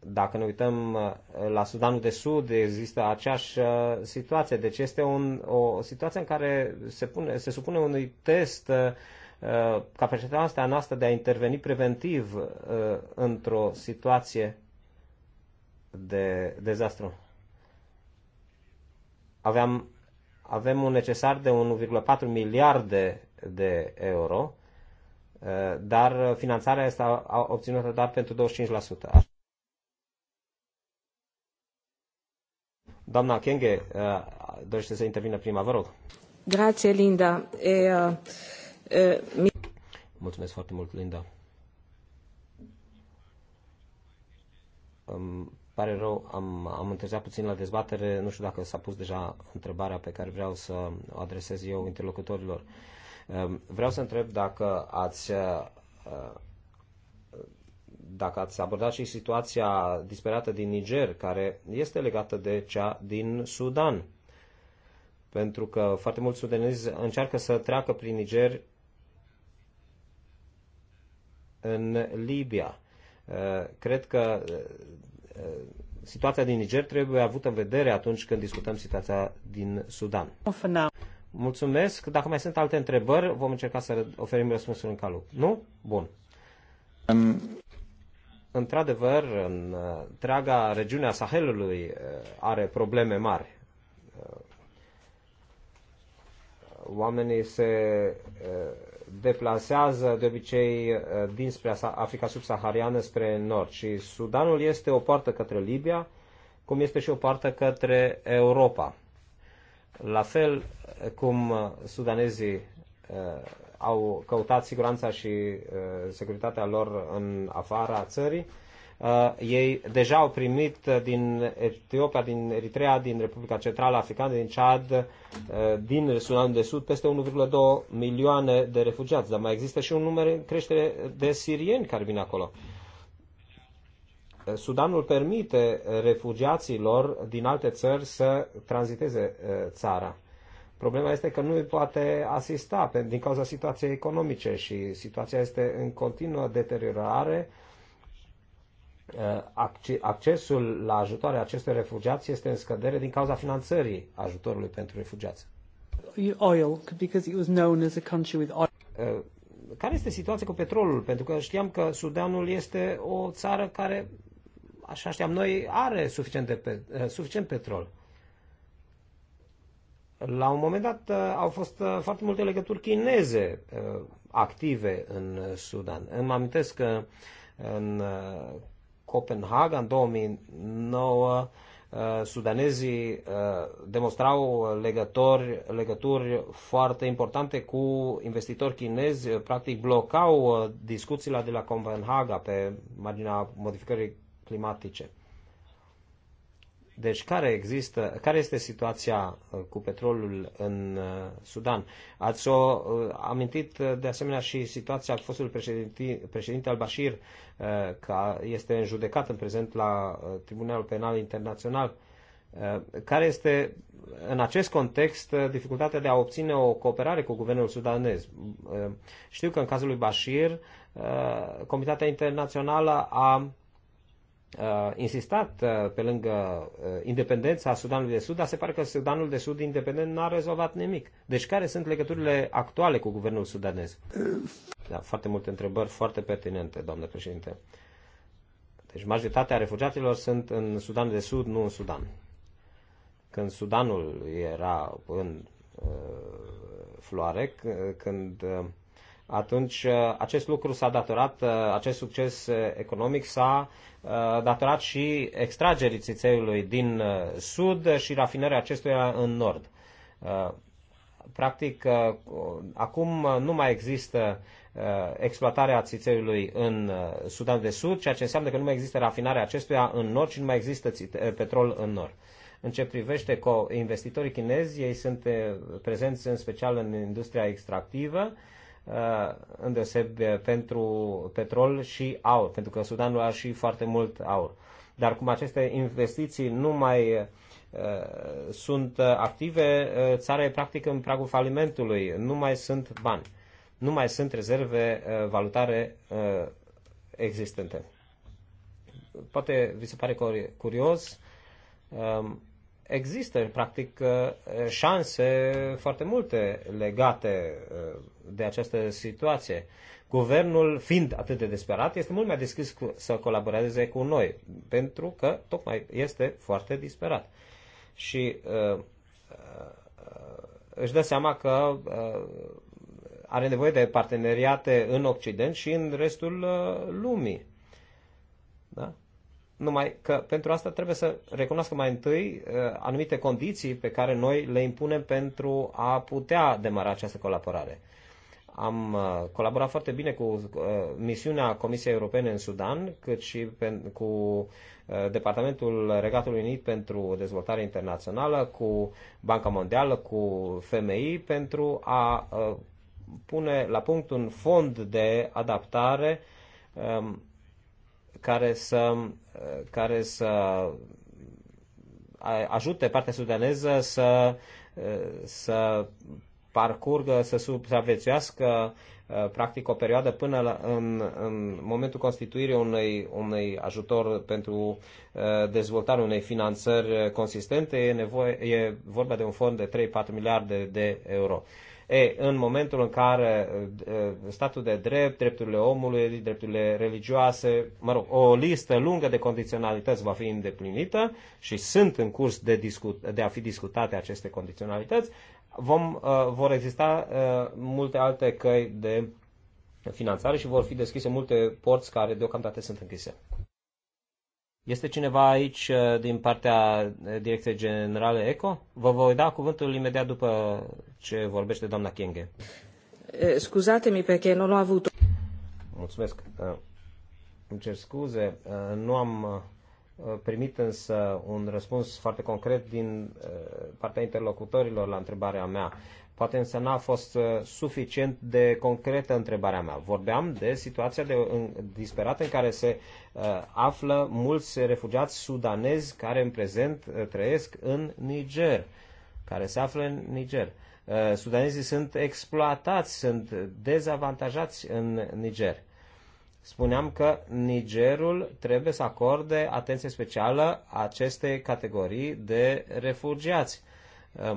dacă ne uităm uh, la Sudanul de Sud, există aceeași uh, situație. Deci este un, o situație în care se, pune, se supune unui test uh, Uh, capacitatea noastră de a interveni preventiv uh, într-o situație de dezastru. Aveam, avem un necesar de 1,4 miliarde de euro, uh, dar finanțarea este obținută doar pentru 25%. Doamna Kenge dorește să intervină prima, vă rog. Grazie, Linda. E, uh... Mulțumesc foarte mult, Linda. Um, pare rău, am, am întârziat puțin la dezbatere, nu știu dacă s-a pus deja întrebarea pe care vreau să o adresez eu interlocutorilor. Vreau să întreb dacă ați uh, dacă ați abordat și situația disperată din Niger, care este legată de cea din Sudan. Pentru că foarte mulți sudanezi încearcă să treacă prin Niger în Libia. Uh, cred că uh, uh, situația din Niger trebuie avută în vedere atunci când discutăm situația din Sudan. Mulțumesc. Dacă mai sunt alte întrebări, vom încerca să oferim răspunsuri în calup. Nu? Bun. Um... Într-adevăr, în întreaga regiunea Sahelului are probleme mari. Oamenii se deplasează de obicei uh, dinspre Africa subsahariană spre nord și Sudanul este o parte către Libia, cum este și o parte către Europa. La fel cum uh, sudanezii uh, au căutat siguranța și securitatea lor în afara țării, Uh, ei deja au primit uh, din Etiopia, din Eritrea, din Republica Centrală Africană, din Chad, uh, din Sudan de Sud, peste 1,2 milioane de refugiați. Dar mai există și un număr în creștere de sirieni care vin acolo. Sudanul permite refugiaților din alte țări să tranziteze țara. Problema este că nu îi poate asista din cauza situației economice și situația este în continuă deteriorare Eh, accesul la ajutoare acestor refugiați este în scădere din cauza finanțării ajutorului pentru refugiați. Oil, because it was known as a country with oil. Eh, care este situația cu petrolul? Pentru că știam că Sudanul este o țară care, așa știam noi, are suficient, de pe, eh, suficient petrol. La un moment dat au fost foarte multe legături chineze active în Sudan. Îmi amintesc că în Copenhaga în 2009 uh, sudanezii uh, demonstrau legători, legături foarte importante cu investitori chinezi, uh, practic blocau discuțiile de la Copenhaga pe marginea modificării climatice. Deci care, există, care este situația uh, cu petrolul în uh, Sudan? Ați o uh, amintit de asemenea și situația fostului președinte, președinte al Bashir, că este înjudecat în prezent la Tribunalul Penal Internațional. Care este în acest context dificultatea de a obține o cooperare cu guvernul sudanez? Știu că în cazul lui Bashir, Comitatea Internațională a Uh, insistat uh, pe lângă uh, independența Sudanului de Sud, dar se pare că Sudanul de Sud independent n-a rezolvat nimic. Deci care sunt legăturile actuale cu guvernul sudanez? Da, foarte multe întrebări foarte pertinente, doamnă președinte. Deci majoritatea refugiaților sunt în Sudanul de Sud, nu în Sudan. Când Sudanul era în uh, floare, când uh, atunci uh, acest lucru s-a datorat, uh, acest succes uh, economic s-a datorat și extragerii țițeiului din sud și rafinării acestuia în nord. Practic, acum nu mai există exploatarea țițeiului în Sudan de Sud, ceea ce înseamnă că nu mai există rafinarea acestuia în nord și nu mai există petrol în nord. În ce privește investitorii chinezi, ei sunt prezenți în special în industria extractivă, Uh, îndeosebi pentru petrol și aur, pentru că Sudanul are și foarte mult aur. Dar cum aceste investiții nu mai uh, sunt active, uh, țara e practic în pragul falimentului, nu mai sunt bani, nu mai sunt rezerve valutare existente. Poate vi se pare curios, um, există, practic, uh, șanse foarte multe legate uh, de această situație. Guvernul, fiind atât de disperat, este mult mai deschis cu, să colaboreze cu noi, pentru că tocmai este foarte disperat. Și uh, uh, își dă seama că uh, are nevoie de parteneriate în Occident și în restul uh, lumii. Da? numai că pentru asta trebuie să recunoască mai întâi uh, anumite condiții pe care noi le impunem pentru a putea demara această colaborare. Am uh, colaborat foarte bine cu uh, misiunea Comisiei Europene în Sudan, cât și cu Departamentul Regatului Unit pentru Dezvoltare Internațională, cu Banca Mondială, cu FMI, pentru a pune la punct un fond de adaptare um, care să, care să ajute partea sudaneză să, să parcurgă, să supraviețuiască practic o perioadă până la, în, în momentul constituirii unui unui ajutor pentru dezvoltarea unei finanțări consistente, e, nevoie, e vorba de un fond de 3-4 miliarde de euro. E, în momentul în care statul de drept, drepturile omului, drepturile religioase, mă rog, o listă lungă de condiționalități va fi îndeplinită și sunt în curs de, discut, de a fi discutate aceste condiționalități, vom, vor exista multe alte căi de finanțare și vor fi deschise multe porți care deocamdată sunt închise. Este cineva aici uh, din partea uh, Direcției Generale ECO? Vă voi da cuvântul imediat după ce vorbește doamna Kenge. Eh, scuzate-mi pe că nu l-am avut. Mulțumesc. Uh, îmi cer scuze, nu am primit însă un răspuns foarte concret din partea interlocutorilor la întrebarea mea. Poate însă n-a fost uh, suficient de concretă întrebarea mea. Vorbeam de situația de, în, disperată în care se uh, află mulți refugiați sudanezi care în prezent uh, trăiesc în Niger, care se află în Niger. Uh, sudanezii sunt exploatați, sunt dezavantajați în Niger. Spuneam că Nigerul trebuie să acorde atenție specială acestei categorii de refugiați. Uh,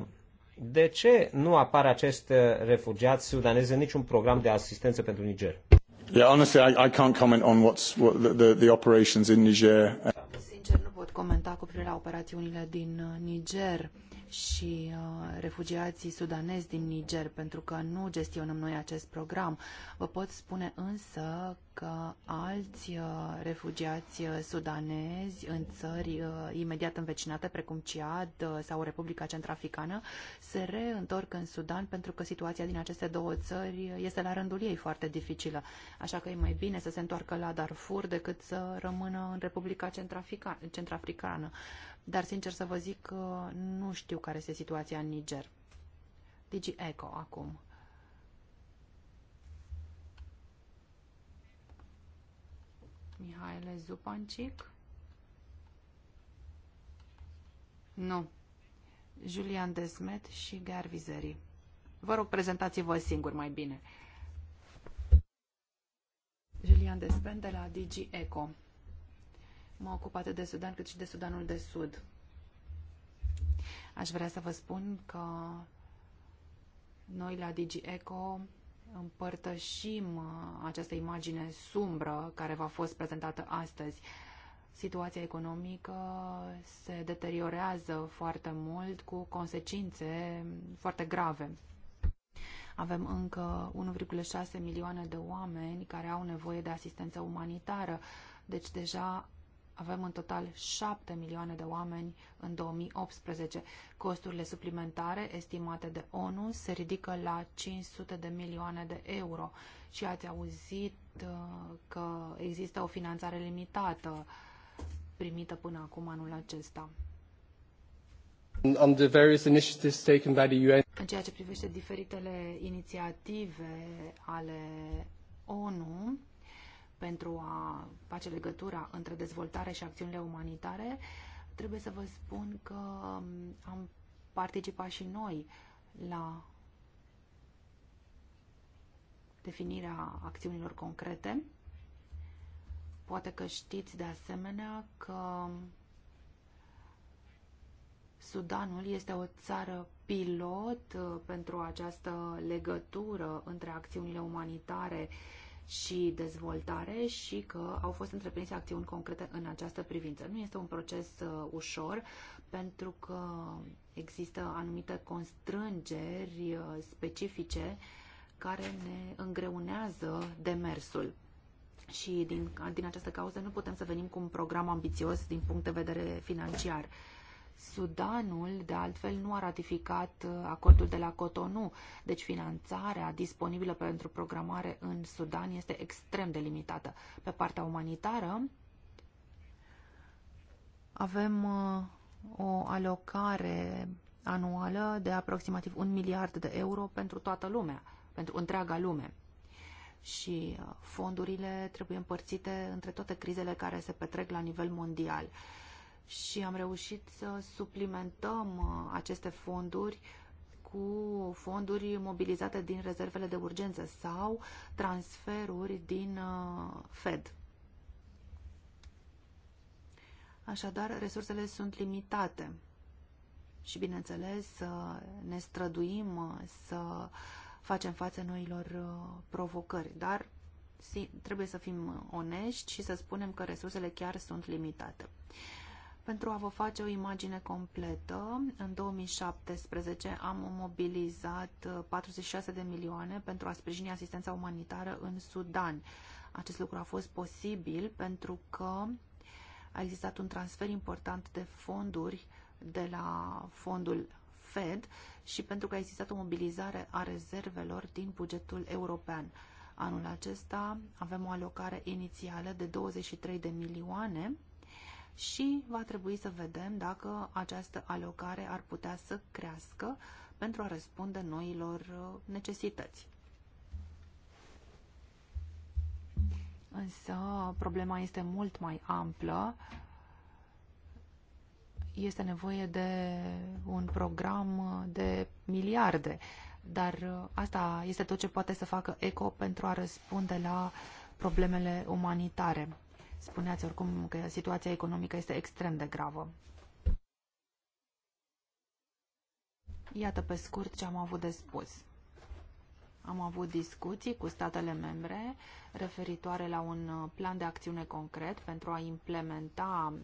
de ce nu apar acest uh, refugiat sudanez în niciun program de asistență pentru Niger? Yeah, honestly, I, I can't comment on what's what the, the, the operations in Niger. Sincer, nu pot comenta cu privire la operațiunile din uh, Niger și uh, refugiații sudanezi din Niger, pentru că nu gestionăm noi acest program. Vă pot spune însă că alți uh, refugiați uh, sudanezi în țări uh, imediat învecinate, precum Ciad sau Republica Centrafricană, se reîntorc în Sudan pentru că situația din aceste două țări este la rândul ei foarte dificilă. Așa că e mai bine să se întoarcă la Darfur decât să rămână în Republica Centrafricană dar, sincer să vă zic, că nu știu care este situația în Niger. Digi Eco acum. Mihaele Zupancic. Nu. Julian Desmet și Garvizeri. Vă rog, prezentați-vă singur mai bine. Julian Desmet de la Digi Eco mă ocup atât de Sudan cât și de Sudanul de Sud. Aș vrea să vă spun că noi la DigiEco împărtășim uh, această imagine sumbră care v-a fost prezentată astăzi. Situația economică se deteriorează foarte mult cu consecințe foarte grave. Avem încă 1,6 milioane de oameni care au nevoie de asistență umanitară, deci deja avem în total 7 milioane de oameni în 2018. Costurile suplimentare estimate de ONU se ridică la 500 de milioane de euro și ați auzit uh, că există o finanțare limitată primită până acum anul acesta. Under various initiatives taken by the UN. În ceea ce privește diferitele inițiative ale ONU, pentru a face legătura între dezvoltare și acțiunile umanitare, trebuie să vă spun că um, am participat și noi la definirea acțiunilor concrete. Poate că știți de asemenea că um, Sudanul este o țară pilot uh, pentru această legătură între acțiunile umanitare și dezvoltare și că au fost întreprinse acțiuni concrete în această privință. Nu este un proces uh, ușor pentru că există anumite constrângeri uh, specifice care ne îngreunează demersul. Și din, din această cauză nu putem să venim cu un program ambițios din punct de vedere financiar. Sudanul, de altfel, nu a ratificat uh, acordul de la Cotonou, deci finanțarea disponibilă pentru programare în Sudan este extrem de limitată. Pe partea umanitară avem uh, o alocare anuală de aproximativ un miliard de euro pentru toată lumea, pentru întreaga lume. Și uh, fondurile trebuie împărțite între toate crizele care se petrec la nivel mondial și am reușit să suplimentăm uh, aceste fonduri cu fonduri mobilizate din rezervele de urgență sau transferuri din uh, Fed. Așadar, resursele sunt limitate și, bineînțeles, uh, ne străduim să facem față noilor provocări, dar trebuie să fim onești și să spunem că resursele chiar sunt limitate. Pentru a vă face o imagine completă, în 2017 am mobilizat 46 uh, de milioane pentru a sprijini asistența umanitară în Sudan. Acest lucru a fost posibil pentru că a existat un transfer important de fonduri de la fondul Fed și pentru că a existat o mobilizare a rezervelor din bugetul european. Anul acesta avem o alocare inițială de 23 de milioane și va trebui să vedem dacă această alocare ar putea să crească pentru a răspunde noilor uh, necesități. Însă problema este mult mai amplă. Este nevoie de un program de miliarde, dar uh, asta este tot ce poate să facă ECO pentru a răspunde la problemele umanitare. Spuneați oricum că situația economică este extrem de gravă. Iată pe scurt ce am avut de spus. Am avut discuții cu statele membre referitoare la un uh, plan de acțiune concret pentru a implementa uh,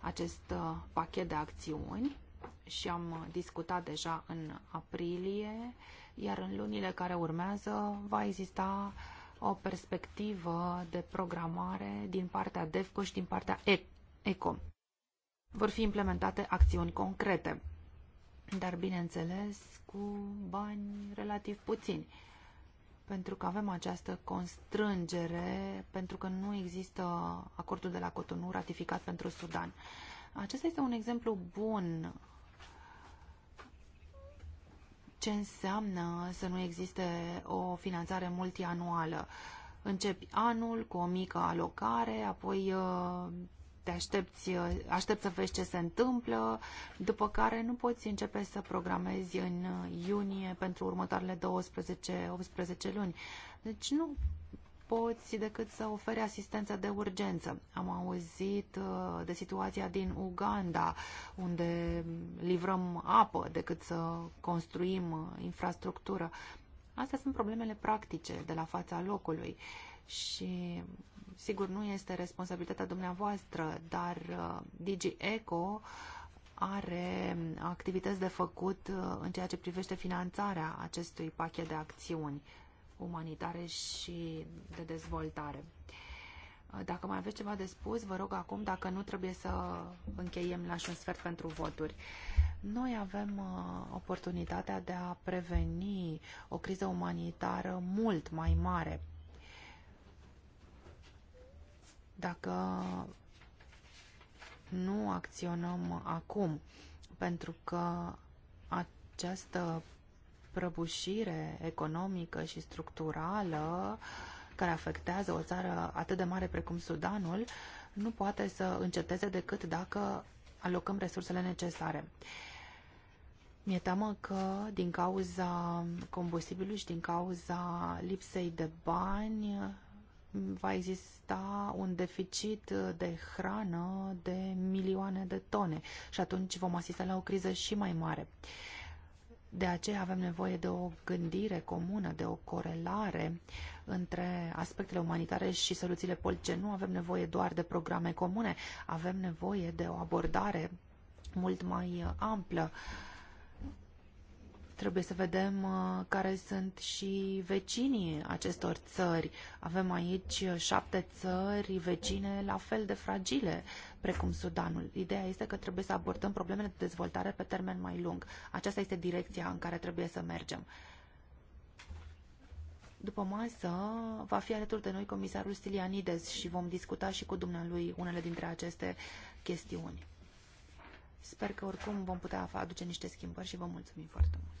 acest uh, pachet de acțiuni și am discutat deja în aprilie, iar în lunile care urmează va exista o perspectivă de programare din partea DEFCO și din partea ECO. Vor fi implementate acțiuni concrete, dar bineînțeles cu bani relativ puțini, pentru că avem această constrângere, pentru că nu există acordul de la Cotonou ratificat pentru Sudan. Acesta este un exemplu bun ce înseamnă să nu existe o finanțare multianuală. Începi anul cu o mică alocare, apoi uh, te aștepți, uh, aștepți să vezi ce se întâmplă, după care nu poți începe să programezi în uh, iunie pentru următoarele 12-18 luni. Deci nu poți decât să oferi asistență de urgență. Am auzit uh, de situația din Uganda, unde livrăm apă decât să construim uh, infrastructură. Astea sunt problemele practice de la fața locului și sigur nu este responsabilitatea dumneavoastră, dar uh, Digi Eco are activități de făcut în ceea ce privește finanțarea acestui pachet de acțiuni umanitare și de dezvoltare. Dacă mai aveți ceva de spus, vă rog acum, dacă nu trebuie să încheiem la și un sfert pentru voturi. Noi avem uh, oportunitatea de a preveni o criză umanitară mult mai mare. Dacă nu acționăm acum, pentru că această prăbușire economică și structurală care afectează o țară atât de mare precum Sudanul nu poate să înceteze decât dacă alocăm resursele necesare. Mi-e teamă că din cauza combustibilului și din cauza lipsei de bani va exista un deficit de hrană de milioane de tone și atunci vom asista la o criză și mai mare. De aceea avem nevoie de o gândire comună, de o corelare între aspectele umanitare și soluțiile politice. Nu avem nevoie doar de programe comune, avem nevoie de o abordare mult mai amplă. Uh, Trebuie să vedem uh, care sunt și vecinii acestor țări. Avem aici uh, șapte țări vecine la fel de fragile, precum Sudanul. Ideea este că trebuie să abordăm problemele de dezvoltare pe termen mai lung. Aceasta este direcția în care trebuie să mergem. După masă va fi alături de noi comisarul Stilianides și vom discuta și cu dumnealui unele dintre aceste chestiuni. Sper că oricum vom putea aduce niște schimbări și vă mulțumim foarte mult.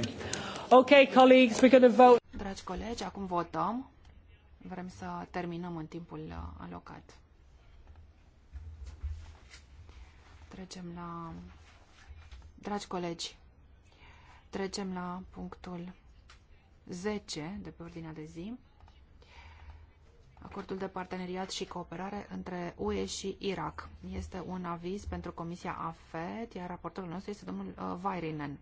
Thank you. Okay, colleagues, we're going to vote. Dragi colegi, acum votăm. Vrem să terminăm în timpul uh, alocat. Trecem la... Dragi colegi, trecem la punctul 10 de pe ordinea de zi. Acordul de parteneriat și cooperare între UE și Irak. Este un aviz pentru Comisia AFET, iar raportorul nostru este domnul uh, Vairinen.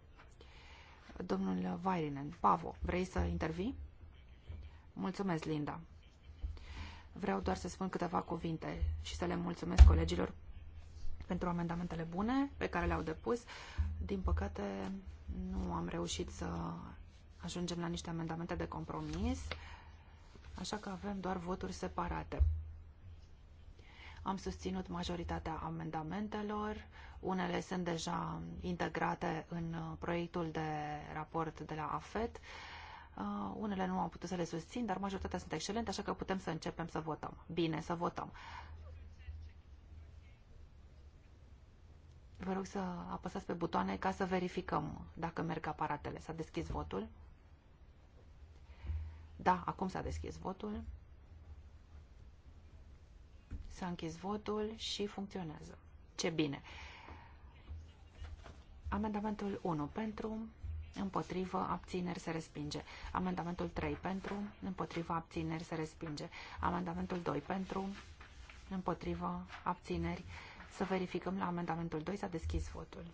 Domnul Vairinen, Pavo, vrei să intervii? Mulțumesc, Linda. Vreau doar să spun câteva cuvinte și să le mulțumesc colegilor pentru amendamentele bune pe care le-au depus. Din păcate, nu am reușit să ajungem la niște amendamente de compromis, așa că avem doar voturi separate. Am susținut majoritatea amendamentelor, unele sunt deja integrate în uh, proiectul de raport de la AFET. Uh, unele nu am putut să le susțin, dar majoritatea sunt excelente, așa că putem să începem să votăm. Bine, să votăm. Vă rog să apăsați pe butoane ca să verificăm dacă merg aparatele. S-a deschis votul. Da, acum s-a deschis votul. S-a închis votul și funcționează. Ce bine! Amendamentul 1 pentru, împotrivă, abțineri se respinge. Amendamentul 3 pentru, împotrivă, abțineri se respinge. Amendamentul 2 pentru, împotrivă, abțineri. Să verificăm la amendamentul 2 s-a deschis votul.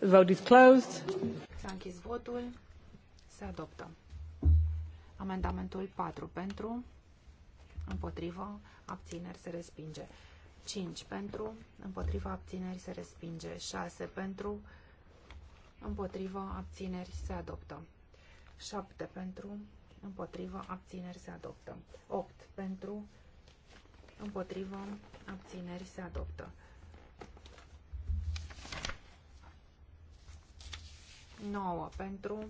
Vote is closed. S-a închis votul. Se adoptă. Amendamentul 4 pentru, împotrivă, abțineri se respinge. 5 pentru, împotriva abțineri se respinge. 6 pentru, împotriva abțineri se adoptă. 7 pentru, împotriva abțineri se adoptă. 8 pentru, împotriva abțineri se adoptă. Nouă pentru,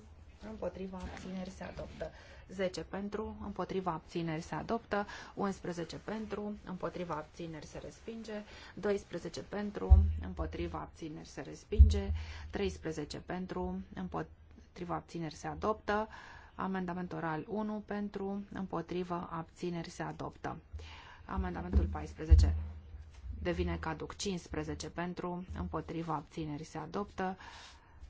împotriva abțineri se adoptă. 10 pentru, împotriva abțineri se adoptă, 11 pentru, împotriva abțineri se respinge, 12 pentru, împotriva abțineri se respinge, 13 pentru, împotriva abțineri se adoptă, amendament oral 1 pentru, împotriva abțineri se adoptă. Amendamentul 14 devine caduc 15 pentru, împotriva abțineri se adoptă,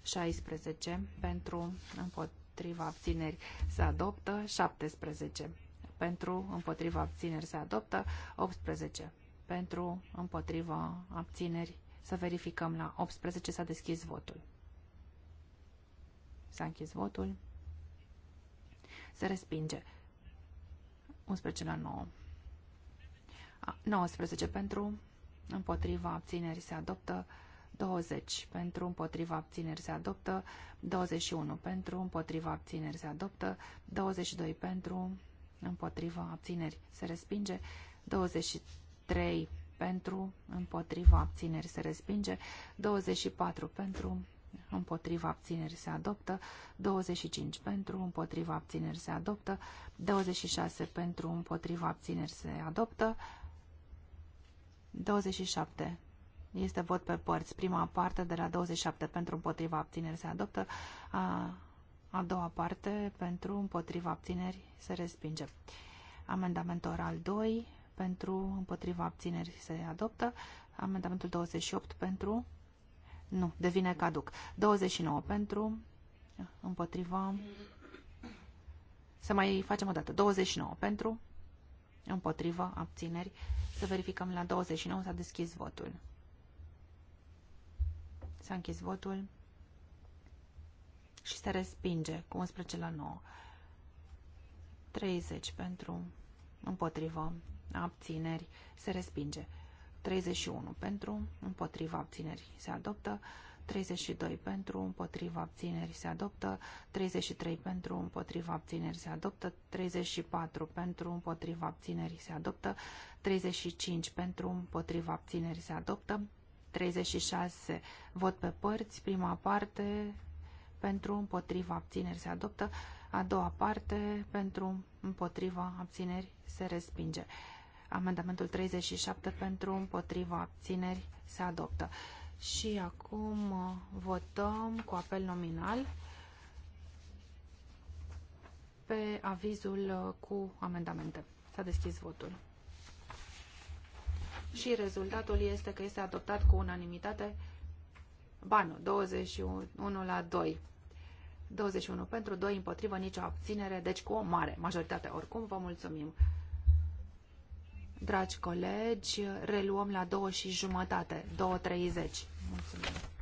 16 pentru, împotriva împotriva abțineri se adoptă, 17 pentru, împotriva abțineri se adoptă, 18 pentru, împotriva abțineri. Să verificăm la 18 s-a deschis votul. S-a închis votul. Se respinge. 11 la 9. 19 pentru, împotriva abțineri se adoptă, 20 pentru împotriva abțineri se adoptă, 21 pentru împotriva abțineri se adoptă, 22 pentru împotriva abțineri se respinge, 23 pentru împotriva abțineri se respinge, 24 pentru împotriva abțineri se adoptă, 25 pentru, împotriva abțineri se adoptă, 26 pentru, împotriva abțineri se adoptă, 27 este vot pe părți. Prima parte de la 27 pentru împotriva abțineri se adoptă. A, a doua parte pentru împotriva abțineri se respinge. Amendament oral 2 pentru împotriva abțineri se adoptă. Amendamentul 28 pentru nu, devine caduc. 29 pentru împotriva să mai facem o dată. 29 pentru împotriva abțineri. Să verificăm la 29 s-a deschis votul. S-a închis votul și se respinge cu 11 la 9. 30 pentru împotrivă abțineri se respinge. 31 pentru împotriva abțineri se adoptă. 32 pentru, împotriva abțineri se adoptă, 33 pentru, împotriva abțineri se adoptă, 34 pentru, împotriva abțineri se adoptă, 35 pentru, împotriva abțineri se adoptă, 36. Vot pe părți, prima parte, pentru, împotriva, abțineri se adoptă, a doua parte, pentru, împotriva, abțineri se respinge. Amendamentul 37 pentru, împotriva, abțineri se adoptă. Și acum uh, votăm cu apel nominal pe avizul uh, cu amendamente. S-a deschis votul și rezultatul este că este adoptat cu unanimitate banul 21 la 2. 21 pentru, 2 împotrivă, nicio abținere, deci cu o mare majoritate. Oricum, vă mulțumim. Dragi colegi, reluăm la 2 și jumătate, 2.30. Mulțumim.